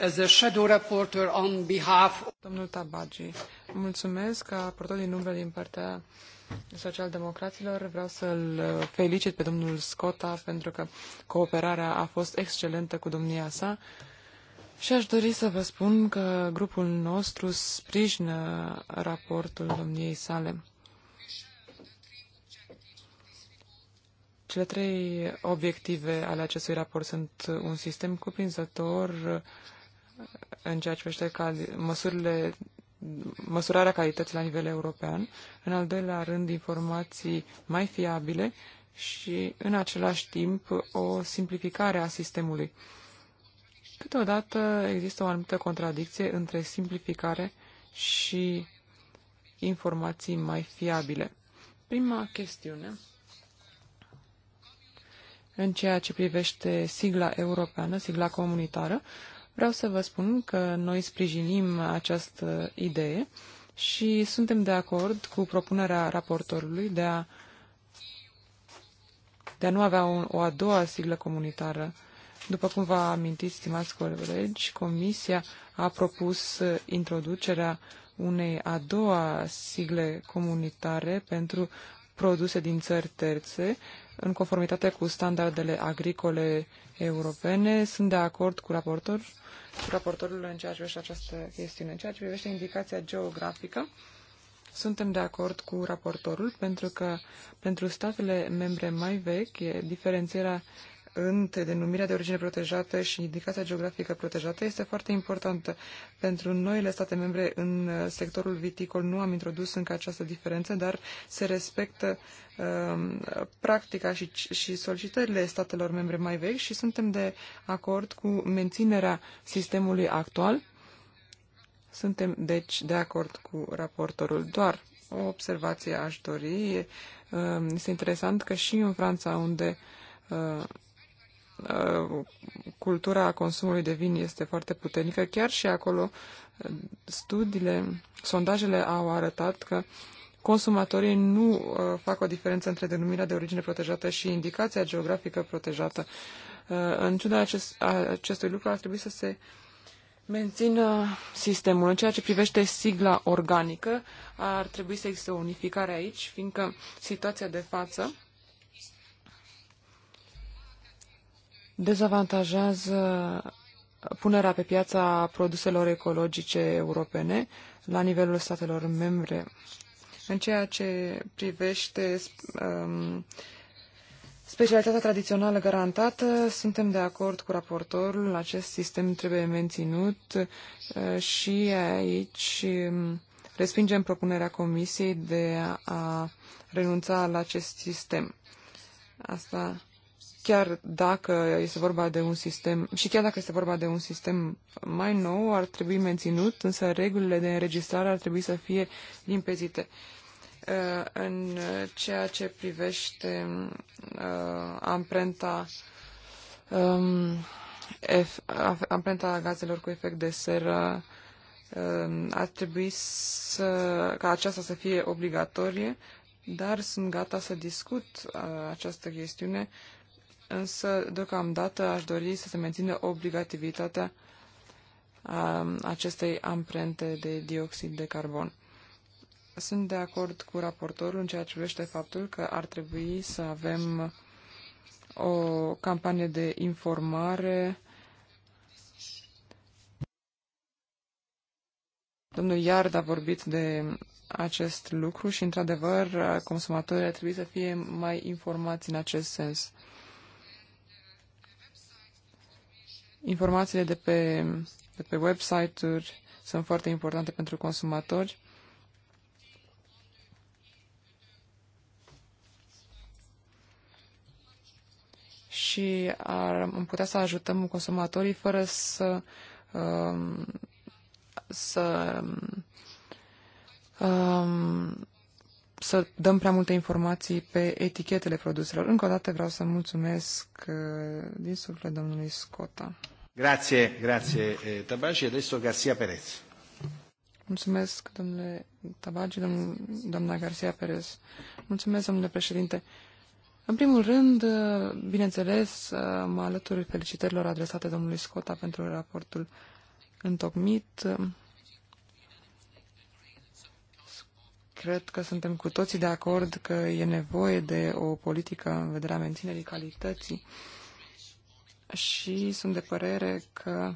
As a shadow reporter on behalf... Domnul Tabagi, mulțumesc că a din umbră din partea socialdemocraților. Vreau să-l felicit pe domnul Scotta pentru că cooperarea a fost excelentă cu domnia sa. Și aș dori să vă spun că grupul nostru sprijină raportul domniei sale. Cele trei obiective ale acestui raport sunt un sistem cuprinzător uh, în ceea ce privește măsurile, măsurarea calității la nivel european, în al doilea rând informații mai fiabile și, în același timp, o simplificare a sistemului. Câteodată există o anumită contradicție între simplificare și informații mai fiabile. Prima chestiune în ceea ce privește sigla europeană, sigla comunitară, vreau să vă spun că noi sprijinim această idee și suntem de acord cu propunerea raportorului de a, de a nu avea un, o a doua siglă comunitară. După cum vă amintiți, stimați colegi, Comisia a propus introducerea unei a doua sigle comunitare pentru produse din țări terțe, în conformitate cu standardele agricole europene. Sunt de acord cu, raportor, cu raportorul în ceea ce privește această chestiune. În ceea ce privește indicația geografică, suntem de acord cu raportorul pentru că pentru statele membre mai vechi, diferențierea între denumirea de origine protejată și indicația geografică protejată este foarte importantă. Pentru noile state membre în uh, sectorul viticol nu am introdus încă această diferență, dar se respectă um, practica și, și solicitările statelor membre mai vechi și suntem de acord cu menținerea sistemului actual. Suntem, deci, de acord cu raportorul. Doar o observație aș dori. Um, este interesant că și în Franța, unde uh, Uh, cultura consumului de vin este foarte puternică. Chiar și acolo uh, studiile, sondajele au arătat că consumatorii nu uh, fac o diferență între denumirea de origine protejată și indicația geografică protejată. În ciuda acest, acestui lucru ar trebui să se mențină sistemul. În ceea ce privește sigla organică, ar trebui să existe o unificare aici, fiindcă situația de față dezavantajează punerea pe piața produselor ecologice europene la nivelul statelor membre. În ceea ce privește um, specialitatea tradițională garantată, suntem de acord cu raportorul, acest sistem trebuie menținut uh, și aici um, respingem propunerea Comisiei de a renunța la acest sistem. Asta chiar dacă este vorba de un sistem, și chiar dacă este vorba de un sistem mai nou, ar trebui menținut, însă regulile de înregistrare ar trebui să fie limpezite. Uh, în ceea ce privește uh, amprenta um, amprenta gazelor cu efect de seră um, ar trebui să, ca aceasta să fie obligatorie, dar sunt gata să discut uh, această chestiune însă deocamdată aș dori să se mențină obligativitatea um, acestei amprente de dioxid de carbon. Sunt de acord cu raportorul în ceea ce privește faptul că ar trebui să avem o campanie de informare. Domnul Iard a vorbit de acest lucru și, într-adevăr, consumatorii ar trebui să fie mai informați în acest sens. Informațiile de pe, de pe website-uri sunt foarte importante pentru consumatori. Și ar, am putea să ajutăm consumatorii fără să, um, să um, să dăm prea multe informații pe etichetele produselor. Încă o dată vreau să mulțumesc uh, din suflet domnului Scota.
Grazie, grazie eh, tabaci. Adesso Garcia Perez.
Mulțumesc, domnule tabaci, domn, doamna Garcia Perez. Mulțumesc, domnule președinte. În primul rând, uh, bineînțeles, uh, mă alătur felicitărilor adresate domnului Scota pentru raportul întocmit. Cred că suntem cu toții de acord că e nevoie de o politică în vederea menținerii calității și sunt de părere că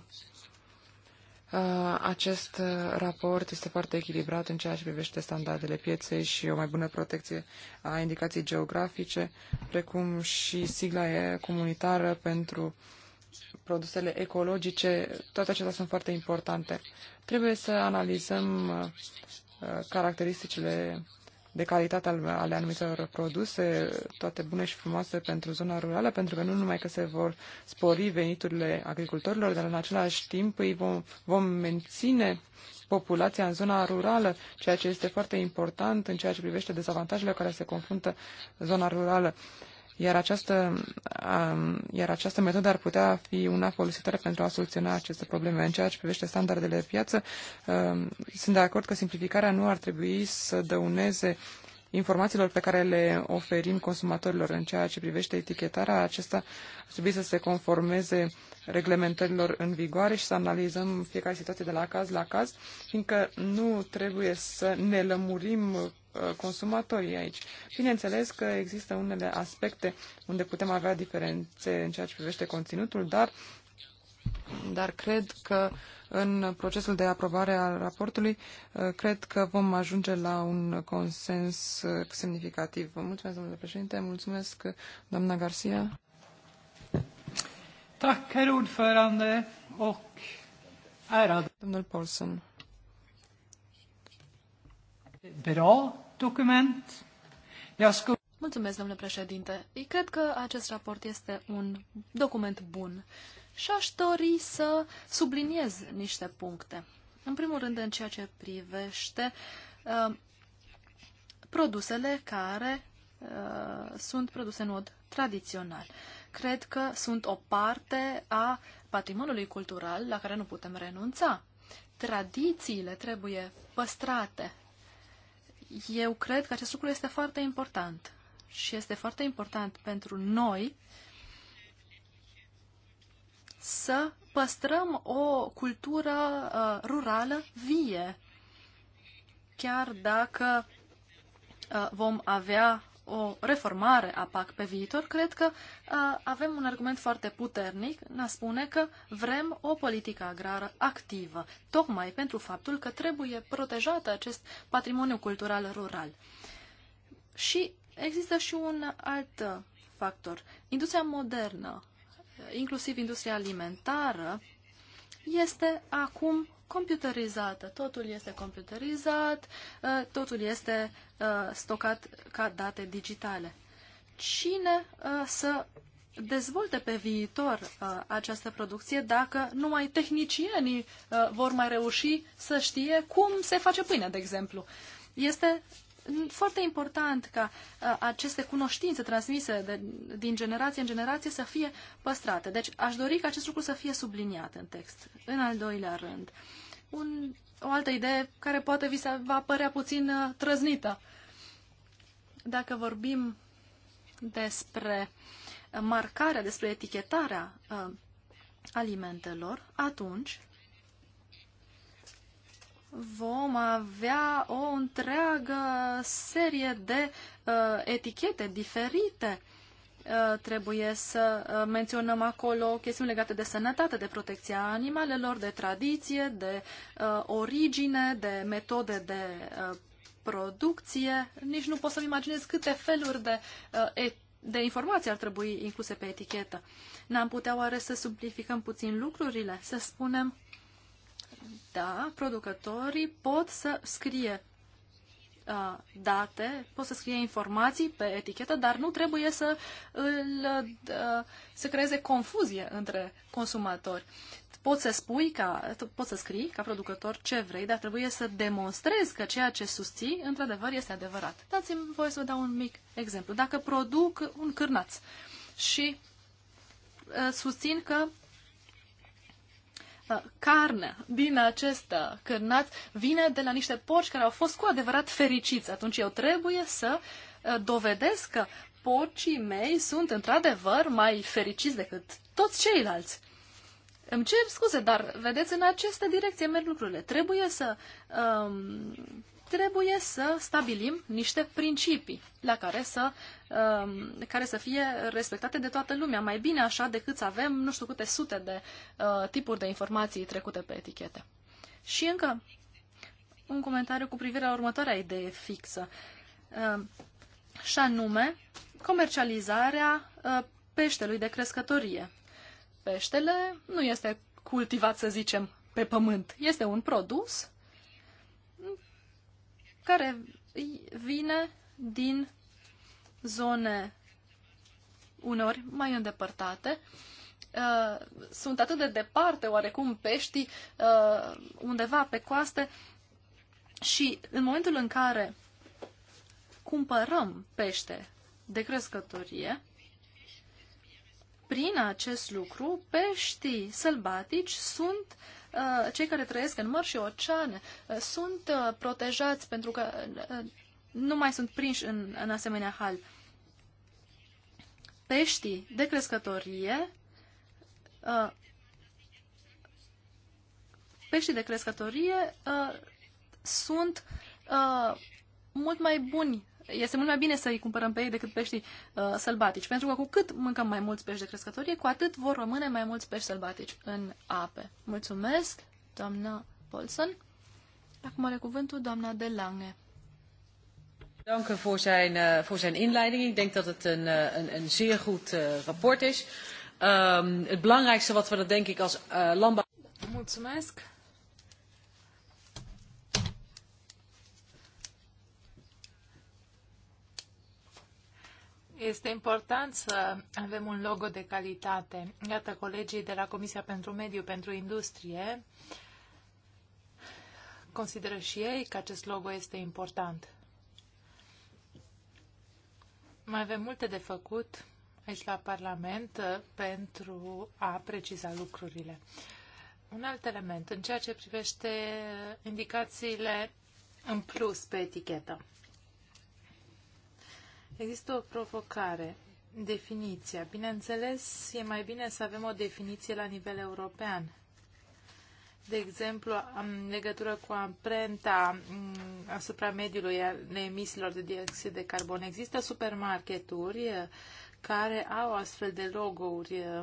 uh, acest raport este foarte echilibrat în ceea ce privește standardele pieței și o mai bună protecție a indicației geografice, precum și sigla comunitară pentru produsele ecologice. Toate acestea sunt foarte importante. Trebuie să analizăm uh, caracteristicile de calitate ale anumitor produse, toate bune și frumoase pentru zona rurală, pentru că nu numai că se vor spori veniturile agricultorilor, dar în același timp îi vom, vom menține populația în zona rurală, ceea ce este foarte important în ceea ce privește dezavantajele care se confruntă zona rurală. Uh, iar această, iar această metodă ar putea fi una folositoare pentru a soluționa aceste probleme. În ceea ce privește standardele de piață, sunt de acord că simplificarea nu ar trebui să dăuneze informațiilor pe care le oferim consumatorilor în ceea ce privește etichetarea, acesta ar trebui să se conformeze reglementărilor în vigoare și să analizăm fiecare situație de la caz la caz, fiindcă nu trebuie să ne lămurim Uh, consumatorii aici. Bineînțeles că există unele aspecte unde putem avea diferențe în ceea ce privește conținutul, dar dar cred că în procesul de aprobare al raportului, uh, cred că vom ajunge la un consens uh, semnificativ. Vă mulțumesc, domnule președinte, mulțumesc, doamna Garcia. Tak, herr ordförande och ärad. Domnul Paulson bra document. Mulțumesc, domnule președinte.
Cred că acest raport este un document bun și aș dori să subliniez niște puncte. În primul rând, în ceea ce privește uh, produsele care uh, sunt produse în mod tradițional. Cred că sunt o parte a patrimoniului cultural la care nu putem renunța. Tradițiile trebuie păstrate, eu cred că acest lucru este foarte important și este foarte important pentru noi să păstrăm o cultură uh, rurală vie. Chiar dacă uh, vom avea o reformare a PAC pe viitor, cred că uh, avem un argument foarte puternic în a spune că vrem o politică agrară activă, tocmai pentru faptul că trebuie protejată acest patrimoniu cultural rural. Și există și un alt factor. Industria modernă, inclusiv industria alimentară, este acum computerizată. Totul este computerizat, uh, totul este uh, stocat ca date digitale. Cine uh, să dezvolte pe viitor această producție dacă numai tehnicienii vor mai reuși să știe cum se face pâine, de exemplu? Este mm, foarte important ca aceste cunoștințe transmise de, din generație în generație să fie păstrate. Deci aș dori ca acest lucru să fie subliniat în text, în al doilea rând un, o altă idee care poate vi se va părea puțin uh, trăznită. Dacă vorbim despre marcarea, despre etichetarea uh, alimentelor, atunci vom avea o întreagă serie de uh, etichete diferite Uh, trebuie să uh, menționăm acolo chestiuni legate de sănătate, de protecția animalelor, de tradiție, de uh, origine, de metode de uh, producție. Nici nu pot să-mi imaginez câte feluri de, uh, de informații ar trebui incluse pe etichetă. N-am putea oare să simplificăm puțin lucrurile? Să spunem, da, producătorii pot să scrie Uh, date, poți să scrie informații pe etichetă, dar nu trebuie să, îl, uh, să creeze confuzie între consumatori. Poți să spui, ca, poți să scrii ca producător ce vrei, dar trebuie să demonstrezi că ceea ce susții, într-adevăr, este adevărat. Dați-mi voie să vă dau un mic exemplu. Dacă produc un cârnaț și uh, susțin că Uh, carne din acest uh, cârnaț vine de la niște porci care au fost cu adevărat fericiți. Atunci eu trebuie să uh, dovedesc că porcii mei sunt într-adevăr mai fericiți decât toți ceilalți. Îmi cer scuze, dar vedeți, în aceste direcție merg lucrurile. Trebuie să um, trebuie să stabilim niște principii la care să, um, care să fie respectate de toată lumea. Mai bine așa decât să avem nu știu câte sute de uh, tipuri de informații trecute pe etichete. Și încă un comentariu cu privire la următoarea idee fixă. Um, și anume, comercializarea uh, peștelui de crescătorie. Peștele nu este cultivat, să zicem, pe pământ. Este un produs care vine din zone unor mai îndepărtate. Uh, sunt atât de departe oarecum peștii uh, undeva pe coaste și în momentul în care cumpărăm pește de crescătorie, prin acest lucru, peștii sălbatici sunt uh, Uh, cei care trăiesc în mări și oceane uh, sunt uh, protejați pentru că nu mai sunt prinși în, în asemenea hal. Peștii de crescătorie peștii de crescătorie sunt mult mai buni este mult mai bine să îi cumpărăm pe ei decât peștii uh, sălbatici, pentru că cu cât mâncăm mai mulți pești de crescătorie, cu atât vor rămâne mai mulți pești sălbatici în ape. Mulțumesc, doamna Polson. Acum are cuvântul doamna De Lange. Dank u voor zijn, uh, voor zijn inleiding. Ik denk dat het een, eh, een, een zeer goed uh, rapport is. Um, het belangrijkste wat we dat er, denk ik als uh, landbouw... Mulțumesc.
Este important să avem un logo de calitate. Iată, colegii de la Comisia pentru Mediu, pentru Industrie consideră și ei că acest logo este important. Mai avem multe de făcut aici la Parlament uh, pentru a preciza lucrurile. Un alt element în ceea ce privește indicațiile în plus pe etichetă. Există o provocare. Definiția. Bineînțeles, e mai bine să avem o definiție la nivel european. De exemplu, în legătură cu amprenta mm, asupra mediului de emisiilor de dioxid de carbon, există supermarketuri eh, care au astfel de logo-uri, eh,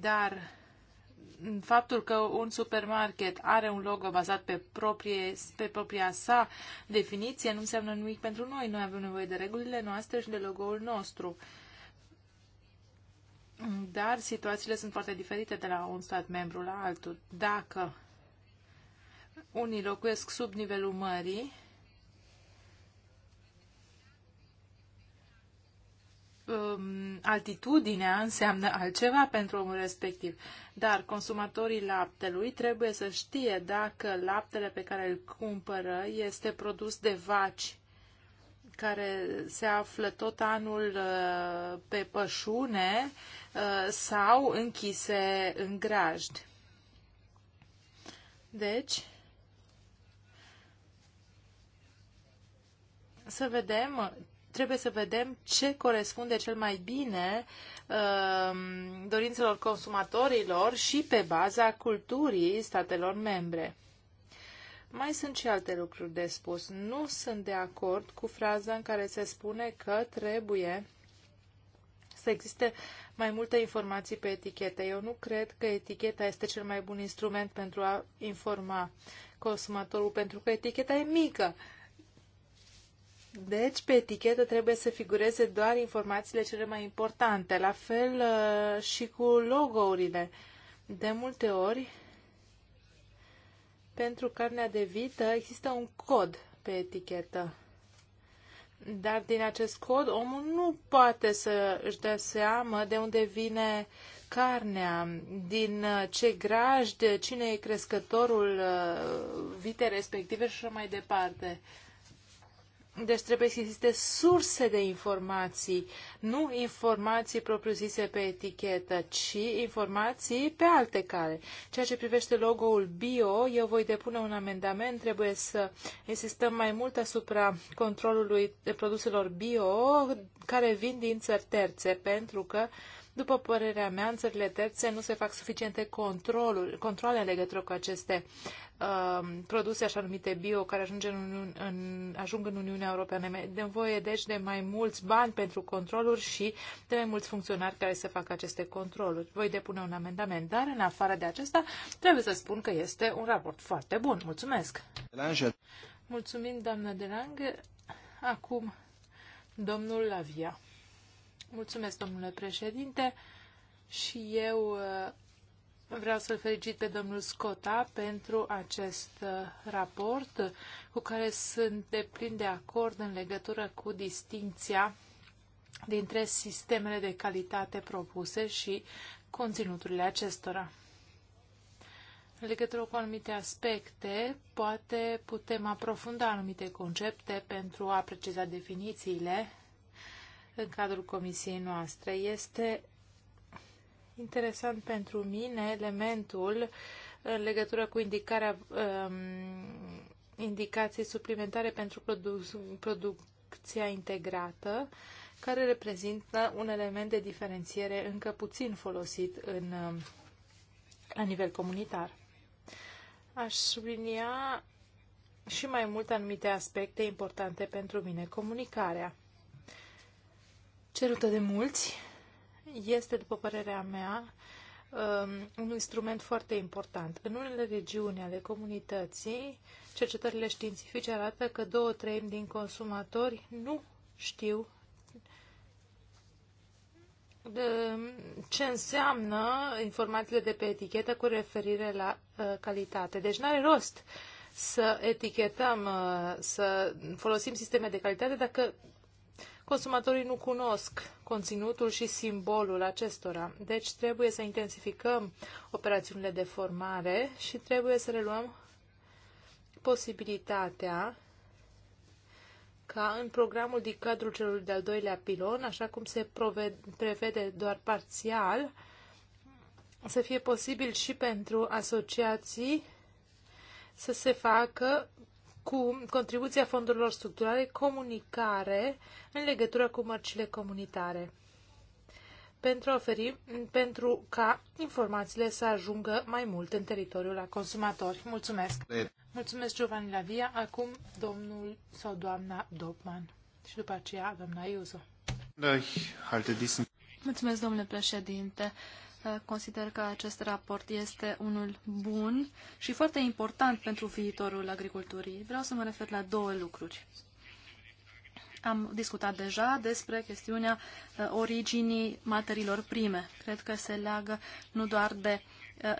dar faptul că un supermarket are un logo bazat pe, proprie, pe propria sa definiție nu înseamnă nimic pentru noi. Noi avem nevoie de regulile noastre și de logo-ul nostru. Dar situațiile sunt foarte diferite de la un stat membru la altul. Dacă unii locuiesc sub nivelul mării, um, altitudinea înseamnă altceva pentru omul respectiv. Dar consumatorii laptelui trebuie să știe dacă laptele pe care îl cumpără este produs de vaci care se află tot anul uh, pe pășune uh, sau închise în grajd. Deci, să vedem trebuie să vedem ce corespunde cel mai bine um, dorințelor consumatorilor și pe baza culturii statelor membre. Mai sunt și alte lucruri de spus. Nu sunt de acord cu fraza în care se spune că trebuie să existe mai multe informații pe etichete. Eu nu cred că eticheta este cel mai bun instrument pentru a informa consumatorul, pentru că eticheta e mică. Deci, pe etichetă trebuie să figureze doar informațiile cele mai importante, la fel uh, și cu logourile. De multe ori, pentru carnea de vită există un cod pe etichetă. Dar din acest cod omul nu poate să își dea seama de unde vine carnea, din uh, ce grajd, cine e crescătorul uh, vitei respective și așa mai departe. Deci trebuie să existe surse de informații, nu informații propriu-zise pe etichetă, ci informații pe alte cale. Ceea ce privește logo-ul bio, eu voi depune un amendament, trebuie să existăm mai mult asupra controlului produselor bio care vin din țări terțe, pentru că uh, după părerea mea, în țările terțe nu se fac suficiente controluri, controle în legătură cu aceste um, produse așa numite bio care ajung în, Uniun, în, ajung în Uniunea Europeană. De nevoie deci de mai mulți bani pentru controluri și de mai mulți funcționari care să facă aceste controluri. Voi depune un amendament, dar în afară de acesta trebuie să spun că este un raport foarte bun. Mulțumesc! Delange. Mulțumim, doamnă Delang. Acum, domnul Lavia. Mulțumesc, domnule președinte, și eu uh, vreau să-l felicit pe domnul Scota pentru acest uh, raport cu care sunt de plin de acord în legătură cu distinția dintre sistemele de calitate propuse și conținuturile acestora. În legătură cu anumite aspecte, poate putem aprofunda anumite concepte pentru a preciza definițiile în cadrul comisiei noastre. Este interesant pentru mine elementul în legătură cu indicarea um, indicației suplimentare pentru produ- producția integrată, care reprezintă un element de diferențiere încă puțin folosit în, um, la nivel comunitar. Aș sublinia și mai mult anumite aspecte importante pentru mine. Comunicarea cerută de mulți, este, după părerea mea, um, un instrument foarte important. În unele regiuni ale comunității, cercetările științifice arată că două treimi din consumatori nu știu de um, ce înseamnă informațiile de pe etichetă cu referire la uh, calitate. Deci nu are rost să etichetăm, uh, să folosim sisteme de calitate dacă consumatorii nu cunosc conținutul și simbolul acestora. Deci trebuie să intensificăm operațiunile de formare și trebuie să reluăm posibilitatea ca în programul din cadrul celor de-al doilea pilon, așa cum se prevede doar parțial, să fie posibil și pentru asociații să se facă cu contribuția fondurilor structurale, comunicare în legătură cu mărcile comunitare pentru, a oferi, pentru ca informațiile să ajungă mai mult în teritoriul la consumatori. Mulțumesc! Mulțumesc, Giovanni Lavia. Acum domnul sau doamna Dopman și după aceea doamna Iuzo.
Da, Mulțumesc, domnule președinte. Consider că acest raport este unul bun și foarte important pentru viitorul agriculturii. Vreau să mă refer la două lucruri. Am discutat deja despre chestiunea uh, originii materiilor prime. Cred că se leagă nu doar de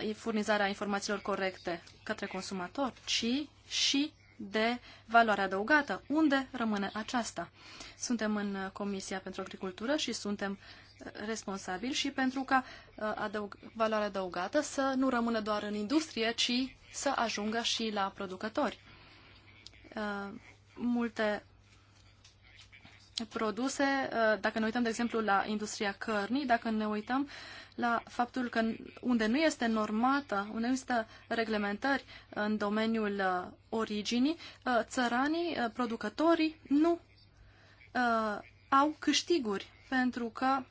uh, furnizarea informațiilor corecte către consumator, ci și de valoarea adăugată. Unde rămâne aceasta? Suntem în uh, Comisia pentru Agricultură și suntem uh, responsabil și pentru ca uh, adăug, valoarea adăugată să nu rămână doar în industrie, ci să ajungă și la producători. Uh, multe produse, uh, dacă ne uităm, de exemplu, la industria cărnii, dacă ne uităm la faptul că unde nu este normată, unde nu există reglementări în domeniul originii, țăranii, producătorii nu au câștiguri pentru că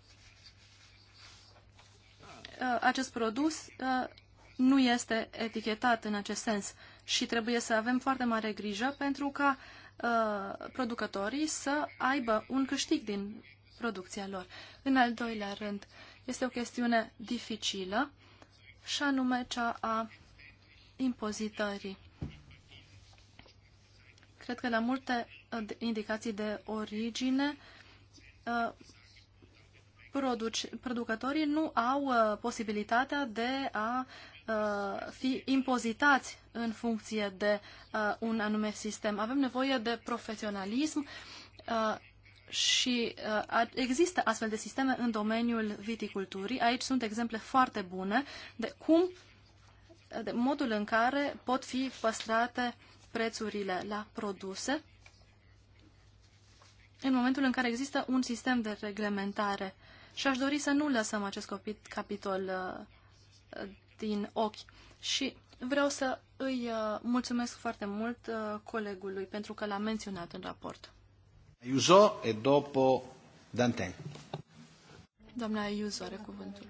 Uh, acest produs uh, nu este etichetat în acest sens și trebuie să avem foarte mare grijă pentru ca uh, producătorii să aibă un câștig din producția lor. În al doilea rând, este o chestiune dificilă și anume cea a impozitării. Cred că la multe indicații de origine produci, producătorii nu au uh, posibilitatea de a uh, fi impozitați în funcție de uh, un anume sistem. Avem nevoie de profesionalism uh, și uh, există astfel de sisteme în domeniul viticulturii. Aici sunt exemple foarte bune de cum, de modul în care pot fi păstrate prețurile la produse în momentul în care există un sistem de reglementare și aș dori să nu lăsăm acest copit, capitol uh, din ochi. Și vreau să îi uh, mulțumesc foarte mult uh, colegului pentru că l-a menționat în raport.
Iuzo e dopo
Dantin. Doamna Iuzo are cuvântul.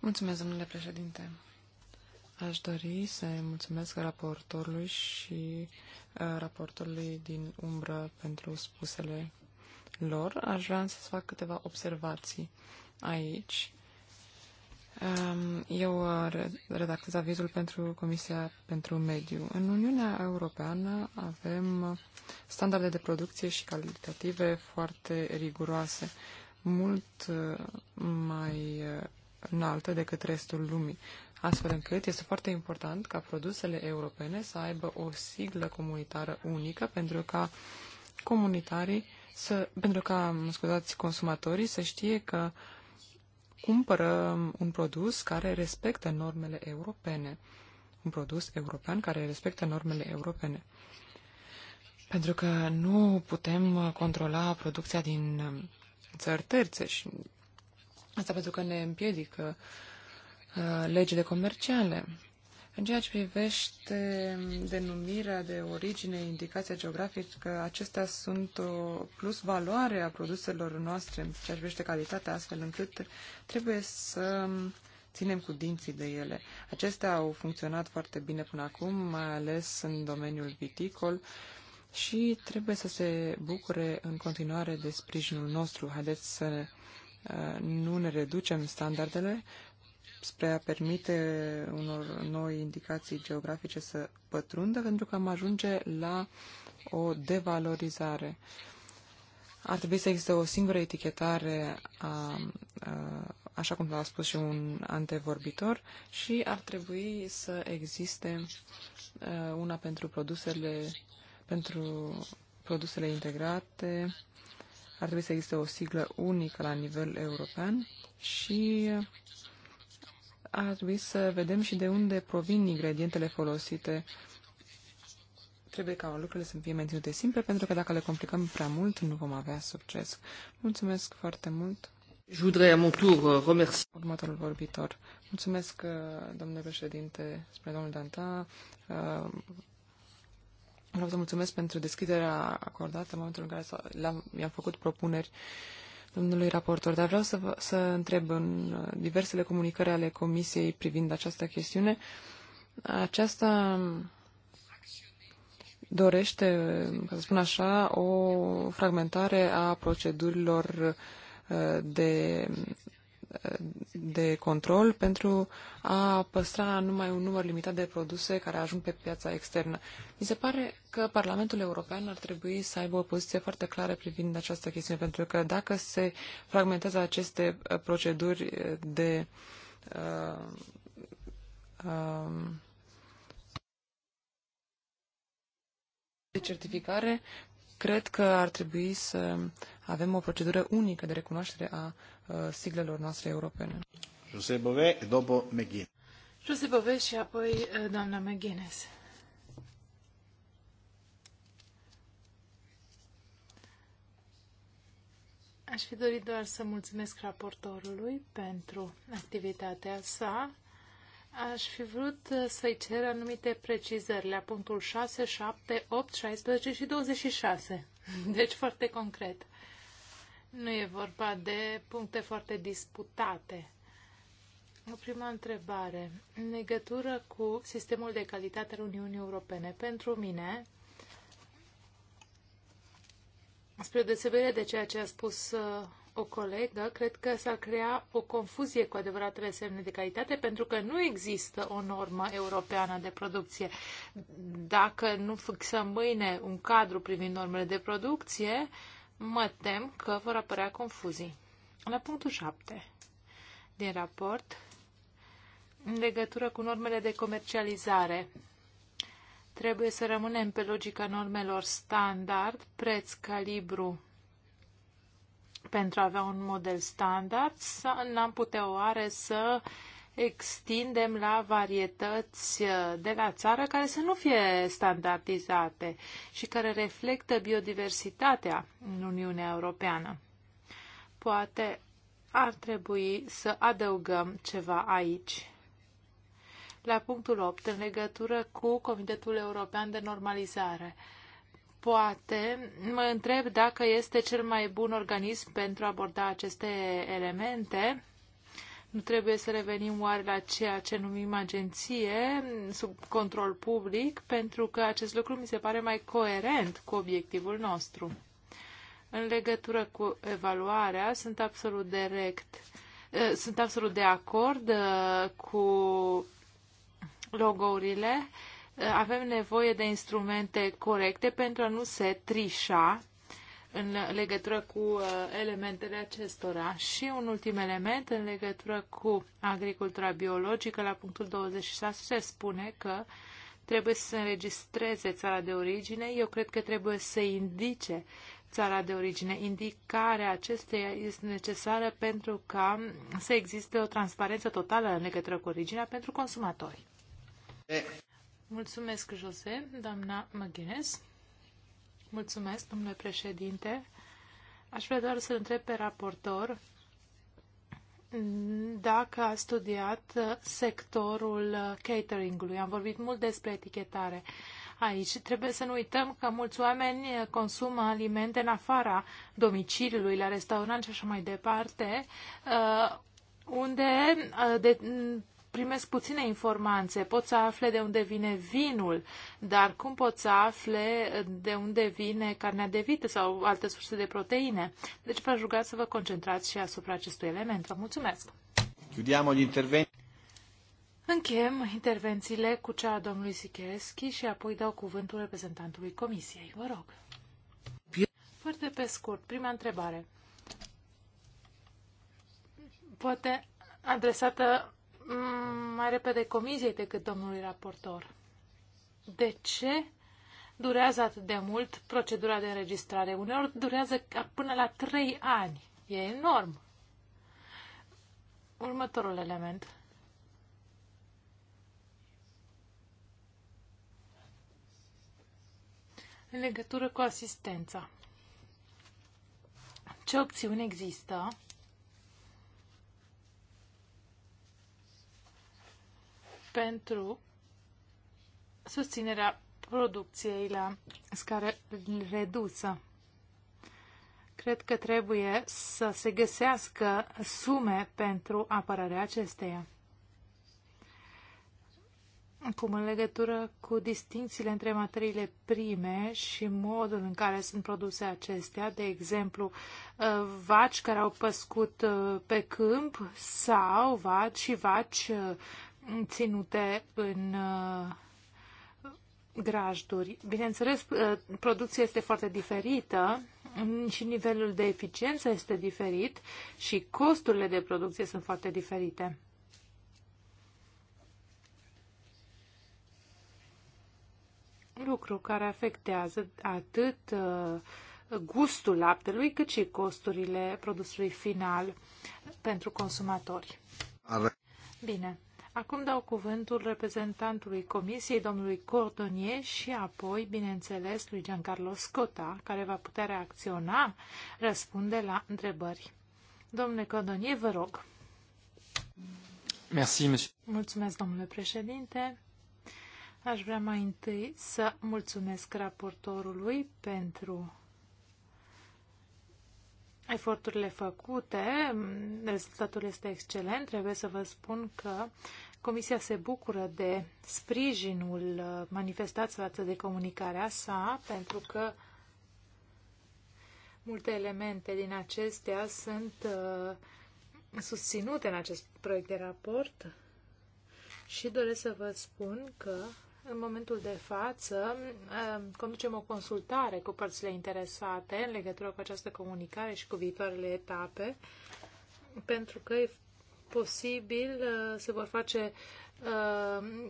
Mulțumesc, domnule președinte. Aș dori să-i mulțumesc raportorului și uh, raportorului din umbră pentru spusele lor. Aș vrea să fac câteva observații aici. Um, eu uh, redactez avizul pentru Comisia pentru Mediu. În Uniunea Europeană avem standarde de producție și calitative foarte riguroase, mult uh, mai înalte decât restul lumii astfel încât este foarte important ca produsele europene să aibă o siglă comunitară unică pentru ca comunitarii să, pentru ca, scuzați, consumatorii să știe că cumpără un produs care respectă normele europene. Un produs european care respectă normele europene. Pentru că nu putem controla producția din țări terțe și asta pentru că ne împiedică uh, Uh, legile comerciale. În ceea ce privește denumirea de origine, indicația geografică, acestea sunt o plus valoare a produselor noastre în ceea ce privește calitatea, astfel încât trebuie să ținem cu dinții de ele. Acestea au funcționat foarte bine până acum, mai ales în domeniul viticol și trebuie să se bucure în continuare de sprijinul nostru. Haideți să uh, nu ne reducem standardele, spre a permite unor noi indicații geografice să pătrundă, pentru că am ajunge la o devalorizare. Ar trebui să existe o singură etichetare, a, a, așa cum a spus și un antevorbitor, și ar trebui să existe a, una pentru produsele, pentru produsele integrate, ar trebui să existe o siglă unică la nivel european și ar trebui să vedem și de unde provin ingredientele folosite. Trebuie ca lucrurile să fie menținute simple, pentru că dacă le complicăm prea mult, nu vom avea succes. Mulțumesc foarte mult! Je à mon tour euh, remercier. Următorul vorbitor. Mulțumesc, uh, domnule președinte, spre domnul Danta. Uh, vreau să mulțumesc pentru deschiderea acordată în momentul în care i-am făcut propuneri uh, domnului raportor, dar vreau să, vă, să întreb în uh, diversele comunicări ale Comisiei privind această chestiune. Aceasta dorește, ca să spun așa, o fragmentare a procedurilor uh, de de control pentru a păstra numai un număr limitat de produse care ajung pe piața externă. Mi se pare că Parlamentul European ar trebui să aibă o poziție foarte clară privind această chestiune, pentru că dacă se fragmentează aceste uh, proceduri de uh, uh, de certificare, cred că ar trebui să avem o procedură unică de recunoaștere a uh, siglelor noastre europene. José Bové, după McGuinness.
José Bové și apoi uh, doamna Meghines. Aș fi dorit doar să mulțumesc raportorului pentru activitatea sa Aș fi vrut uh, să-i cer anumite precizări la punctul 6, 7, 8, 16 și 26. *laughs* Deci foarte concret. Nu e vorba de puncte foarte disputate. O prima întrebare. În legătură cu sistemul de calitate al Uniunii Europene, pentru mine, spre deosebire de ceea ce a spus uh, o colegă, cred că s-ar crea o confuzie cu adevăratele semne de calitate, pentru că nu există o normă europeană de producție. Dacă nu fixăm mâine un cadru privind normele de producție, mă tem că vor apărea confuzii. La punctul 7 din raport, în legătură cu normele de comercializare, trebuie să rămânem pe logica normelor standard, preț, calibru pentru a avea un model standard, n-am putea oare să extindem la varietăți uh, de la țară care să nu fie standardizate și care reflectă biodiversitatea în Uniunea Europeană. Poate ar trebui să adăugăm ceva aici. La punctul 8, în legătură cu Comitetul European de Normalizare. Uh, poate mă întreb dacă este cel mai bun organism pentru a aborda aceste elemente. Nu trebuie să revenim oare la ceea ce numim agenție sub control public, pentru că acest lucru mi se pare mai coerent cu obiectivul nostru. În legătură cu evaluarea, sunt absolut direct, eh, sunt absolut de acord eh, cu logourile avem nevoie de instrumente corecte pentru a nu se trișa în legătură cu uh, elementele acestora. Și un ultim element, în legătură cu agricultura biologică, la punctul 26 se spune că trebuie să se înregistreze țara de origine. Eu cred că trebuie să indice țara de origine. Indicarea acesteia este necesară pentru ca să existe o transparență totală în legătură cu originea pentru consumatori. Mulțumesc, Jose, doamna McGuinness. Mulțumesc, domnule președinte. Aș vrea doar să-l întreb pe raportor dacă a studiat sectorul cateringului. Am vorbit mult despre etichetare aici. Trebuie să nu uităm că mulți oameni consumă alimente în afara domiciliului, la restaurant și așa mai departe, uh, unde uh, primesc puține informații, pot să afle de unde vine vinul, dar cum pot să afle de unde vine carnea de vită sau alte surse de proteine? Deci v-aș ruga să vă concentrați și asupra acestui element. Vă mulțumesc!
Chiudiamo gli interventi.
Încheiem intervențiile cu cea a domnului Sicheschi și apoi dau cuvântul reprezentantului Comisiei. Vă rog. Foarte pe scurt, prima întrebare. Poate adresată mai repede comisiei decât domnului raportor. De ce durează atât de mult procedura de înregistrare? Uneori durează până la trei ani. E enorm. Următorul element. În legătură cu asistența. Ce opțiuni există pentru susținerea producției la scară redusă. Cred că trebuie să se găsească sume pentru apărarea acesteia. cum în legătură cu distințiile între materiile prime și modul în care sunt produse acestea, de exemplu, vaci care au păscut uh, pe câmp sau vaci și vaci uh, ținute în uh, grajduri. Bineînțeles, uh, producția este foarte diferită și nivelul de eficiență este diferit și costurile de producție sunt foarte diferite. Lucru care afectează atât uh, gustul laptelui, cât și costurile produsului final pentru consumatori. Bine. Acum dau cuvântul reprezentantului Comisiei, domnului Cordonier, și apoi, bineînțeles, lui Giancarlo Scota, care va putea reacționa, răspunde la întrebări. Domnule Cordonier, vă rog.
Merci,
Mulțumesc, domnule președinte. Aș vrea mai întâi să mulțumesc raportorului pentru eforturile făcute. Mm, rezultatul este excelent. Trebuie să vă spun că Comisia se bucură de sprijinul uh, manifestat față de comunicarea sa, pentru că multe elemente din acestea sunt uh, susținute în acest proiect de raport și doresc să vă spun că în momentul de față, um, conducem o consultare cu părțile interesate în legătură cu această comunicare și cu viitoarele etape, pentru că e posibil uh, se vor face uh,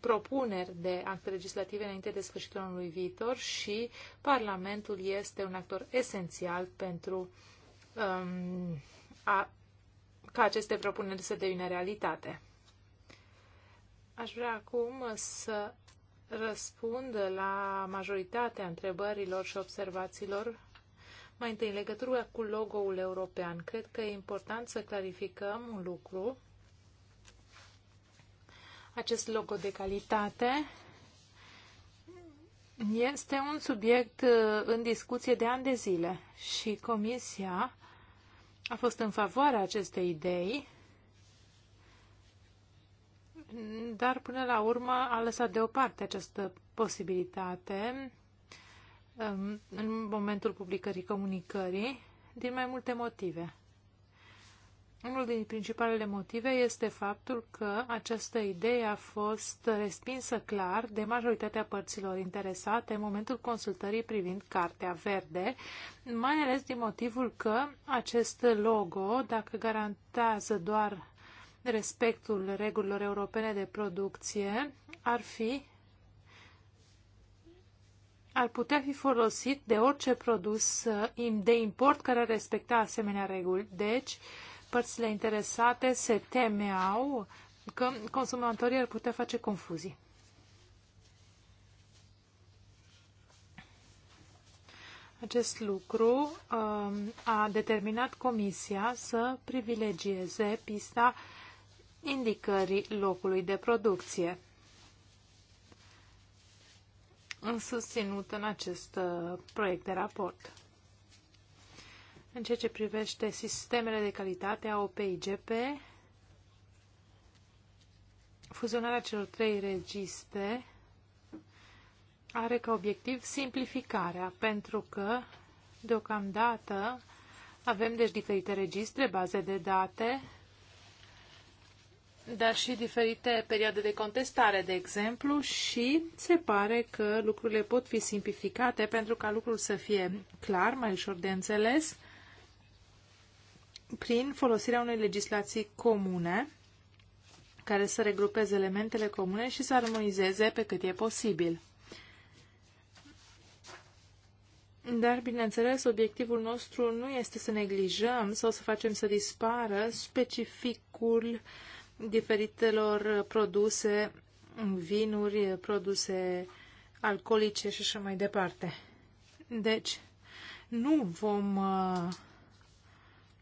propuneri de acte legislative înainte de sfârșitul anului viitor și Parlamentul este un actor esențial pentru um, a, ca aceste propuneri să devină realitate. Aș vrea acum să răspund la majoritatea întrebărilor și observațiilor. Mai întâi, în legătură cu logo-ul european, cred că e important să clarificăm un lucru. Acest logo de calitate este un subiect uh, în discuție de ani de zile și Comisia a fost în favoarea acestei idei dar până la urmă a lăsat deoparte această posibilitate um, în momentul publicării comunicării din mai multe motive. Unul din principalele motive este faptul că această idee a fost respinsă clar de majoritatea părților interesate în momentul consultării privind Cartea Verde, mai ales din motivul că acest logo, dacă garantează doar respectul regulilor europene de producție ar fi ar putea fi folosit de orice produs uh, de import care ar respecta asemenea reguli. Deci, părțile interesate se temeau că consumatorii ar putea face confuzii. Acest lucru um, a determinat Comisia să privilegieze pista indicării locului de producție. Susținut în acest uh, proiect de raport. În ceea ce privește sistemele de calitate a OPIGP, fuzionarea celor trei registre are ca obiectiv simplificarea, pentru că, deocamdată, avem deci diferite registre, baze de date, dar și diferite perioade de contestare, de exemplu, și se pare că lucrurile pot fi simplificate pentru ca lucrul să fie clar, mai ușor de înțeles, prin folosirea unei legislații comune care să regrupeze elementele comune și să armonizeze pe cât e posibil. Dar, bineînțeles, obiectivul nostru nu este să neglijăm sau să facem să dispară specificul uh, diferitelor produse, vinuri, produse alcoolice și așa mai departe. Deci, nu vom uh,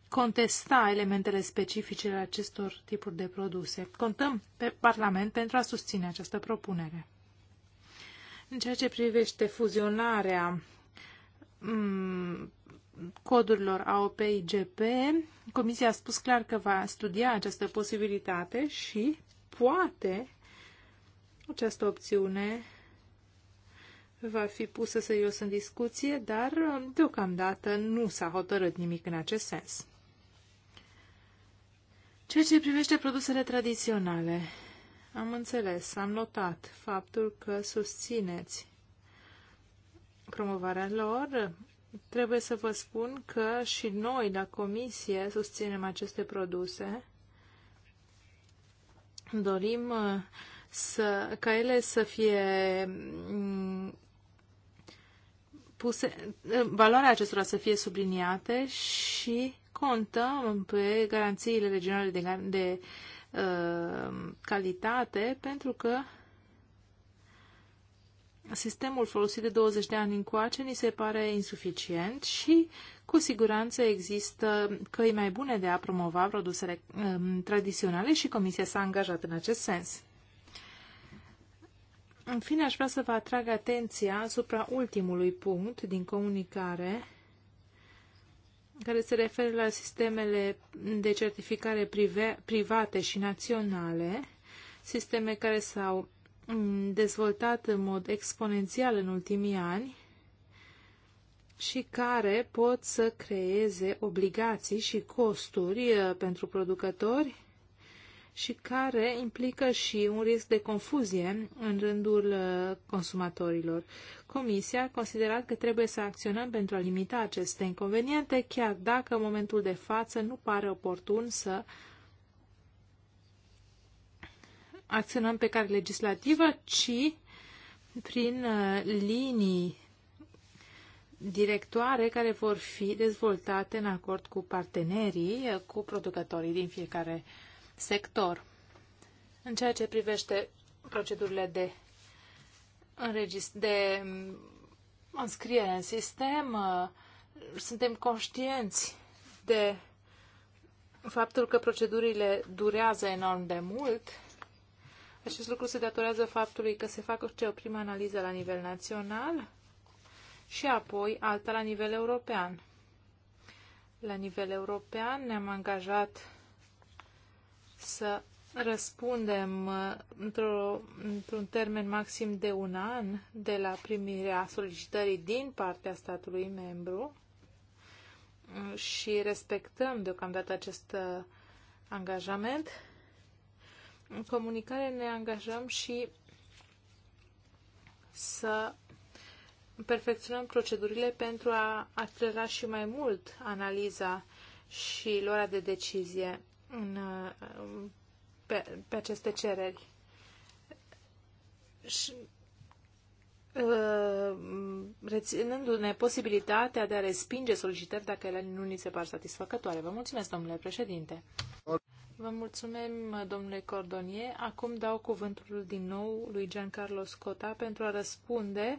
contesta elementele specifice ale acestor tipuri de produse. Contăm pe Parlament pentru a susține această propunere. În ceea ce privește fuzionarea mm, codurilor AOP-IGP, Comisia a spus clar că va studia această posibilitate și poate această opțiune va fi pusă serios în discuție, dar deocamdată nu s-a hotărât nimic în acest sens. Ceea ce privește produsele tradiționale, am înțeles, am notat faptul că susțineți promovarea lor, Trebuie să vă spun că și noi, la comisie, susținem aceste produse. Dorim uh, să, ca ele să fie mm, puse, uh, valoarea acestora să fie subliniate și contăm pe garanțiile regionale de, de uh, calitate pentru că sistemul folosit de 20 de ani încoace ni se pare insuficient și cu siguranță există căi mai bune de a promova produsele um, tradiționale și Comisia s-a angajat în acest sens. În fine, aș vrea să vă atrag atenția asupra ultimului punct din comunicare care se referă la sistemele de certificare prive, private și naționale, sisteme care s-au Mm, dezvoltat în mod exponențial în ultimii ani și care pot să creeze obligații și costuri uh, pentru producători și care implică și un risc de confuzie în rândul uh, consumatorilor. Comisia a considerat că trebuie să acționăm pentru a limita aceste inconveniente, chiar dacă în momentul de față nu pare oportun să uh, acționăm pe care legislativă, ci prin uh, linii directoare care vor fi dezvoltate în acord cu partenerii, uh, cu producătorii din fiecare sector. În ceea ce privește procedurile de, de mm, înscriere în sistem, uh, suntem conștienți de faptul că procedurile durează enorm de mult acest lucru se datorează faptului că se face o primă analiză la nivel național și apoi alta la nivel european. La nivel european ne-am angajat să răspundem uh, într-un într termen maxim de un an de la primirea solicitării din partea statului membru și respectăm deocamdată acest uh, angajament. În comunicare ne angajăm și să perfecționăm procedurile pentru a accelera și mai mult analiza și luarea de decizie în, pe, pe aceste cereri. Și, uh, reținându-ne posibilitatea de a respinge solicitări dacă ele nu ni se par satisfăcătoare. Vă mulțumesc, domnule președinte. Vă mulțumim, domnule Cordonier. Acum dau cuvântul din nou lui Giancarlo Scota pentru a răspunde.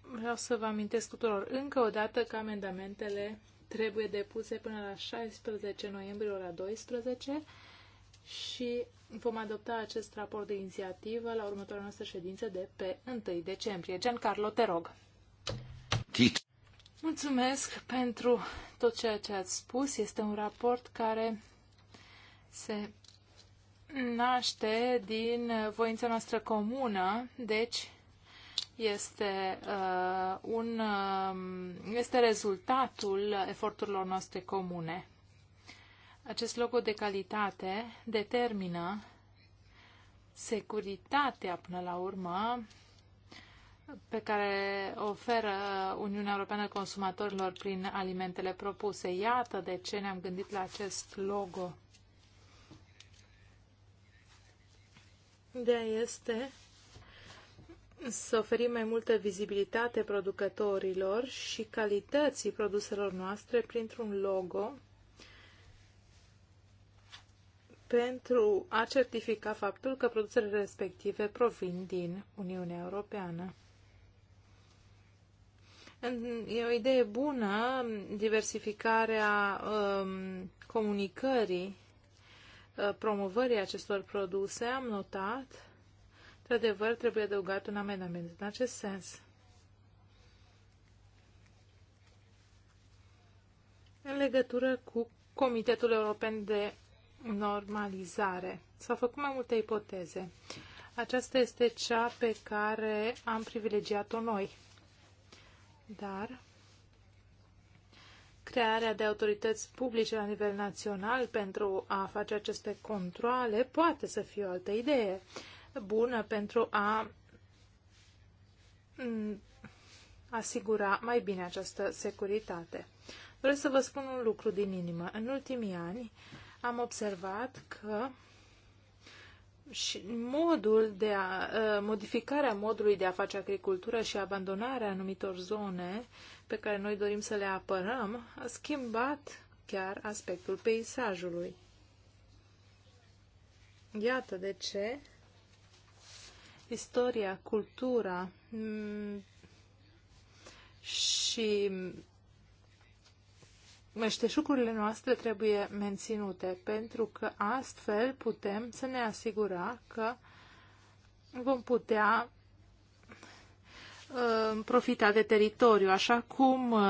Vreau să vă amintesc tuturor încă o dată că amendamentele trebuie depuse până la 16 noiembrie ora 12 și vom adopta acest raport de inițiativă la următoarea noastră ședință de pe 1 decembrie. Giancarlo, te rog. Mulțumesc pentru tot ceea ce ați spus. Este un raport care se naște din voința noastră comună, deci este, uh, un, uh, este rezultatul eforturilor noastre comune. Acest logo de calitate determină securitatea până la urmă pe care oferă Uniunea Europeană consumatorilor prin alimentele propuse. Iată de ce ne-am gândit la acest logo. Ideea este să oferim mai multă vizibilitate producătorilor și calității produselor noastre printr-un logo pentru a certifica faptul că produsele respective provin din Uniunea Europeană. E o idee bună diversificarea um, comunicării, uh, promovării acestor produse. Am notat, într-adevăr, trebuie adăugat un amendament în acest sens. În legătură cu Comitetul European de Normalizare, s-au făcut mai multe ipoteze. Aceasta este cea pe care am privilegiat-o noi dar crearea de autorități publice la nivel național pentru a face aceste controle poate să fie o altă idee bună pentru a asigura mai bine această securitate. Vreau să vă spun un lucru din inimă. În ultimii ani am observat că și modul de a, ă, modificarea modului de a face agricultură și abandonarea anumitor zone pe care noi dorim să le apărăm a schimbat chiar aspectul peisajului. Iată de ce istoria, cultura și meșteșucurile noastre trebuie menținute, pentru că astfel putem să ne asigura că vom putea uh, profita de teritoriu, așa cum uh,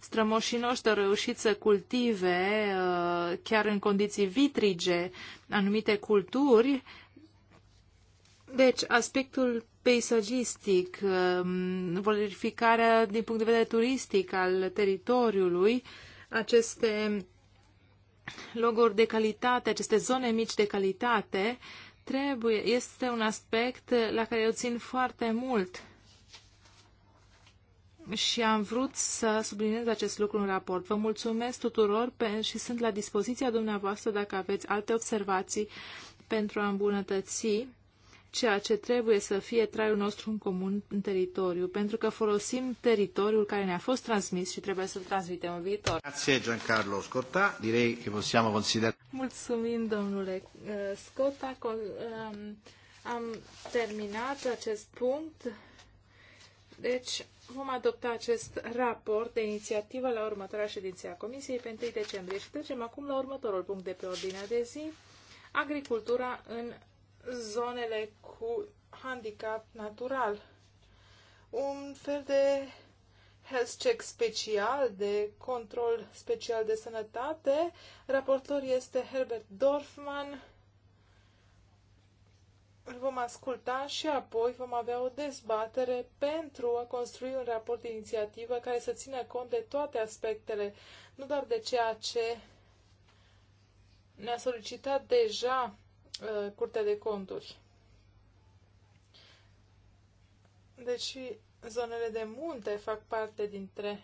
strămoșii noștri au reușit să cultive, uh, chiar în condiții vitrige, anumite culturi. Deci, aspectul peisagistic, um, valorificarea din punct de vedere turistic al teritoriului, aceste loguri de calitate, aceste zone mici de calitate, trebuie, este un aspect la care eu țin foarte mult. Și am vrut să subliniez acest lucru în raport. Vă mulțumesc tuturor pe, și sunt la dispoziția dumneavoastră dacă aveți alte observații pentru a îmbunătăți ceea ce trebuie să fie traiul nostru în comun în teritoriu, pentru că folosim teritoriul care ne-a fost transmis și trebuie să-l transmitem în viitor. Grazie Giancarlo Scotta, direi că possiamo considera... Mulțumim, domnule uh, Scotta, um, am terminat acest punct, deci vom adopta acest raport de inițiativă la următoarea ședință a Comisiei pe 1 decembrie și trecem acum la următorul punct de pe ordinea de zi, agricultura în zonele cu handicap natural. Un fel de health check special, de control special de sănătate. Raportor este Herbert Dorfman. Îl vom asculta și apoi vom avea o dezbatere pentru a construi un raport de inițiativă care să țină cont de toate aspectele, nu doar de ceea ce ne-a solicitat deja uh, Curtea de Conturi. deci zonele de munte fac parte dintre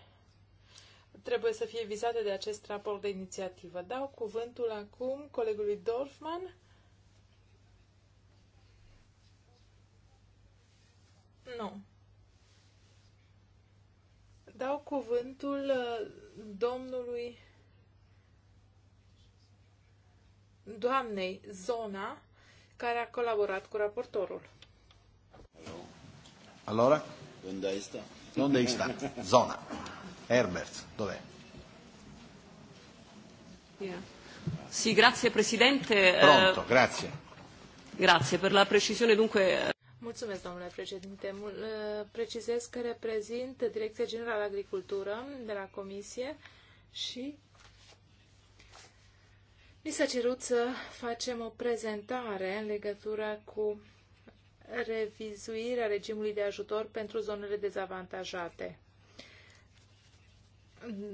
trebuie să fie vizate de acest raport de inițiativă. Dau cuvântul acum colegului Dorfman. Nu. Dau cuvântul uh, domnului doamnei Zona, care a colaborat cu raportorul.
Allora? Unde este? Unde este? Zona. Herbert, dove?
Yeah. Sì, grazie Presidente. Pronto, grazie. Eh, grazie per la precisione dunque.
Mulțumesc, domnule președinte. Eh, precizez că reprezint Direcția Generală Agricultură de la Comisie și mi s-a cerut să facem o prezentare în legătură cu revizuirea regimului de ajutor pentru zonele dezavantajate.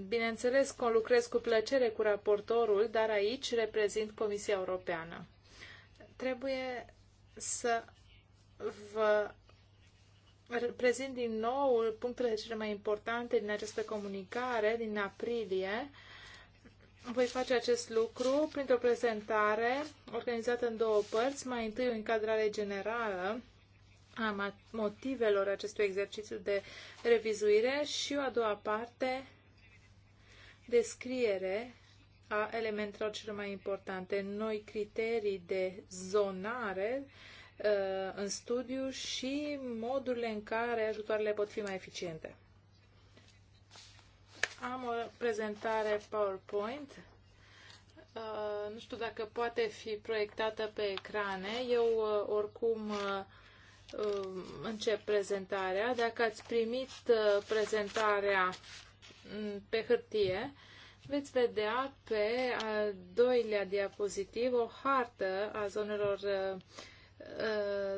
Bineînțeles că lucrez cu plăcere cu raportorul, dar aici reprezint Comisia Europeană. Trebuie să vă prezint din nou punctele cele mai importante din această comunicare din aprilie, voi face acest lucru printr-o prezentare organizată în două părți. Mai întâi o încadrare generală a motivelor acestui exercițiu de revizuire și o a doua parte descriere a elementelor cele mai importante, noi criterii de zonare uh, în studiu și modurile în care ajutoarele pot fi mai eficiente. Am o prezentare PowerPoint. Uh, nu știu dacă poate fi proiectată pe ecrane. Eu uh, oricum uh, uh încep prezentarea. Dacă ați primit uh, prezentarea mm, pe hârtie, veți vedea pe a doilea diapozitiv o hartă a zonelor uh,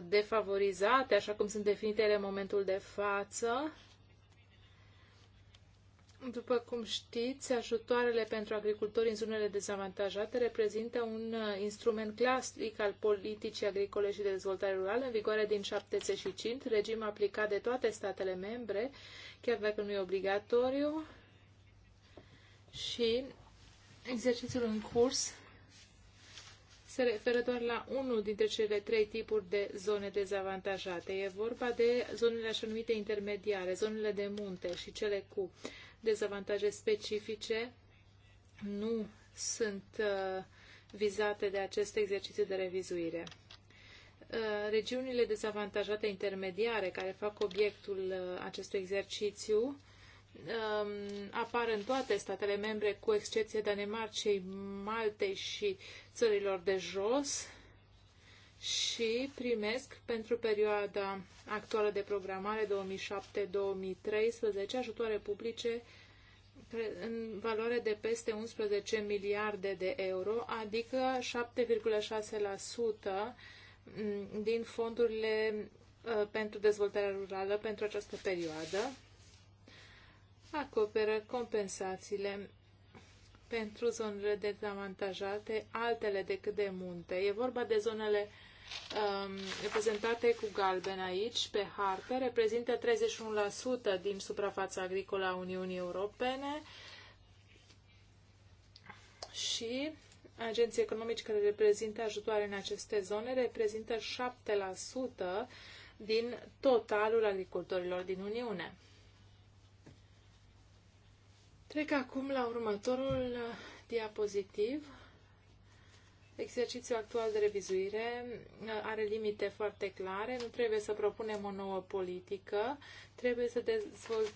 defavorizate, așa cum sunt definite în momentul de față după cum știți, ajutoarele pentru agricultori în zonele dezavantajate reprezintă un uh, instrument clasic al politicii agricole și de dezvoltare rurală în vigoare din 75, regim aplicat de toate statele membre, chiar dacă nu e obligatoriu, și exercițiul în curs se referă doar la unul dintre cele trei tipuri de zone dezavantajate. E vorba de zonele așa numite intermediare, zonele de munte și cele cu dezavantaje specifice nu sunt uh, vizate de acest exercițiu de revizuire. Uh, regiunile dezavantajate intermediare care fac obiectul uh, acestui exercițiu um, apar în toate statele membre, cu excepția Danemarcei, Maltei și țărilor de jos, și primesc pentru perioada actuală de programare 2007-2013 ajutoare publice în valoare de peste 11 miliarde de euro, adică 7,6% din fondurile ă, pentru dezvoltarea rurală pentru această perioadă, acoperă compensațiile pentru zonele dezavantajate, altele decât de munte. E vorba de zonele um, reprezentate cu galben aici, pe hartă, reprezintă 31% din suprafața agricolă a Uniunii Europene și agenții economici care reprezintă ajutoare în aceste zone reprezintă 7% din totalul agricultorilor din Uniune. Trec acum la următorul uh, diapozitiv. Exercițiul actual de revizuire uh, are limite foarte clare. Nu trebuie să propunem o nouă politică. Trebuie să dezvoltăm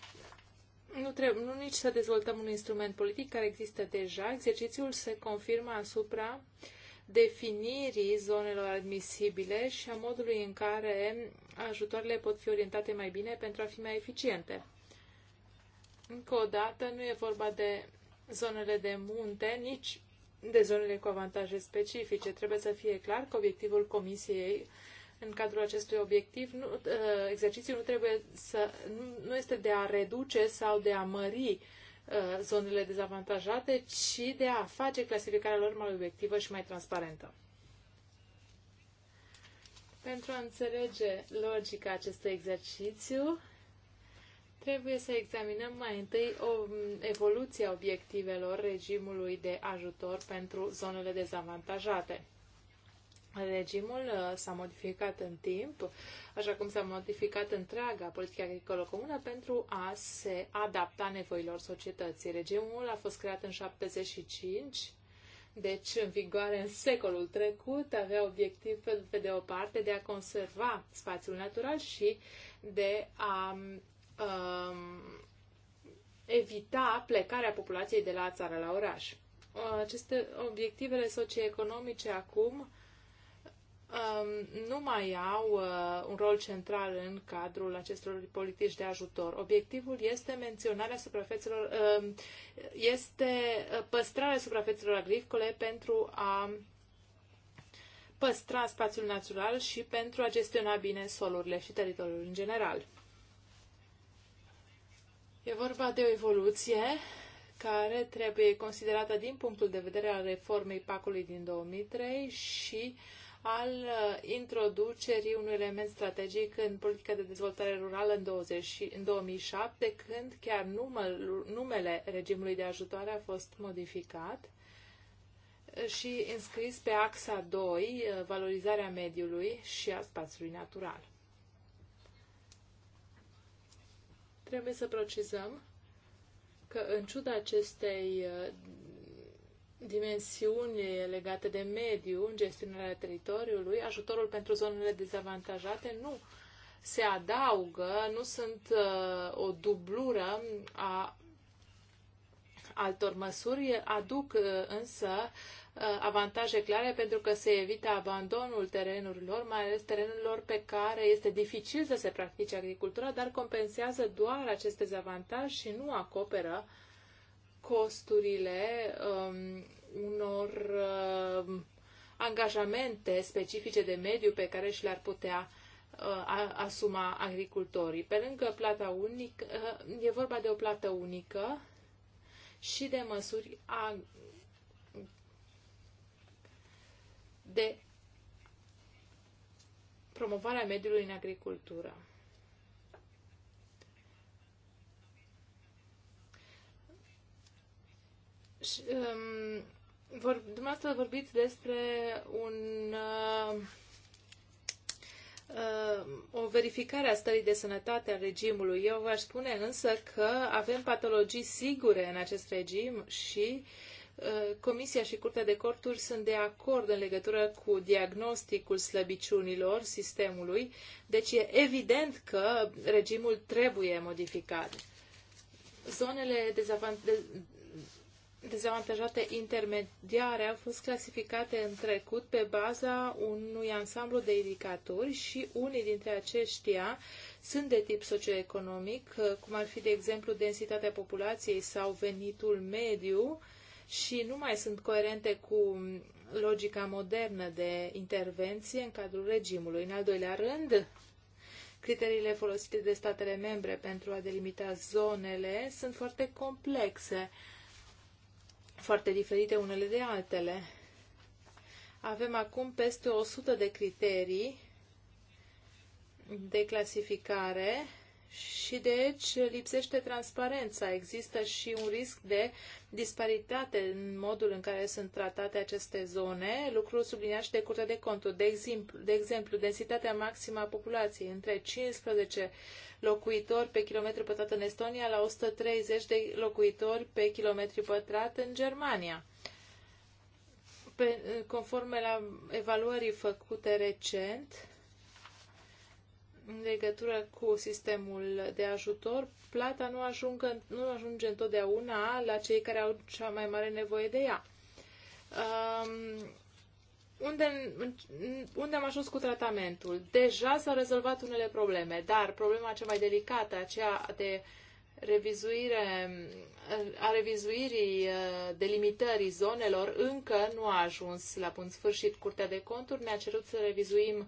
nu, trebuie, nu nici să dezvoltăm un instrument politic care există deja. Exercițiul se confirmă asupra definirii zonelor admisibile și a modului în care ajutoarele pot fi orientate mai bine pentru a fi mai eficiente. Încă o dată, nu e vorba de zonele de munte, nici de zonele cu avantaje specifice. Trebuie să fie clar că obiectivul Comisiei în cadrul acestui obiectiv, nu, ă, exercițiul nu trebuie să nu, nu este de a reduce sau de a mări ă, zonele dezavantajate, ci de a face clasificarea lor mai obiectivă și mai transparentă. Pentru a înțelege logica acestui exercițiu, Trebuie să examinăm mai întâi o, evoluția obiectivelor regimului de ajutor pentru zonele dezavantajate. Regimul uh, s-a modificat în timp, așa cum s-a modificat întreaga politică agricolă comună pentru a se adapta nevoilor societății. Regimul a fost creat în 75, deci în vigoare în secolul trecut, avea obiectiv pe de o parte de a conserva spațiul natural și de a uh, evita plecarea populației de la țară la oraș. Uh, aceste obiectivele socioeconomice acum um, nu mai au uh, un rol central în cadrul acestor politici de ajutor. Obiectivul este menționarea suprafețelor, um, este uh, păstrarea suprafețelor agricole pentru a păstra spațiul natural și pentru a gestiona bine solurile și teritoriul în general. E vorba de o evoluție care trebuie considerată din punctul de vedere al reformei pacului din 2003 și al uh, introducerii unui element strategic în politica de dezvoltare rurală în, 20, în 2007, când chiar numel, numele regimului de ajutoare a fost modificat și înscris pe axa 2, uh, valorizarea mediului și a spațiului natural. Trebuie să precizăm că în ciuda acestei uh, dimensiuni legate de mediu în gestionarea teritoriului, ajutorul pentru zonele dezavantajate nu se adaugă, nu sunt uh, o dublură a altor măsuri, aduc uh, însă Uh, avantaje clare pentru că se evită abandonul terenurilor, mai ales terenurilor pe care este dificil să se practice agricultura, dar compensează doar acest dezavantaj și nu acoperă costurile um, unor um, angajamente specifice de mediu pe care și le-ar putea uh, asuma agricultorii. Pe lângă plata unică, uh, e vorba de o plată unică și de măsuri de promovarea mediului în agricultură. Și, um, vor, dumneavoastră vorbiți despre un, uh, uh, o verificare a stării de sănătate a regimului. Eu v-aș spune însă că avem patologii sigure în acest regim și uh, Uh, Comisia și Curtea de Corturi sunt de acord în legătură cu diagnosticul slăbiciunilor sistemului, deci e evident că regimul trebuie modificat. Zonele dezavantajate intermediare au fost clasificate în trecut pe baza unui ansamblu de indicatori și unii dintre aceștia sunt de tip socioeconomic, uh, cum ar fi, de exemplu, densitatea populației sau venitul mediu, și nu mai sunt coerente cu logica modernă de intervenție în cadrul regimului. În al doilea rând, criteriile folosite de statele membre pentru a delimita zonele sunt foarte complexe, foarte diferite unele de altele. Avem acum peste 100 de criterii de clasificare și deci lipsește transparența. Există și un risc de disparitate în modul în care sunt tratate aceste zone, lucru subliniat și de curte de Conturi. De exemplu, de exemplu densitatea maximă a populației între 15 locuitori pe kilometru pătrat în Estonia la 130 de locuitori pe kilometru pătrat în Germania. Pe, conform la evaluării făcute recent, în legătură cu sistemul de ajutor, plata nu, ajungă, nu ajunge întotdeauna la cei care au cea mai mare nevoie de ea. Um, unde, unde am ajuns cu tratamentul? Deja s-au rezolvat unele probleme, dar problema cea mai delicată, aceea de revizuire, a revizuirii uh, delimitării zonelor, încă nu a ajuns la punct sfârșit. Curtea de conturi ne-a cerut să revizuim uh,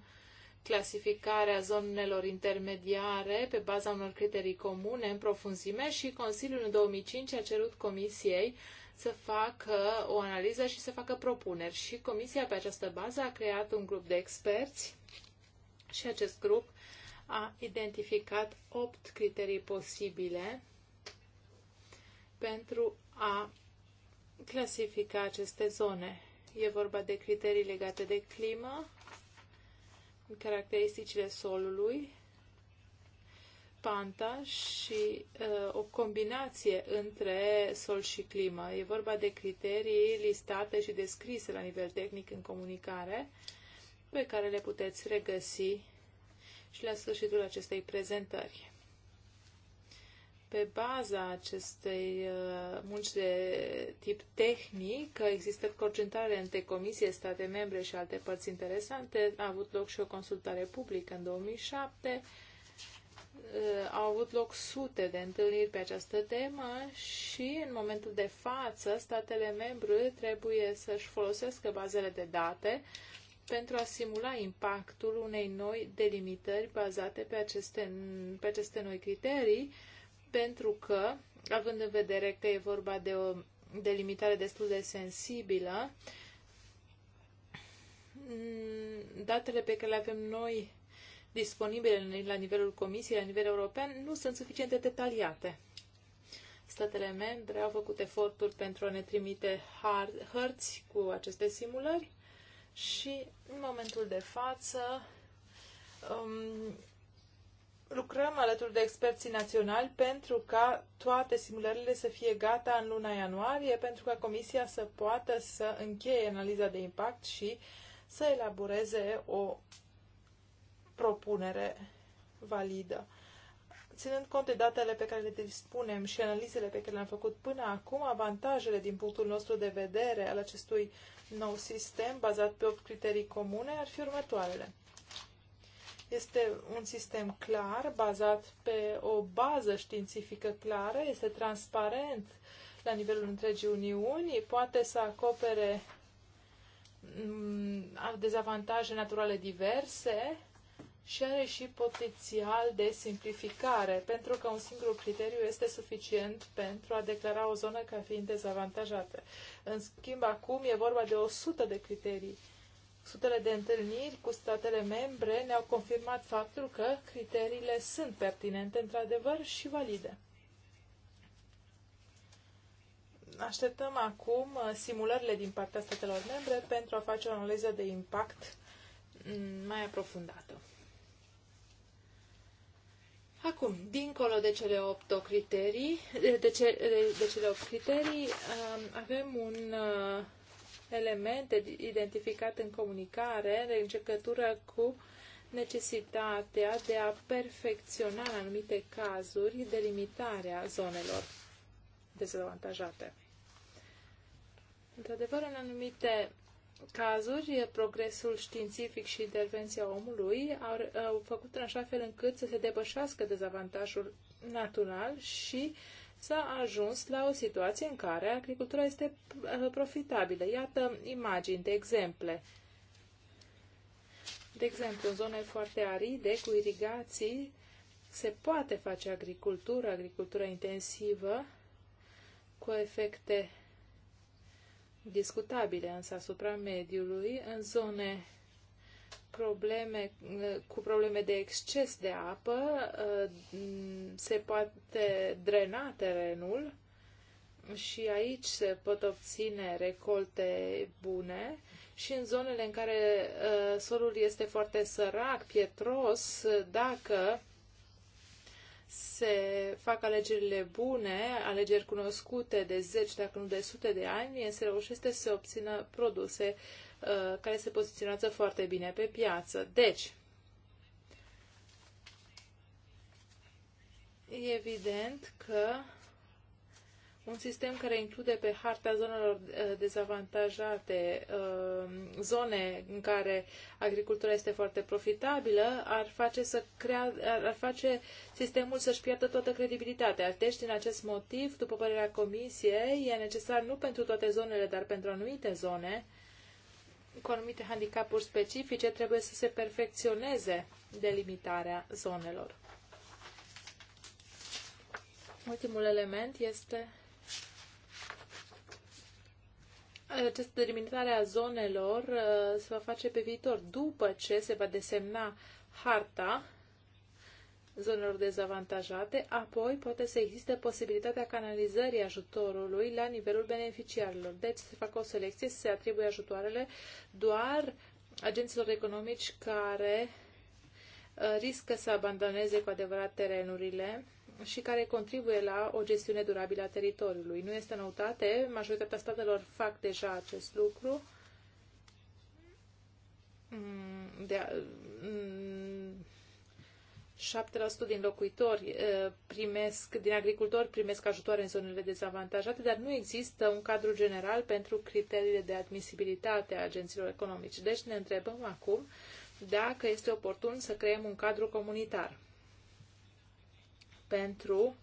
clasificarea zonelor intermediare pe baza unor criterii comune în profunzime și Consiliul în 2005 a cerut Comisiei să facă o analiză și să facă propuneri. Și Comisia pe această bază a creat un grup de experți și acest grup a identificat opt criterii posibile pentru a clasifica aceste zone. E vorba de criterii legate de climă, caracteristicile solului, panta și uh, o combinație între sol și climă. E vorba de criterii listate și descrise la nivel tehnic în comunicare, pe care le puteți regăsi și la sfârșitul acestei prezentări. Pe baza acestei uh, munci de tip tehnic, există coordonare între Comisie, state membre și alte părți interesante. A avut loc și o consultare publică în 2007. Uh, au avut loc sute de întâlniri pe această temă și, în momentul de față, statele membre trebuie să-și folosească bazele de date pentru a simula impactul unei noi delimitări bazate pe aceste, pe aceste noi criterii pentru că, având în vedere că e vorba de o delimitare destul de sensibilă, mm, datele pe care le avem noi disponibile la nivelul Comisiei, la nivel european, nu sunt suficient de detaliate. Statele membre au făcut eforturi pentru a ne trimite hărți cu aceste simulări și, în momentul de față, um, lucrăm alături de experții naționali pentru ca toate simulările să fie gata în luna ianuarie, pentru ca Comisia să poată să încheie analiza de impact și să elaboreze o propunere validă. Ținând cont de datele pe care le dispunem și analizele pe care le-am făcut până acum, avantajele din punctul nostru de vedere al acestui nou sistem bazat pe 8 criterii comune ar fi următoarele. Este un sistem clar, bazat pe o bază științifică clară, este transparent la nivelul întregii Uniuni, poate să acopere mm, dezavantaje naturale diverse și are și potențial de simplificare, pentru că un singur criteriu este suficient pentru a declara o zonă ca fiind dezavantajată. În schimb, acum e vorba de 100 de criterii sutele de întâlniri cu statele membre ne-au confirmat faptul că criteriile sunt pertinente, într-adevăr, și valide. Așteptăm acum uh, simulările din partea statelor membre pentru a face o analiză de impact mm, mai aprofundată. Acum, dincolo de cele 8 criterii, de, ce, de, de cele 8 criterii, uh, avem un uh, elemente identificate în comunicare în încercătură cu necesitatea de a perfecționa în anumite cazuri delimitarea zonelor dezavantajate. Într-adevăr, în anumite cazuri, progresul științific și intervenția omului au, au făcut în așa fel încât să se depășească dezavantajul natural și s-a ajuns la o situație în care agricultura este uh, profitabilă. Iată imagini de exemple. De exemplu, în zone foarte aride, cu irigații, se poate face agricultură, agricultură intensivă, cu efecte discutabile însă asupra mediului, în zone probleme, cu probleme de exces de apă, uh, se poate drena terenul și aici se pot obține recolte bune și în zonele în care uh, solul este foarte sărac, pietros, dacă se fac alegerile bune, alegeri cunoscute de zeci, dacă nu de sute de ani, se reușește să obțină produse uh, Uh, care se poziționează foarte bine pe piață. Deci, e evident că un sistem care include pe harta zonelor uh, dezavantajate uh, zone în care agricultura este foarte profitabilă, ar face, să crea, ar face sistemul să-și piardă toată credibilitatea. Deci, din acest motiv, după părerea Comisiei, e necesar nu pentru toate zonele, dar pentru anumite zone, cu anumite handicapuri specifice trebuie să se perfecționeze delimitarea zonelor. Ultimul element este această delimitare a zonelor uh, se va face pe viitor, după ce se va desemna harta zonelor dezavantajate, apoi poate să existe posibilitatea canalizării ajutorului la nivelul beneficiarilor. Deci se facă o selecție, se atribuie ajutoarele doar agenților economici care uh, riscă să abandoneze cu adevărat terenurile și care contribuie la o gestiune durabilă a teritoriului. Nu este noutate, majoritatea statelor fac deja acest lucru. Mm, de a, mm, 7% din locuitori primesc, din agricultori primesc ajutoare în zonele dezavantajate, dar nu există un cadru general pentru criteriile de admisibilitate a agenților economici. Deci ne întrebăm acum dacă este oportun să creăm un cadru comunitar pentru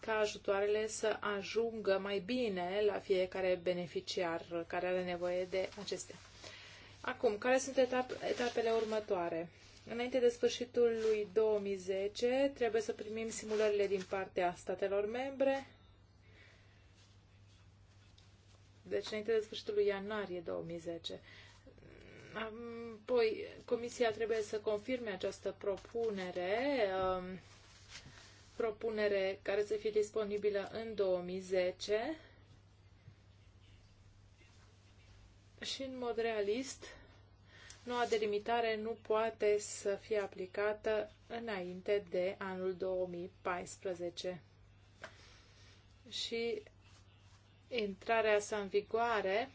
ca ajutoarele să ajungă mai bine la fiecare beneficiar care are nevoie de acestea. Acum, care sunt etap, etapele următoare? Înainte de sfârșitul lui 2010, trebuie să primim simulările din partea statelor membre. Deci înainte de sfârșitul lui ianuarie 2010. Apoi, Comisia trebuie să confirme această propunere, um, propunere care să fie disponibilă în 2010 și în mod realist Noua delimitare nu poate să fie aplicată înainte de anul 2014. Și intrarea sa în vigoare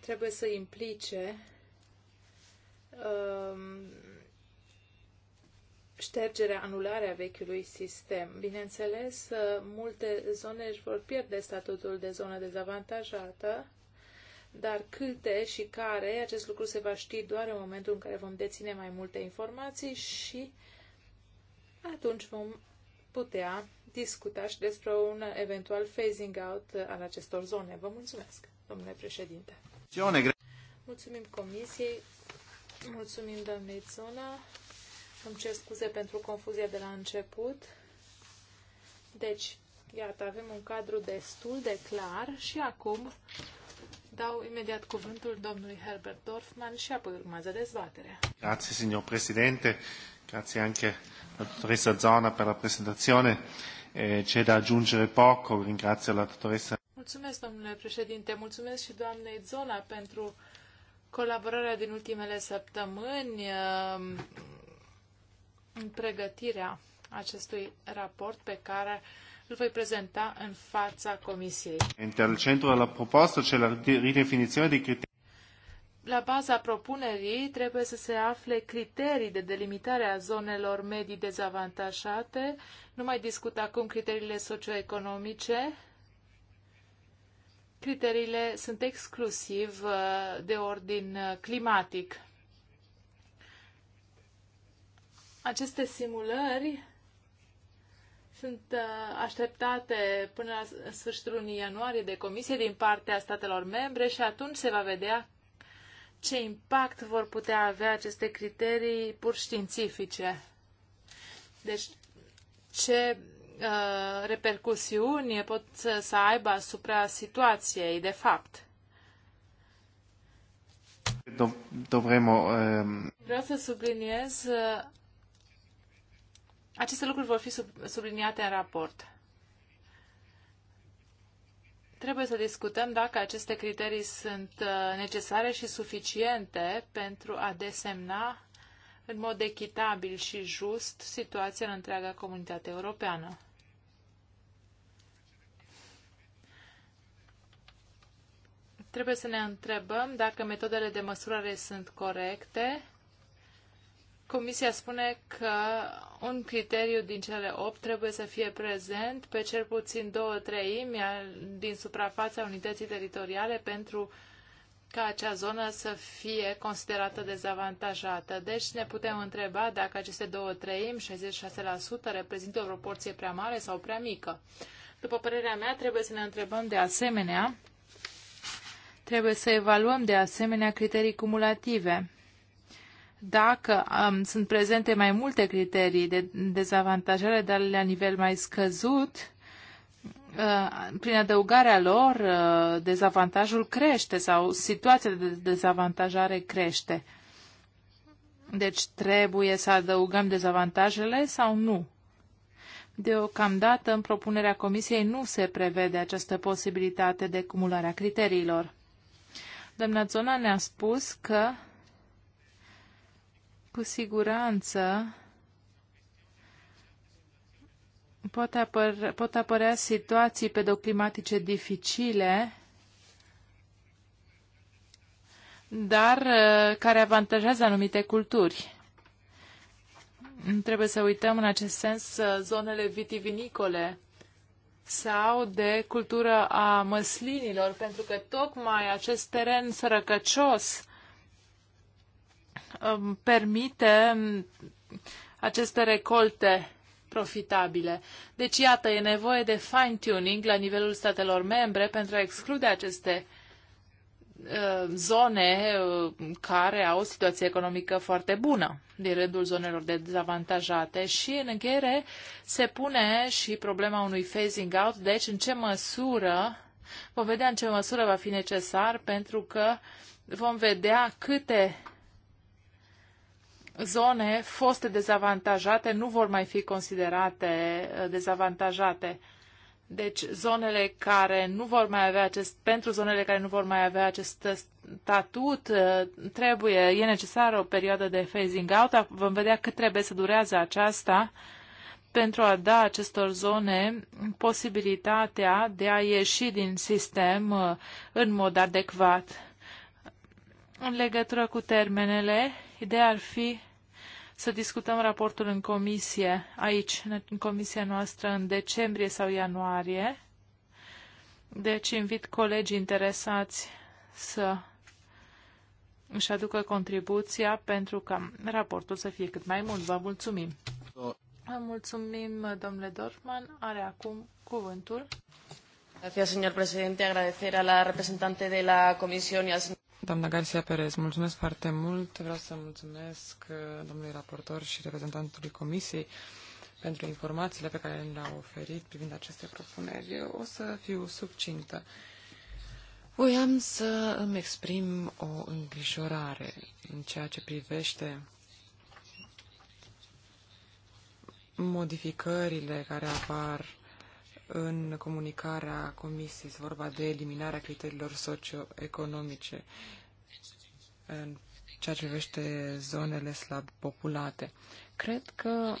trebuie să implice um, ștergerea, anularea vechiului sistem. Bineînțeles, uh, multe zone își vor pierde statutul de zonă dezavantajată dar câte și care, acest lucru se va ști doar în momentul în care vom deține mai multe informații și atunci vom putea discuta și despre un eventual phasing out al acestor zone. Vă mulțumesc, domnule președinte. Mulțumim comisiei, mulțumim doamnei Zona. Îmi cer scuze pentru confuzia de la început. Deci, iată, avem un cadru destul de clar și acum dau imediat cuvântul domnului Herbert Dorfman și apoi urmează dezbaterea. Grazie, signor Presidente. Grazie anche alla dottoressa Zona per la presentazione.
Eh, c'è da aggiungere poco. Ringrazio la dottoressa.
Mulțumesc, domnule președinte. Mulțumesc și doamnei Zona pentru colaborarea din ultimele săptămâni ehm, în pregătirea acestui raport pe care îl voi prezenta în fața Comisiei. Al la la baza propunerii trebuie să se afle criterii de delimitare a zonelor medii dezavantajate. Nu mai discut acum criteriile socioeconomice. Criteriile sunt exclusiv uh, de ordin uh, climatic. Aceste simulări sunt uh, așteptate până la sfârșitul lunii ianuarie de comisie din partea statelor membre și atunci se va vedea ce impact vor putea avea aceste criterii pur științifice. Deci, ce uh, repercusiuni pot să, să aibă asupra situației, de fapt. Um, Vreau să subliniez uh, aceste lucruri vor fi sub, subliniate în raport. Trebuie să discutăm dacă aceste criterii sunt uh, necesare și suficiente pentru a desemna în mod echitabil și just situația în întreaga comunitate europeană. Trebuie să ne întrebăm dacă metodele de măsurare sunt corecte Comisia spune că un criteriu din cele 8 trebuie să fie prezent pe cel puțin două treimi din suprafața unității teritoriale pentru ca acea zonă să fie considerată dezavantajată. Deci ne putem întreba dacă aceste două treimi, 66%, reprezintă o proporție prea mare sau prea mică. După părerea mea, trebuie să ne întrebăm de asemenea, trebuie să evaluăm de asemenea criterii cumulative dacă um, sunt prezente mai multe criterii de dezavantajare, dar la nivel mai scăzut, uh, prin adăugarea lor, uh, dezavantajul crește sau situația de dezavantajare crește. Deci trebuie să adăugăm dezavantajele sau nu? Deocamdată, în propunerea Comisiei nu se prevede această posibilitate de cumulare a criteriilor. Doamna Zona ne-a spus că cu siguranță pot, apăr, pot apărea situații pedoclimatice dificile, dar uh, care avantajează anumite culturi. Trebuie să uităm în acest sens uh, zonele vitivinicole sau de cultură a măslinilor, pentru că tocmai acest teren sărăcăcios permite aceste recolte profitabile. Deci, iată, e nevoie de fine-tuning la nivelul statelor membre pentru a exclude aceste uh, zone uh, care au o situație economică foarte bună din rândul zonelor de dezavantajate și în încheiere se pune și problema unui phasing out, deci în ce măsură vom vedea în ce măsură va fi necesar pentru că vom vedea câte zone foste dezavantajate nu vor mai fi considerate uh, dezavantajate. Deci zonele care nu vor mai avea acest, pentru zonele care nu vor mai avea acest statut, uh, trebuie, e necesară o perioadă de phasing out. Vom vedea cât trebuie să durează aceasta pentru a da acestor zone posibilitatea de a ieși din sistem uh, în mod adecvat. În legătură cu termenele, ideea ar fi să discutăm raportul în comisie, aici, în comisia noastră, în decembrie sau ianuarie. Deci invit colegii interesați să își aducă contribuția pentru ca raportul să fie cât mai mult. Vă mulțumim! Vă mulțumim, domnule Dorfman. Are acum cuvântul. Gracias, señor presidente. Agradecer a la representante
de la comisión y al señor...
Doamna Garcia Perez, mulțumesc foarte mult. Vreau să mulțumesc uh, domnului raportor și reprezentantului Comisiei pentru informațiile pe care le-au oferit privind aceste propuneri. Eu o să fiu subcintă. Voiam să îmi exprim o îngrijorare în ceea ce privește modificările care apar în comunicarea comisiei. Este vorba de eliminarea criteriilor socioeconomice în ceea ce privește zonele slab populate. Cred că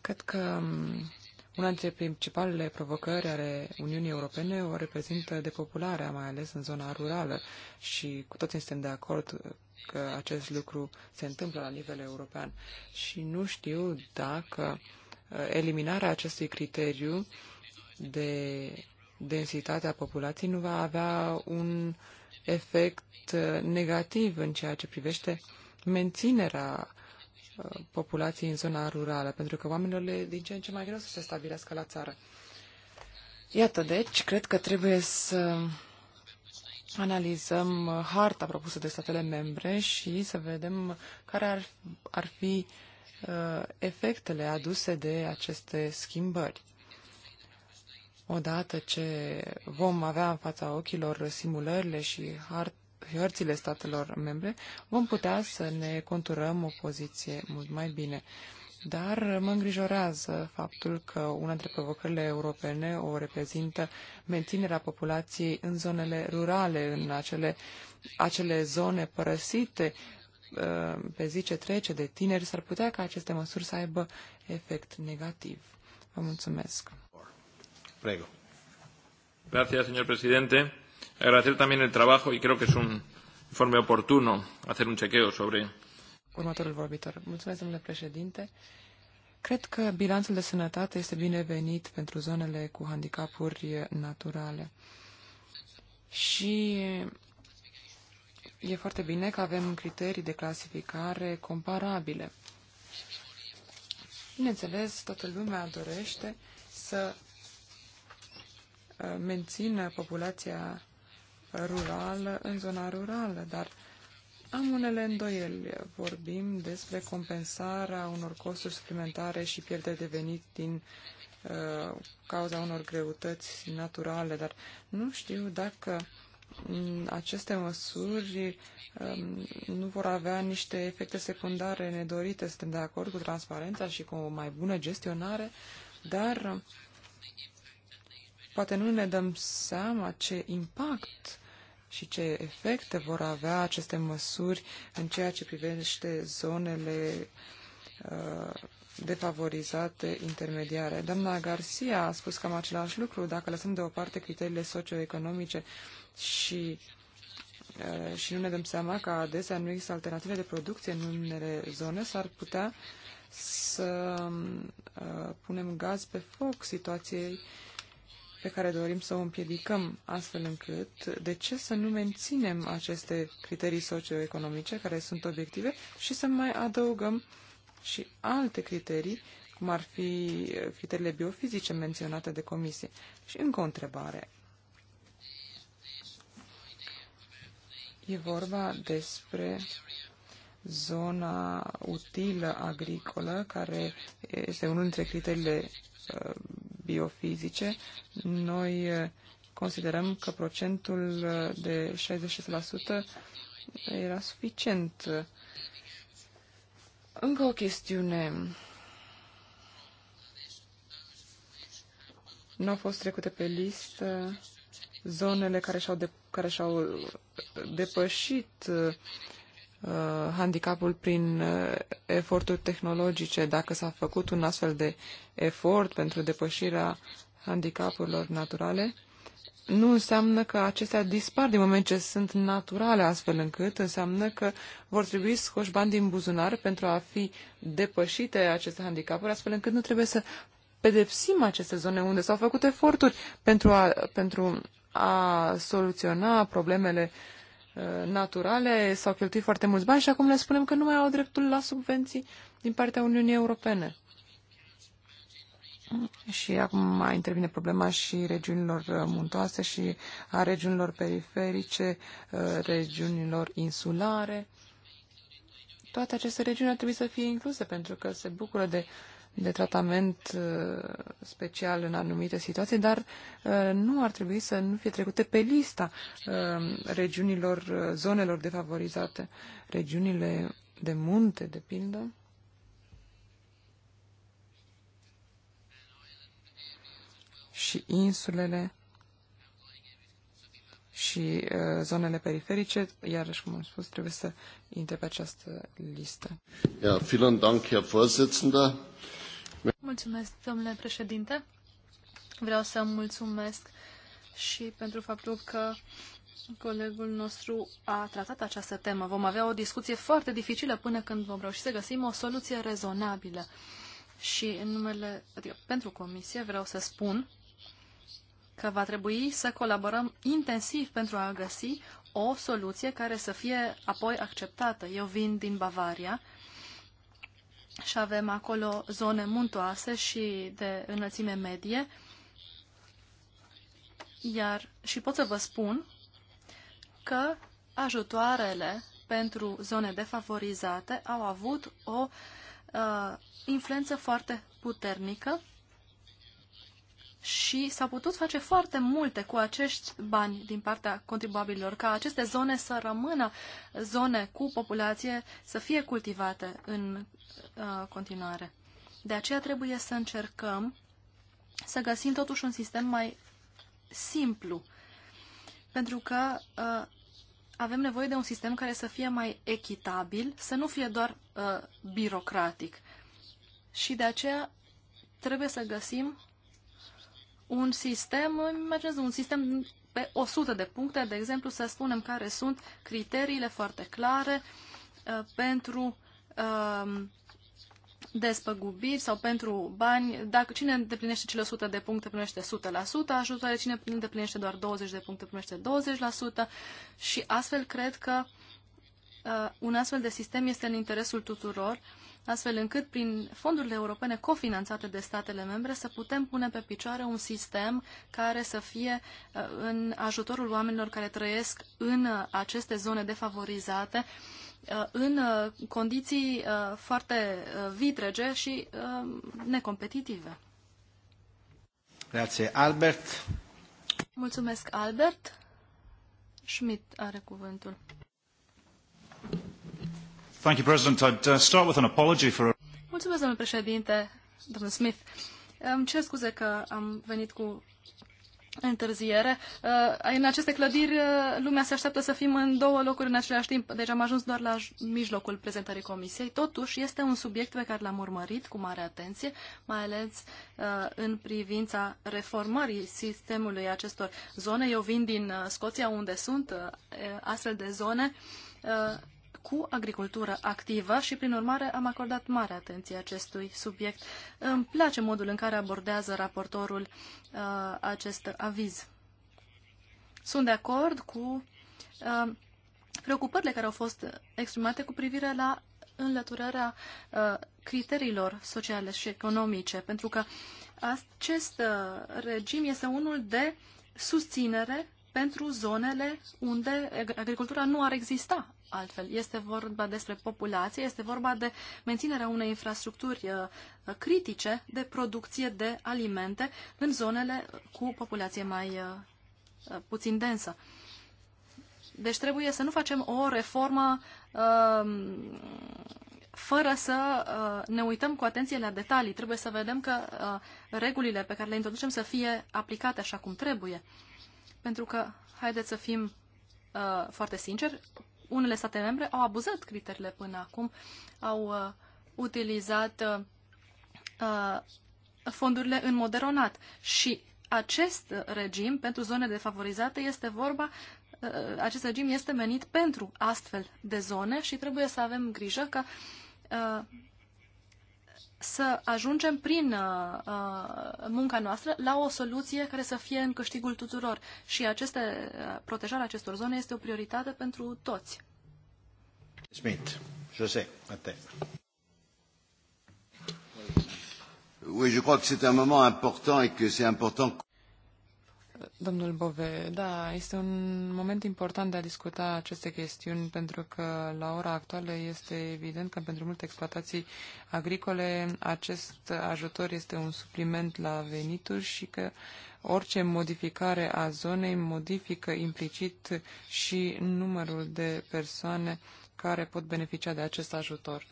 cred că um, una dintre principalele provocări ale Uniunii Europene o reprezintă depopularea, mai ales în zona rurală și cu toții suntem de acord că acest lucru se întâmplă la nivel european. Și nu știu dacă Uh, eliminarea acestui criteriu de densitate a populației nu va avea un efect uh, negativ în ceea ce privește menținerea uh, populației în zona rurală, pentru că oamenilor le din ce în ce mai greu să se stabilească la țară. Iată, deci, cred că trebuie să analizăm harta propusă de statele membre și să vedem care ar, ar fi uh, Uh, efectele aduse de aceste schimbări. Odată ce vom avea în fața ochilor simulările și hart hărțile statelor membre, vom putea să ne conturăm o poziție mult mai bine. Dar mă îngrijorează faptul că una dintre provocările europene o reprezintă menținerea populației în zonele rurale, în acele, acele zone părăsite Uh, pe zi ce trece de tineri, s-ar putea ca aceste măsuri să aibă efect negativ. Vă mulțumesc.
Prego.
Gracias, señor presidente. Agradecer también el trabajo y creo que es un informe oportuno hacer un chequeo sobre.
Următorul vorbitor. Mulțumesc, domnule președinte. Cred că bilanțul de sănătate este binevenit pentru zonele cu handicapuri naturale. Și E foarte bine că avem criterii de clasificare comparabile. Bineînțeles, toată lumea dorește să uh, mențină populația rurală în zona rurală, dar am unele îndoieli. Vorbim despre compensarea unor costuri suplimentare și pierderi de venit din uh, cauza unor greutăți naturale, dar nu știu dacă Mm, aceste măsuri um, nu vor avea niște efecte secundare nedorite. Suntem de acord cu transparența și cu o mai bună gestionare, dar poate nu ne dăm seama ce impact și ce efecte vor avea aceste măsuri în ceea ce privește zonele uh, defavorizate intermediare. Doamna Garcia a spus cam același lucru. Dacă lăsăm deoparte criteriile socioeconomice și, uh, și nu ne dăm seama că adesea nu există alternative de producție în unele zone, s-ar putea să uh, punem gaz pe foc situației pe care dorim să o împiedicăm, astfel încât de ce să nu menținem aceste criterii socioeconomice care sunt obiective și să mai adăugăm uh, și alte criterii, cum ar fi criteriile biofizice menționate de comisie. Și încă o întrebare. E vorba despre zona utilă agricolă, care este unul dintre criteriile uh, biofizice. Noi uh, considerăm că procentul uh, de 66% era suficient încă o chestiune. Nu au fost trecute pe listă zonele care și-au, de, care și-au uh, depășit uh, uh, handicapul prin uh, eforturi tehnologice. Dacă s-a făcut un astfel de efort pentru depășirea handicapurilor naturale, nu înseamnă că acestea dispar din moment ce sunt naturale astfel încât înseamnă că vor trebui scoși bani din buzunar pentru a fi depășite aceste handicapuri, astfel încât nu trebuie să pedepsim aceste zone unde s-au făcut eforturi pentru a, pentru a soluționa problemele uh, naturale, s-au cheltuit foarte mulți bani și acum le spunem că nu mai au dreptul la subvenții din partea Uniunii Europene. Și acum mai intervine problema și regiunilor uh, muntoase și a regiunilor periferice, uh, regiunilor insulare. Toate aceste regiuni ar trebui să fie incluse pentru că se bucură de, de tratament uh, special în anumite situații, dar nu ar trebui să nu fie trecute pe lista regiunilor, zonelor defavorizate. Regiunile de munte, de pildă, și insulele și uh, zonele periferice, iarăși, cum am spus, trebuie să intre pe această listă.
Ja, vielen Dank, Herr Vorsitzender. Mulțumesc, domnule președinte. Vreau să mulțumesc și pentru faptul că colegul nostru a tratat această temă. Vom avea o discuție foarte dificilă până când vom reuși să găsim o soluție rezonabilă. Și în numele, adică pentru comisie vreau să spun că va trebui să colaborăm intensiv pentru a găsi o soluție care să fie apoi acceptată. Eu vin din Bavaria și avem acolo zone muntoase și de înălțime medie. Iar și pot să vă spun că ajutoarele pentru zone defavorizate au avut o uh, influență foarte puternică și s a putut face foarte multe cu acești bani din partea contribuabililor, ca aceste zone să rămână zone cu populație, să fie cultivate în uh, continuare. De aceea trebuie să încercăm să găsim totuși un sistem mai simplu, pentru că uh, avem nevoie de un sistem care să fie mai echitabil, să nu fie doar uh, birocratic. Și de aceea trebuie să găsim un sistem, imaginez un sistem pe 100 de puncte, de exemplu, să spunem care sunt criteriile foarte clare uh, pentru um, despăgubiri sau pentru bani. Dacă cine îndeplinește cele 100 de puncte, primește 100% ajutoare, cine îndeplinește doar 20 de puncte, primește 20% și astfel cred că uh, un astfel de sistem este în interesul tuturor astfel încât prin fondurile europene cofinanțate de statele membre să putem pune pe picioare un sistem care să fie uh, în ajutorul oamenilor care trăiesc în uh, aceste zone defavorizate, uh, în condiții foarte vitrege și necompetitive.
Grazie, Albert.
Mulțumesc, Albert. Schmidt are cuvântul. Uh, Mulțumesc, domnule președinte, domnul Smith. Îmi cer scuze că am venit cu întârziere. Uh, în aceste clădiri, uh, lumea se așteaptă să fim în două locuri în același timp, deci am ajuns doar la mijlocul prezentării comisiei. Totuși, este un subiect pe care l-am urmărit cu mare atenție, mai ales în privința reformării sistemului acestor zone. Eu vin din Scoția, unde sunt astfel de zone cu agricultură activă și, prin urmare, am acordat mare atenție acestui subiect. Îmi place modul în care abordează raportorul uh, acest aviz. Sunt de acord cu uh, preocupările care au fost exprimate cu privire la înlăturarea uh, criteriilor sociale și economice, pentru că acest uh, regim este unul de susținere pentru zonele unde agricultura nu ar exista altfel. Este vorba despre populație, este vorba de menținerea unei infrastructuri uh, critice de producție de alimente în zonele cu populație mai uh, uh, puțin densă. Deci trebuie să nu facem o reformă um, fără să ne uităm cu atenție la detalii. Trebuie să vedem că regulile pe care le introducem să fie aplicate așa cum trebuie. Pentru că, haideți să fim foarte sinceri, unele state membre au abuzat criteriile până acum, au uh, utilizat uh, uh, fondurile în mod eronat. Și acest regim pentru zone defavorizate este vorba uh, acest regim este menit pentru astfel de zone și trebuie să avem grijă că. uh, să ajungem prin uh, uh, munca noastră la o soluție care să fie în câștigul tuturor. Și aceste, uh, protejarea acestor zone este o prioritate pentru toți. Smith, José, a Oui, je crois que c'est un moment important et que c'est important.
Domnul Bove, da, este un moment important de a discuta aceste chestiuni pentru că la ora actuală este evident că pentru multe exploatații agricole acest ajutor este un supliment la venituri și că orice modificare a zonei modifică implicit și numărul de persoane care pot beneficia de acest ajutor.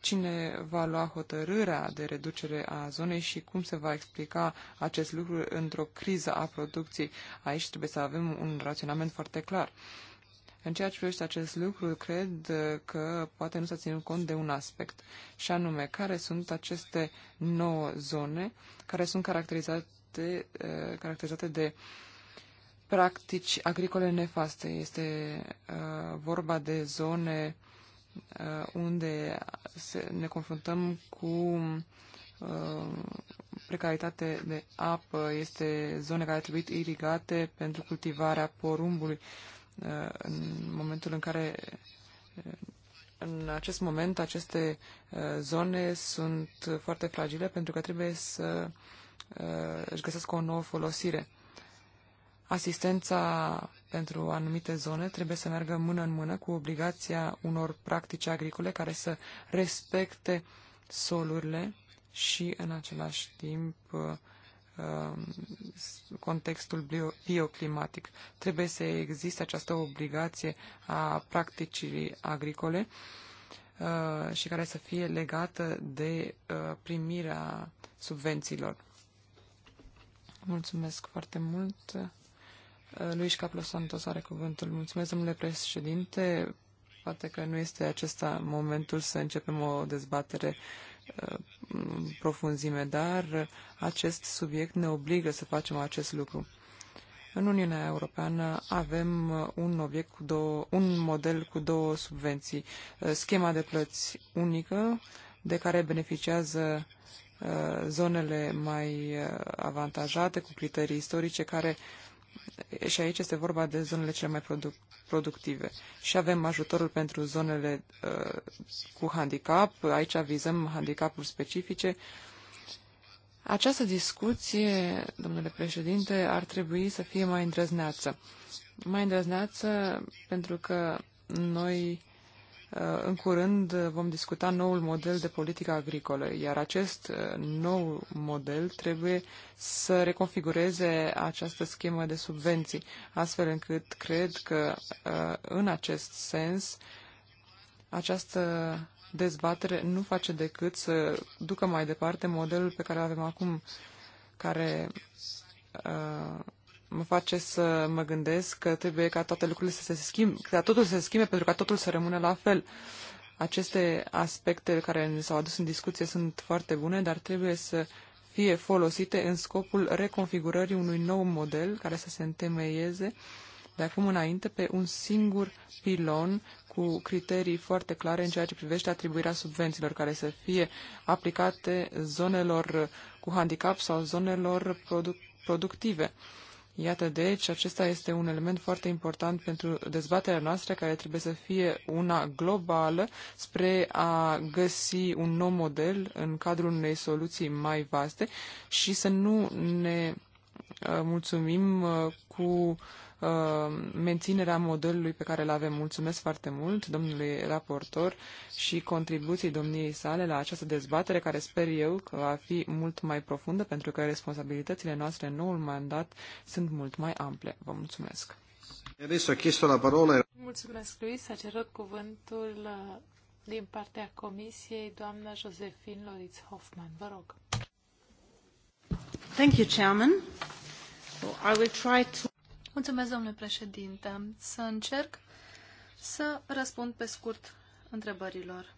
Cine va lua hotărârea de reducere a zonei și cum se va explica acest lucru într-o criză a producției? Aici trebuie să avem un raționament foarte clar. În ceea ce privește acest lucru, cred că poate nu s-a ținut cont de un aspect, și anume care sunt aceste nouă zone care sunt caracterizate, eh, caracterizate de practici agricole nefaste. Este eh, vorba de zone uh, Uh, unde ne confruntăm cu uh, precaritate de apă, este zone care trebuie irigate pentru cultivarea porumbului. Uh, în momentul în care în acest moment aceste zone sunt foarte fragile pentru că trebuie să își găsesc o nouă folosire. Asistența pentru anumite zone trebuie să meargă mână în mână cu obligația unor practici agricole care să respecte solurile și în același timp um, contextul bio bioclimatic. Trebuie să existe această obligație a practicii agricole uh, și care să fie legată de uh, primirea subvențiilor. Mulțumesc foarte mult. Uh, Luis Caplo Santos are cuvântul. Mulțumesc, domnule președinte. Poate că nu este acesta momentul să începem o dezbatere uh, profunzime, dar acest subiect ne obligă să facem acest lucru. În Uniunea Europeană avem un, obiect cu două, un model cu două subvenții. Uh, schema de plăți unică, de care beneficiază zonele mai avantajate cu criterii istorice care și aici este vorba de zonele cele mai produc productive. Și avem ajutorul pentru zonele uh, cu handicap, aici vizăm handicapuri specifice. Această discuție, domnule președinte, ar trebui să fie mai îndrăzneață. Mai îndrăzneață pentru că noi Uh, în curând uh, vom discuta noul model de politică agricolă, iar acest uh, nou model trebuie să reconfigureze această schemă de subvenții, astfel încât cred că în acest sens această dezbatere nu face decât să ducă mai departe modelul pe care îl avem acum, care uh, mă face să mă gândesc că trebuie ca toate lucrurile să se schimbe, ca totul să se schimbe pentru ca totul să rămână la fel. Aceste aspecte care ne s-au adus în discuție sunt foarte bune, dar trebuie să fie folosite în scopul reconfigurării unui nou model care să se întemeieze de acum înainte pe un singur pilon cu criterii foarte clare în ceea ce privește atribuirea subvențiilor care să fie aplicate zonelor cu handicap sau zonelor produ- productive. Iată deci, acesta este un element foarte important pentru dezbaterea noastră care trebuie să fie una globală spre a găsi un nou model în cadrul unei soluții mai vaste și să nu ne uh, mulțumim uh, cu Uh, menținerea modelului pe care îl avem. Mulțumesc foarte mult domnului raportor și contribuției domniei sale la această dezbatere, care sper eu că va fi mult mai profundă, pentru că responsabilitățile noastre în noul mandat sunt mult mai ample. Vă mulțumesc! Adesso ha chiesto la parola.
Mulțumesc, Luis. A cerut cuvântul uh, din partea Comisiei doamna Josephine Loritz Hoffman. Vă rog.
Thank you, Chairman. I will try to...
Mulțumesc, domnule președinte. Să încerc să răspund pe scurt întrebărilor.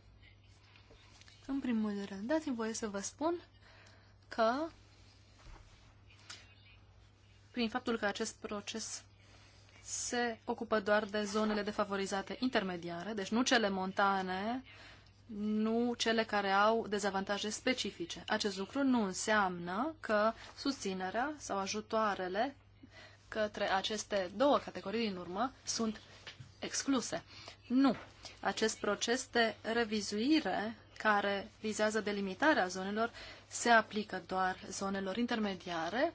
În primul rând, dați-mi voie să vă spun că prin faptul că acest proces se ocupă doar de zonele defavorizate intermediare, deci nu cele montane, nu cele care au dezavantaje specifice. Acest lucru nu înseamnă că susținerea sau ajutoarele către aceste două categorii din urmă sunt excluse. Nu. Acest proces de revizuire care vizează delimitarea zonelor se aplică doar zonelor intermediare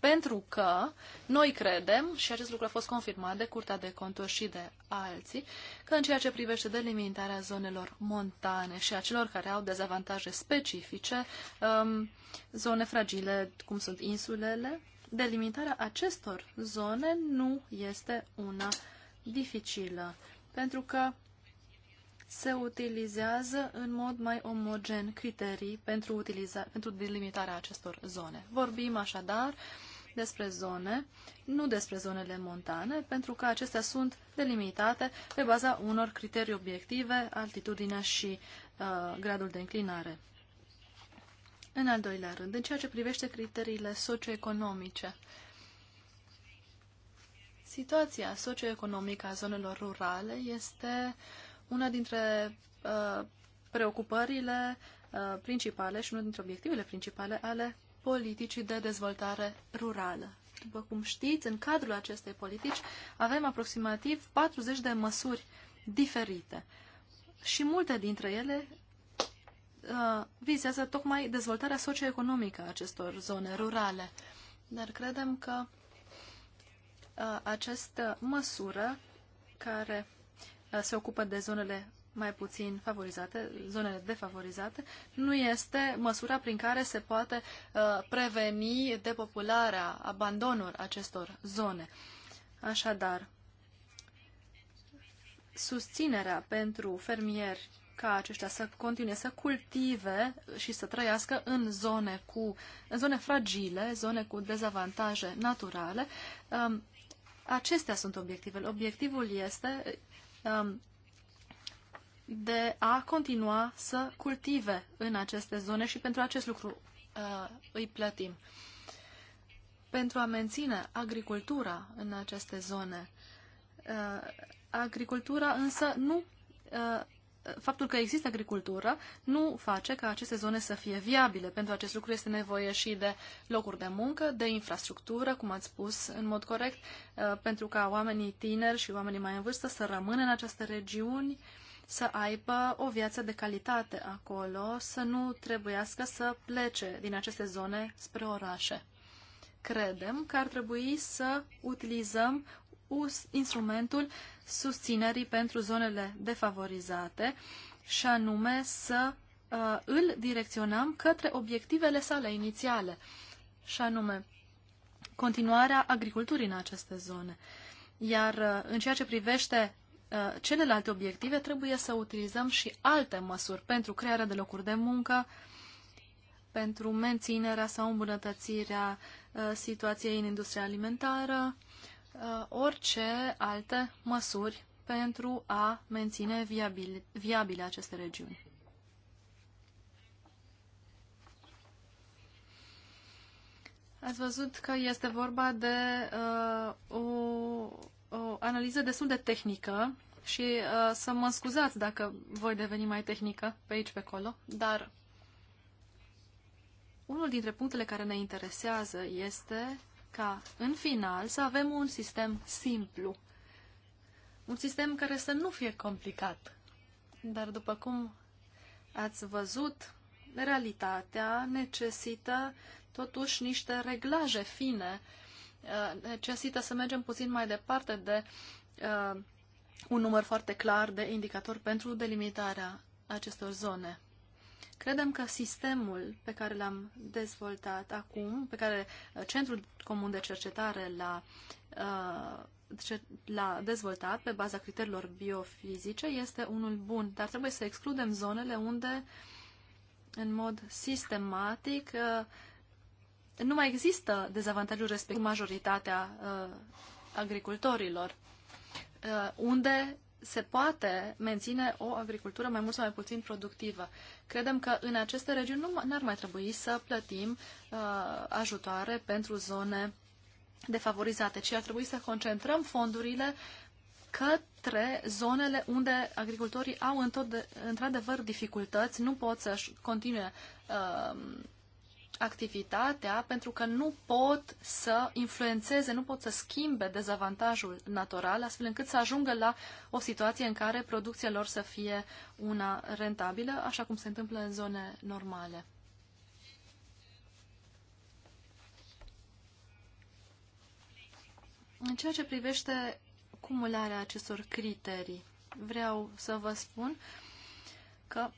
pentru că noi credem, și acest lucru a fost confirmat de Curtea de Conturi și de alții, că în ceea ce privește delimitarea zonelor montane și a celor care au dezavantaje specifice, um, zone fragile cum sunt insulele, delimitarea acestor zone nu este una dificilă, pentru că se utilizează în mod mai omogen criterii pentru, utiliza, pentru delimitarea acestor zone. Vorbim așadar despre zone, nu despre zonele montane, pentru că acestea sunt delimitate pe baza unor criterii obiective, altitudinea și uh, gradul de înclinare. În al doilea rând, în ceea ce privește criteriile socioeconomice, situația socioeconomică a zonelor rurale este una dintre uh, preocupările uh, principale și unul dintre obiectivele principale ale politicii de dezvoltare rurală. După cum știți, în cadrul acestei politici avem aproximativ 40 de măsuri diferite și multe dintre ele Uh, vizează tocmai dezvoltarea socioeconomică a acestor zone rurale. Dar credem că uh, această măsură care uh, se ocupă de zonele mai puțin favorizate, zonele defavorizate, nu este măsura prin care se poate preveni depopularea, abandonul acestor zone. Așadar, susținerea pentru fermieri ca aceștia să continue să cultive și să trăiască în zone, cu, în zone fragile, zone cu dezavantaje naturale. Um, acestea sunt obiectivele. Obiectivul este um, de a continua să cultive în aceste zone și pentru acest lucru uh, îi plătim. Pentru a menține agricultura în aceste zone, uh, agricultura însă nu uh, faptul că există agricultură nu face ca aceste zone să fie viabile. Pentru acest lucru este nevoie și de locuri de muncă, de infrastructură, cum ați spus în mod corect, uh, pentru ca oamenii tineri și oamenii mai în vârstă să rămână în aceste regiuni, să aibă o viață de calitate acolo, să nu trebuiască să plece din aceste zone spre orașe. Credem că ar trebui să utilizăm instrumentul susținerii pentru zonele defavorizate și anume să uh, îl direcționăm către obiectivele sale inițiale și anume continuarea agriculturii în aceste zone. Iar uh, în ceea ce privește uh, celelalte obiective, trebuie să utilizăm și alte măsuri pentru crearea de locuri de muncă, pentru menținerea sau îmbunătățirea uh, situației în industria alimentară, Uh, orice alte măsuri pentru a menține viabile, viabile aceste regiuni. Ați văzut că este vorba de uh, o, o analiză destul de tehnică și uh, să mă scuzați dacă voi deveni mai tehnică pe aici, pe acolo, dar unul dintre punctele care ne interesează este ca în final să avem un sistem simplu. Un sistem care să nu fie complicat. Dar după cum ați văzut, realitatea necesită totuși niște reglaje fine, uh, necesită să mergem puțin mai departe de uh, un număr foarte clar de indicatori pentru delimitarea acestor zone. Credem că sistemul pe care l-am dezvoltat acum, pe care uh, Centrul Comun de Cercetare l-a, uh, l-a dezvoltat pe baza criteriilor biofizice, este unul bun, dar trebuie să excludem zonele unde, în mod sistematic, uh, nu mai există dezavantajul respectiv majoritatea agricultorilor, unde se poate menține o agricultură mai mult sau mai puțin productivă. Credem că în aceste regiuni nu ar mai trebui să plătim uh, ajutoare pentru zone defavorizate, ci ar trebui să concentrăm fondurile către zonele unde agricultorii au într-adevăr dificultăți, nu pot să-și continue uh, activitatea pentru că nu pot să influențeze, nu pot să schimbe dezavantajul natural, astfel încât să ajungă la o situație în care producția lor să fie una rentabilă, așa cum se întâmplă în zone normale. În ceea ce privește cumularea acestor criterii, vreau să vă spun că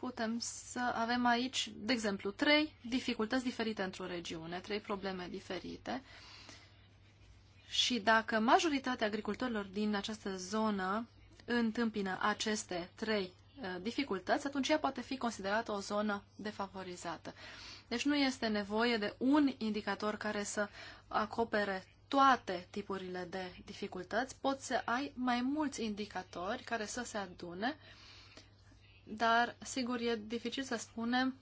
putem să avem aici, de exemplu, trei dificultăți diferite într-o regiune, trei probleme diferite. Și dacă majoritatea agricultorilor din această zonă întâmpină aceste trei uh, dificultăți, atunci ea poate fi considerată o zonă defavorizată. Deci nu este nevoie de un indicator care să acopere toate tipurile de dificultăți, poți să ai mai mulți indicatori care să se adune uh, dar sigur e dificil să spunem.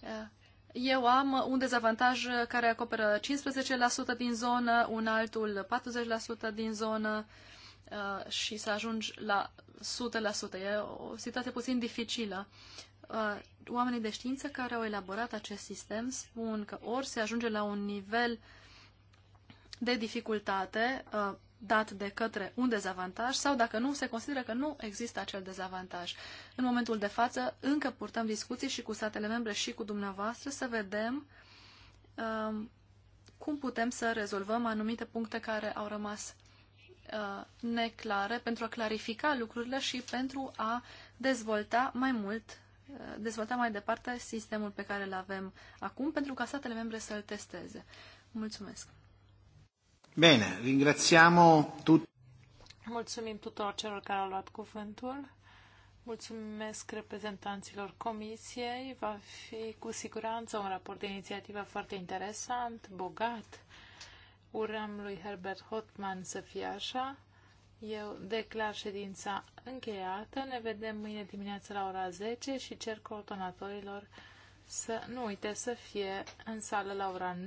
Eh, eu am un dezavantaj care acoperă 15% din zonă, un altul 40% din zonă eh, și să ajungi la 100%. E o situație puțin dificilă. Eh, oamenii de știință care au elaborat acest sistem spun că ori se ajunge la un nivel de dificultate dat de către un dezavantaj sau dacă nu, se consideră că nu există acel dezavantaj. În momentul de față, încă purtăm discuții și cu statele membre și cu dumneavoastră să vedem um, cum putem să rezolvăm anumite puncte care au rămas uh, neclare pentru a clarifica lucrurile și pentru a dezvolta mai mult uh, dezvolta mai departe sistemul pe care îl avem acum pentru ca statele membre să-l testeze. Mulțumesc!
Bine, ringrațiamo tutti.
Mulțumim tuturor celor care au luat
cuvântul. Mulțumesc reprezentanților comisiei. Va fi cu siguranță un raport de inițiativă foarte interesant, bogat. Urăm lui Herbert Hotman să fie așa. Eu declar ședința încheiată. Ne vedem mâine dimineața la ora 10 și cer coordonatorilor să nu uite să fie în sală la ora 9.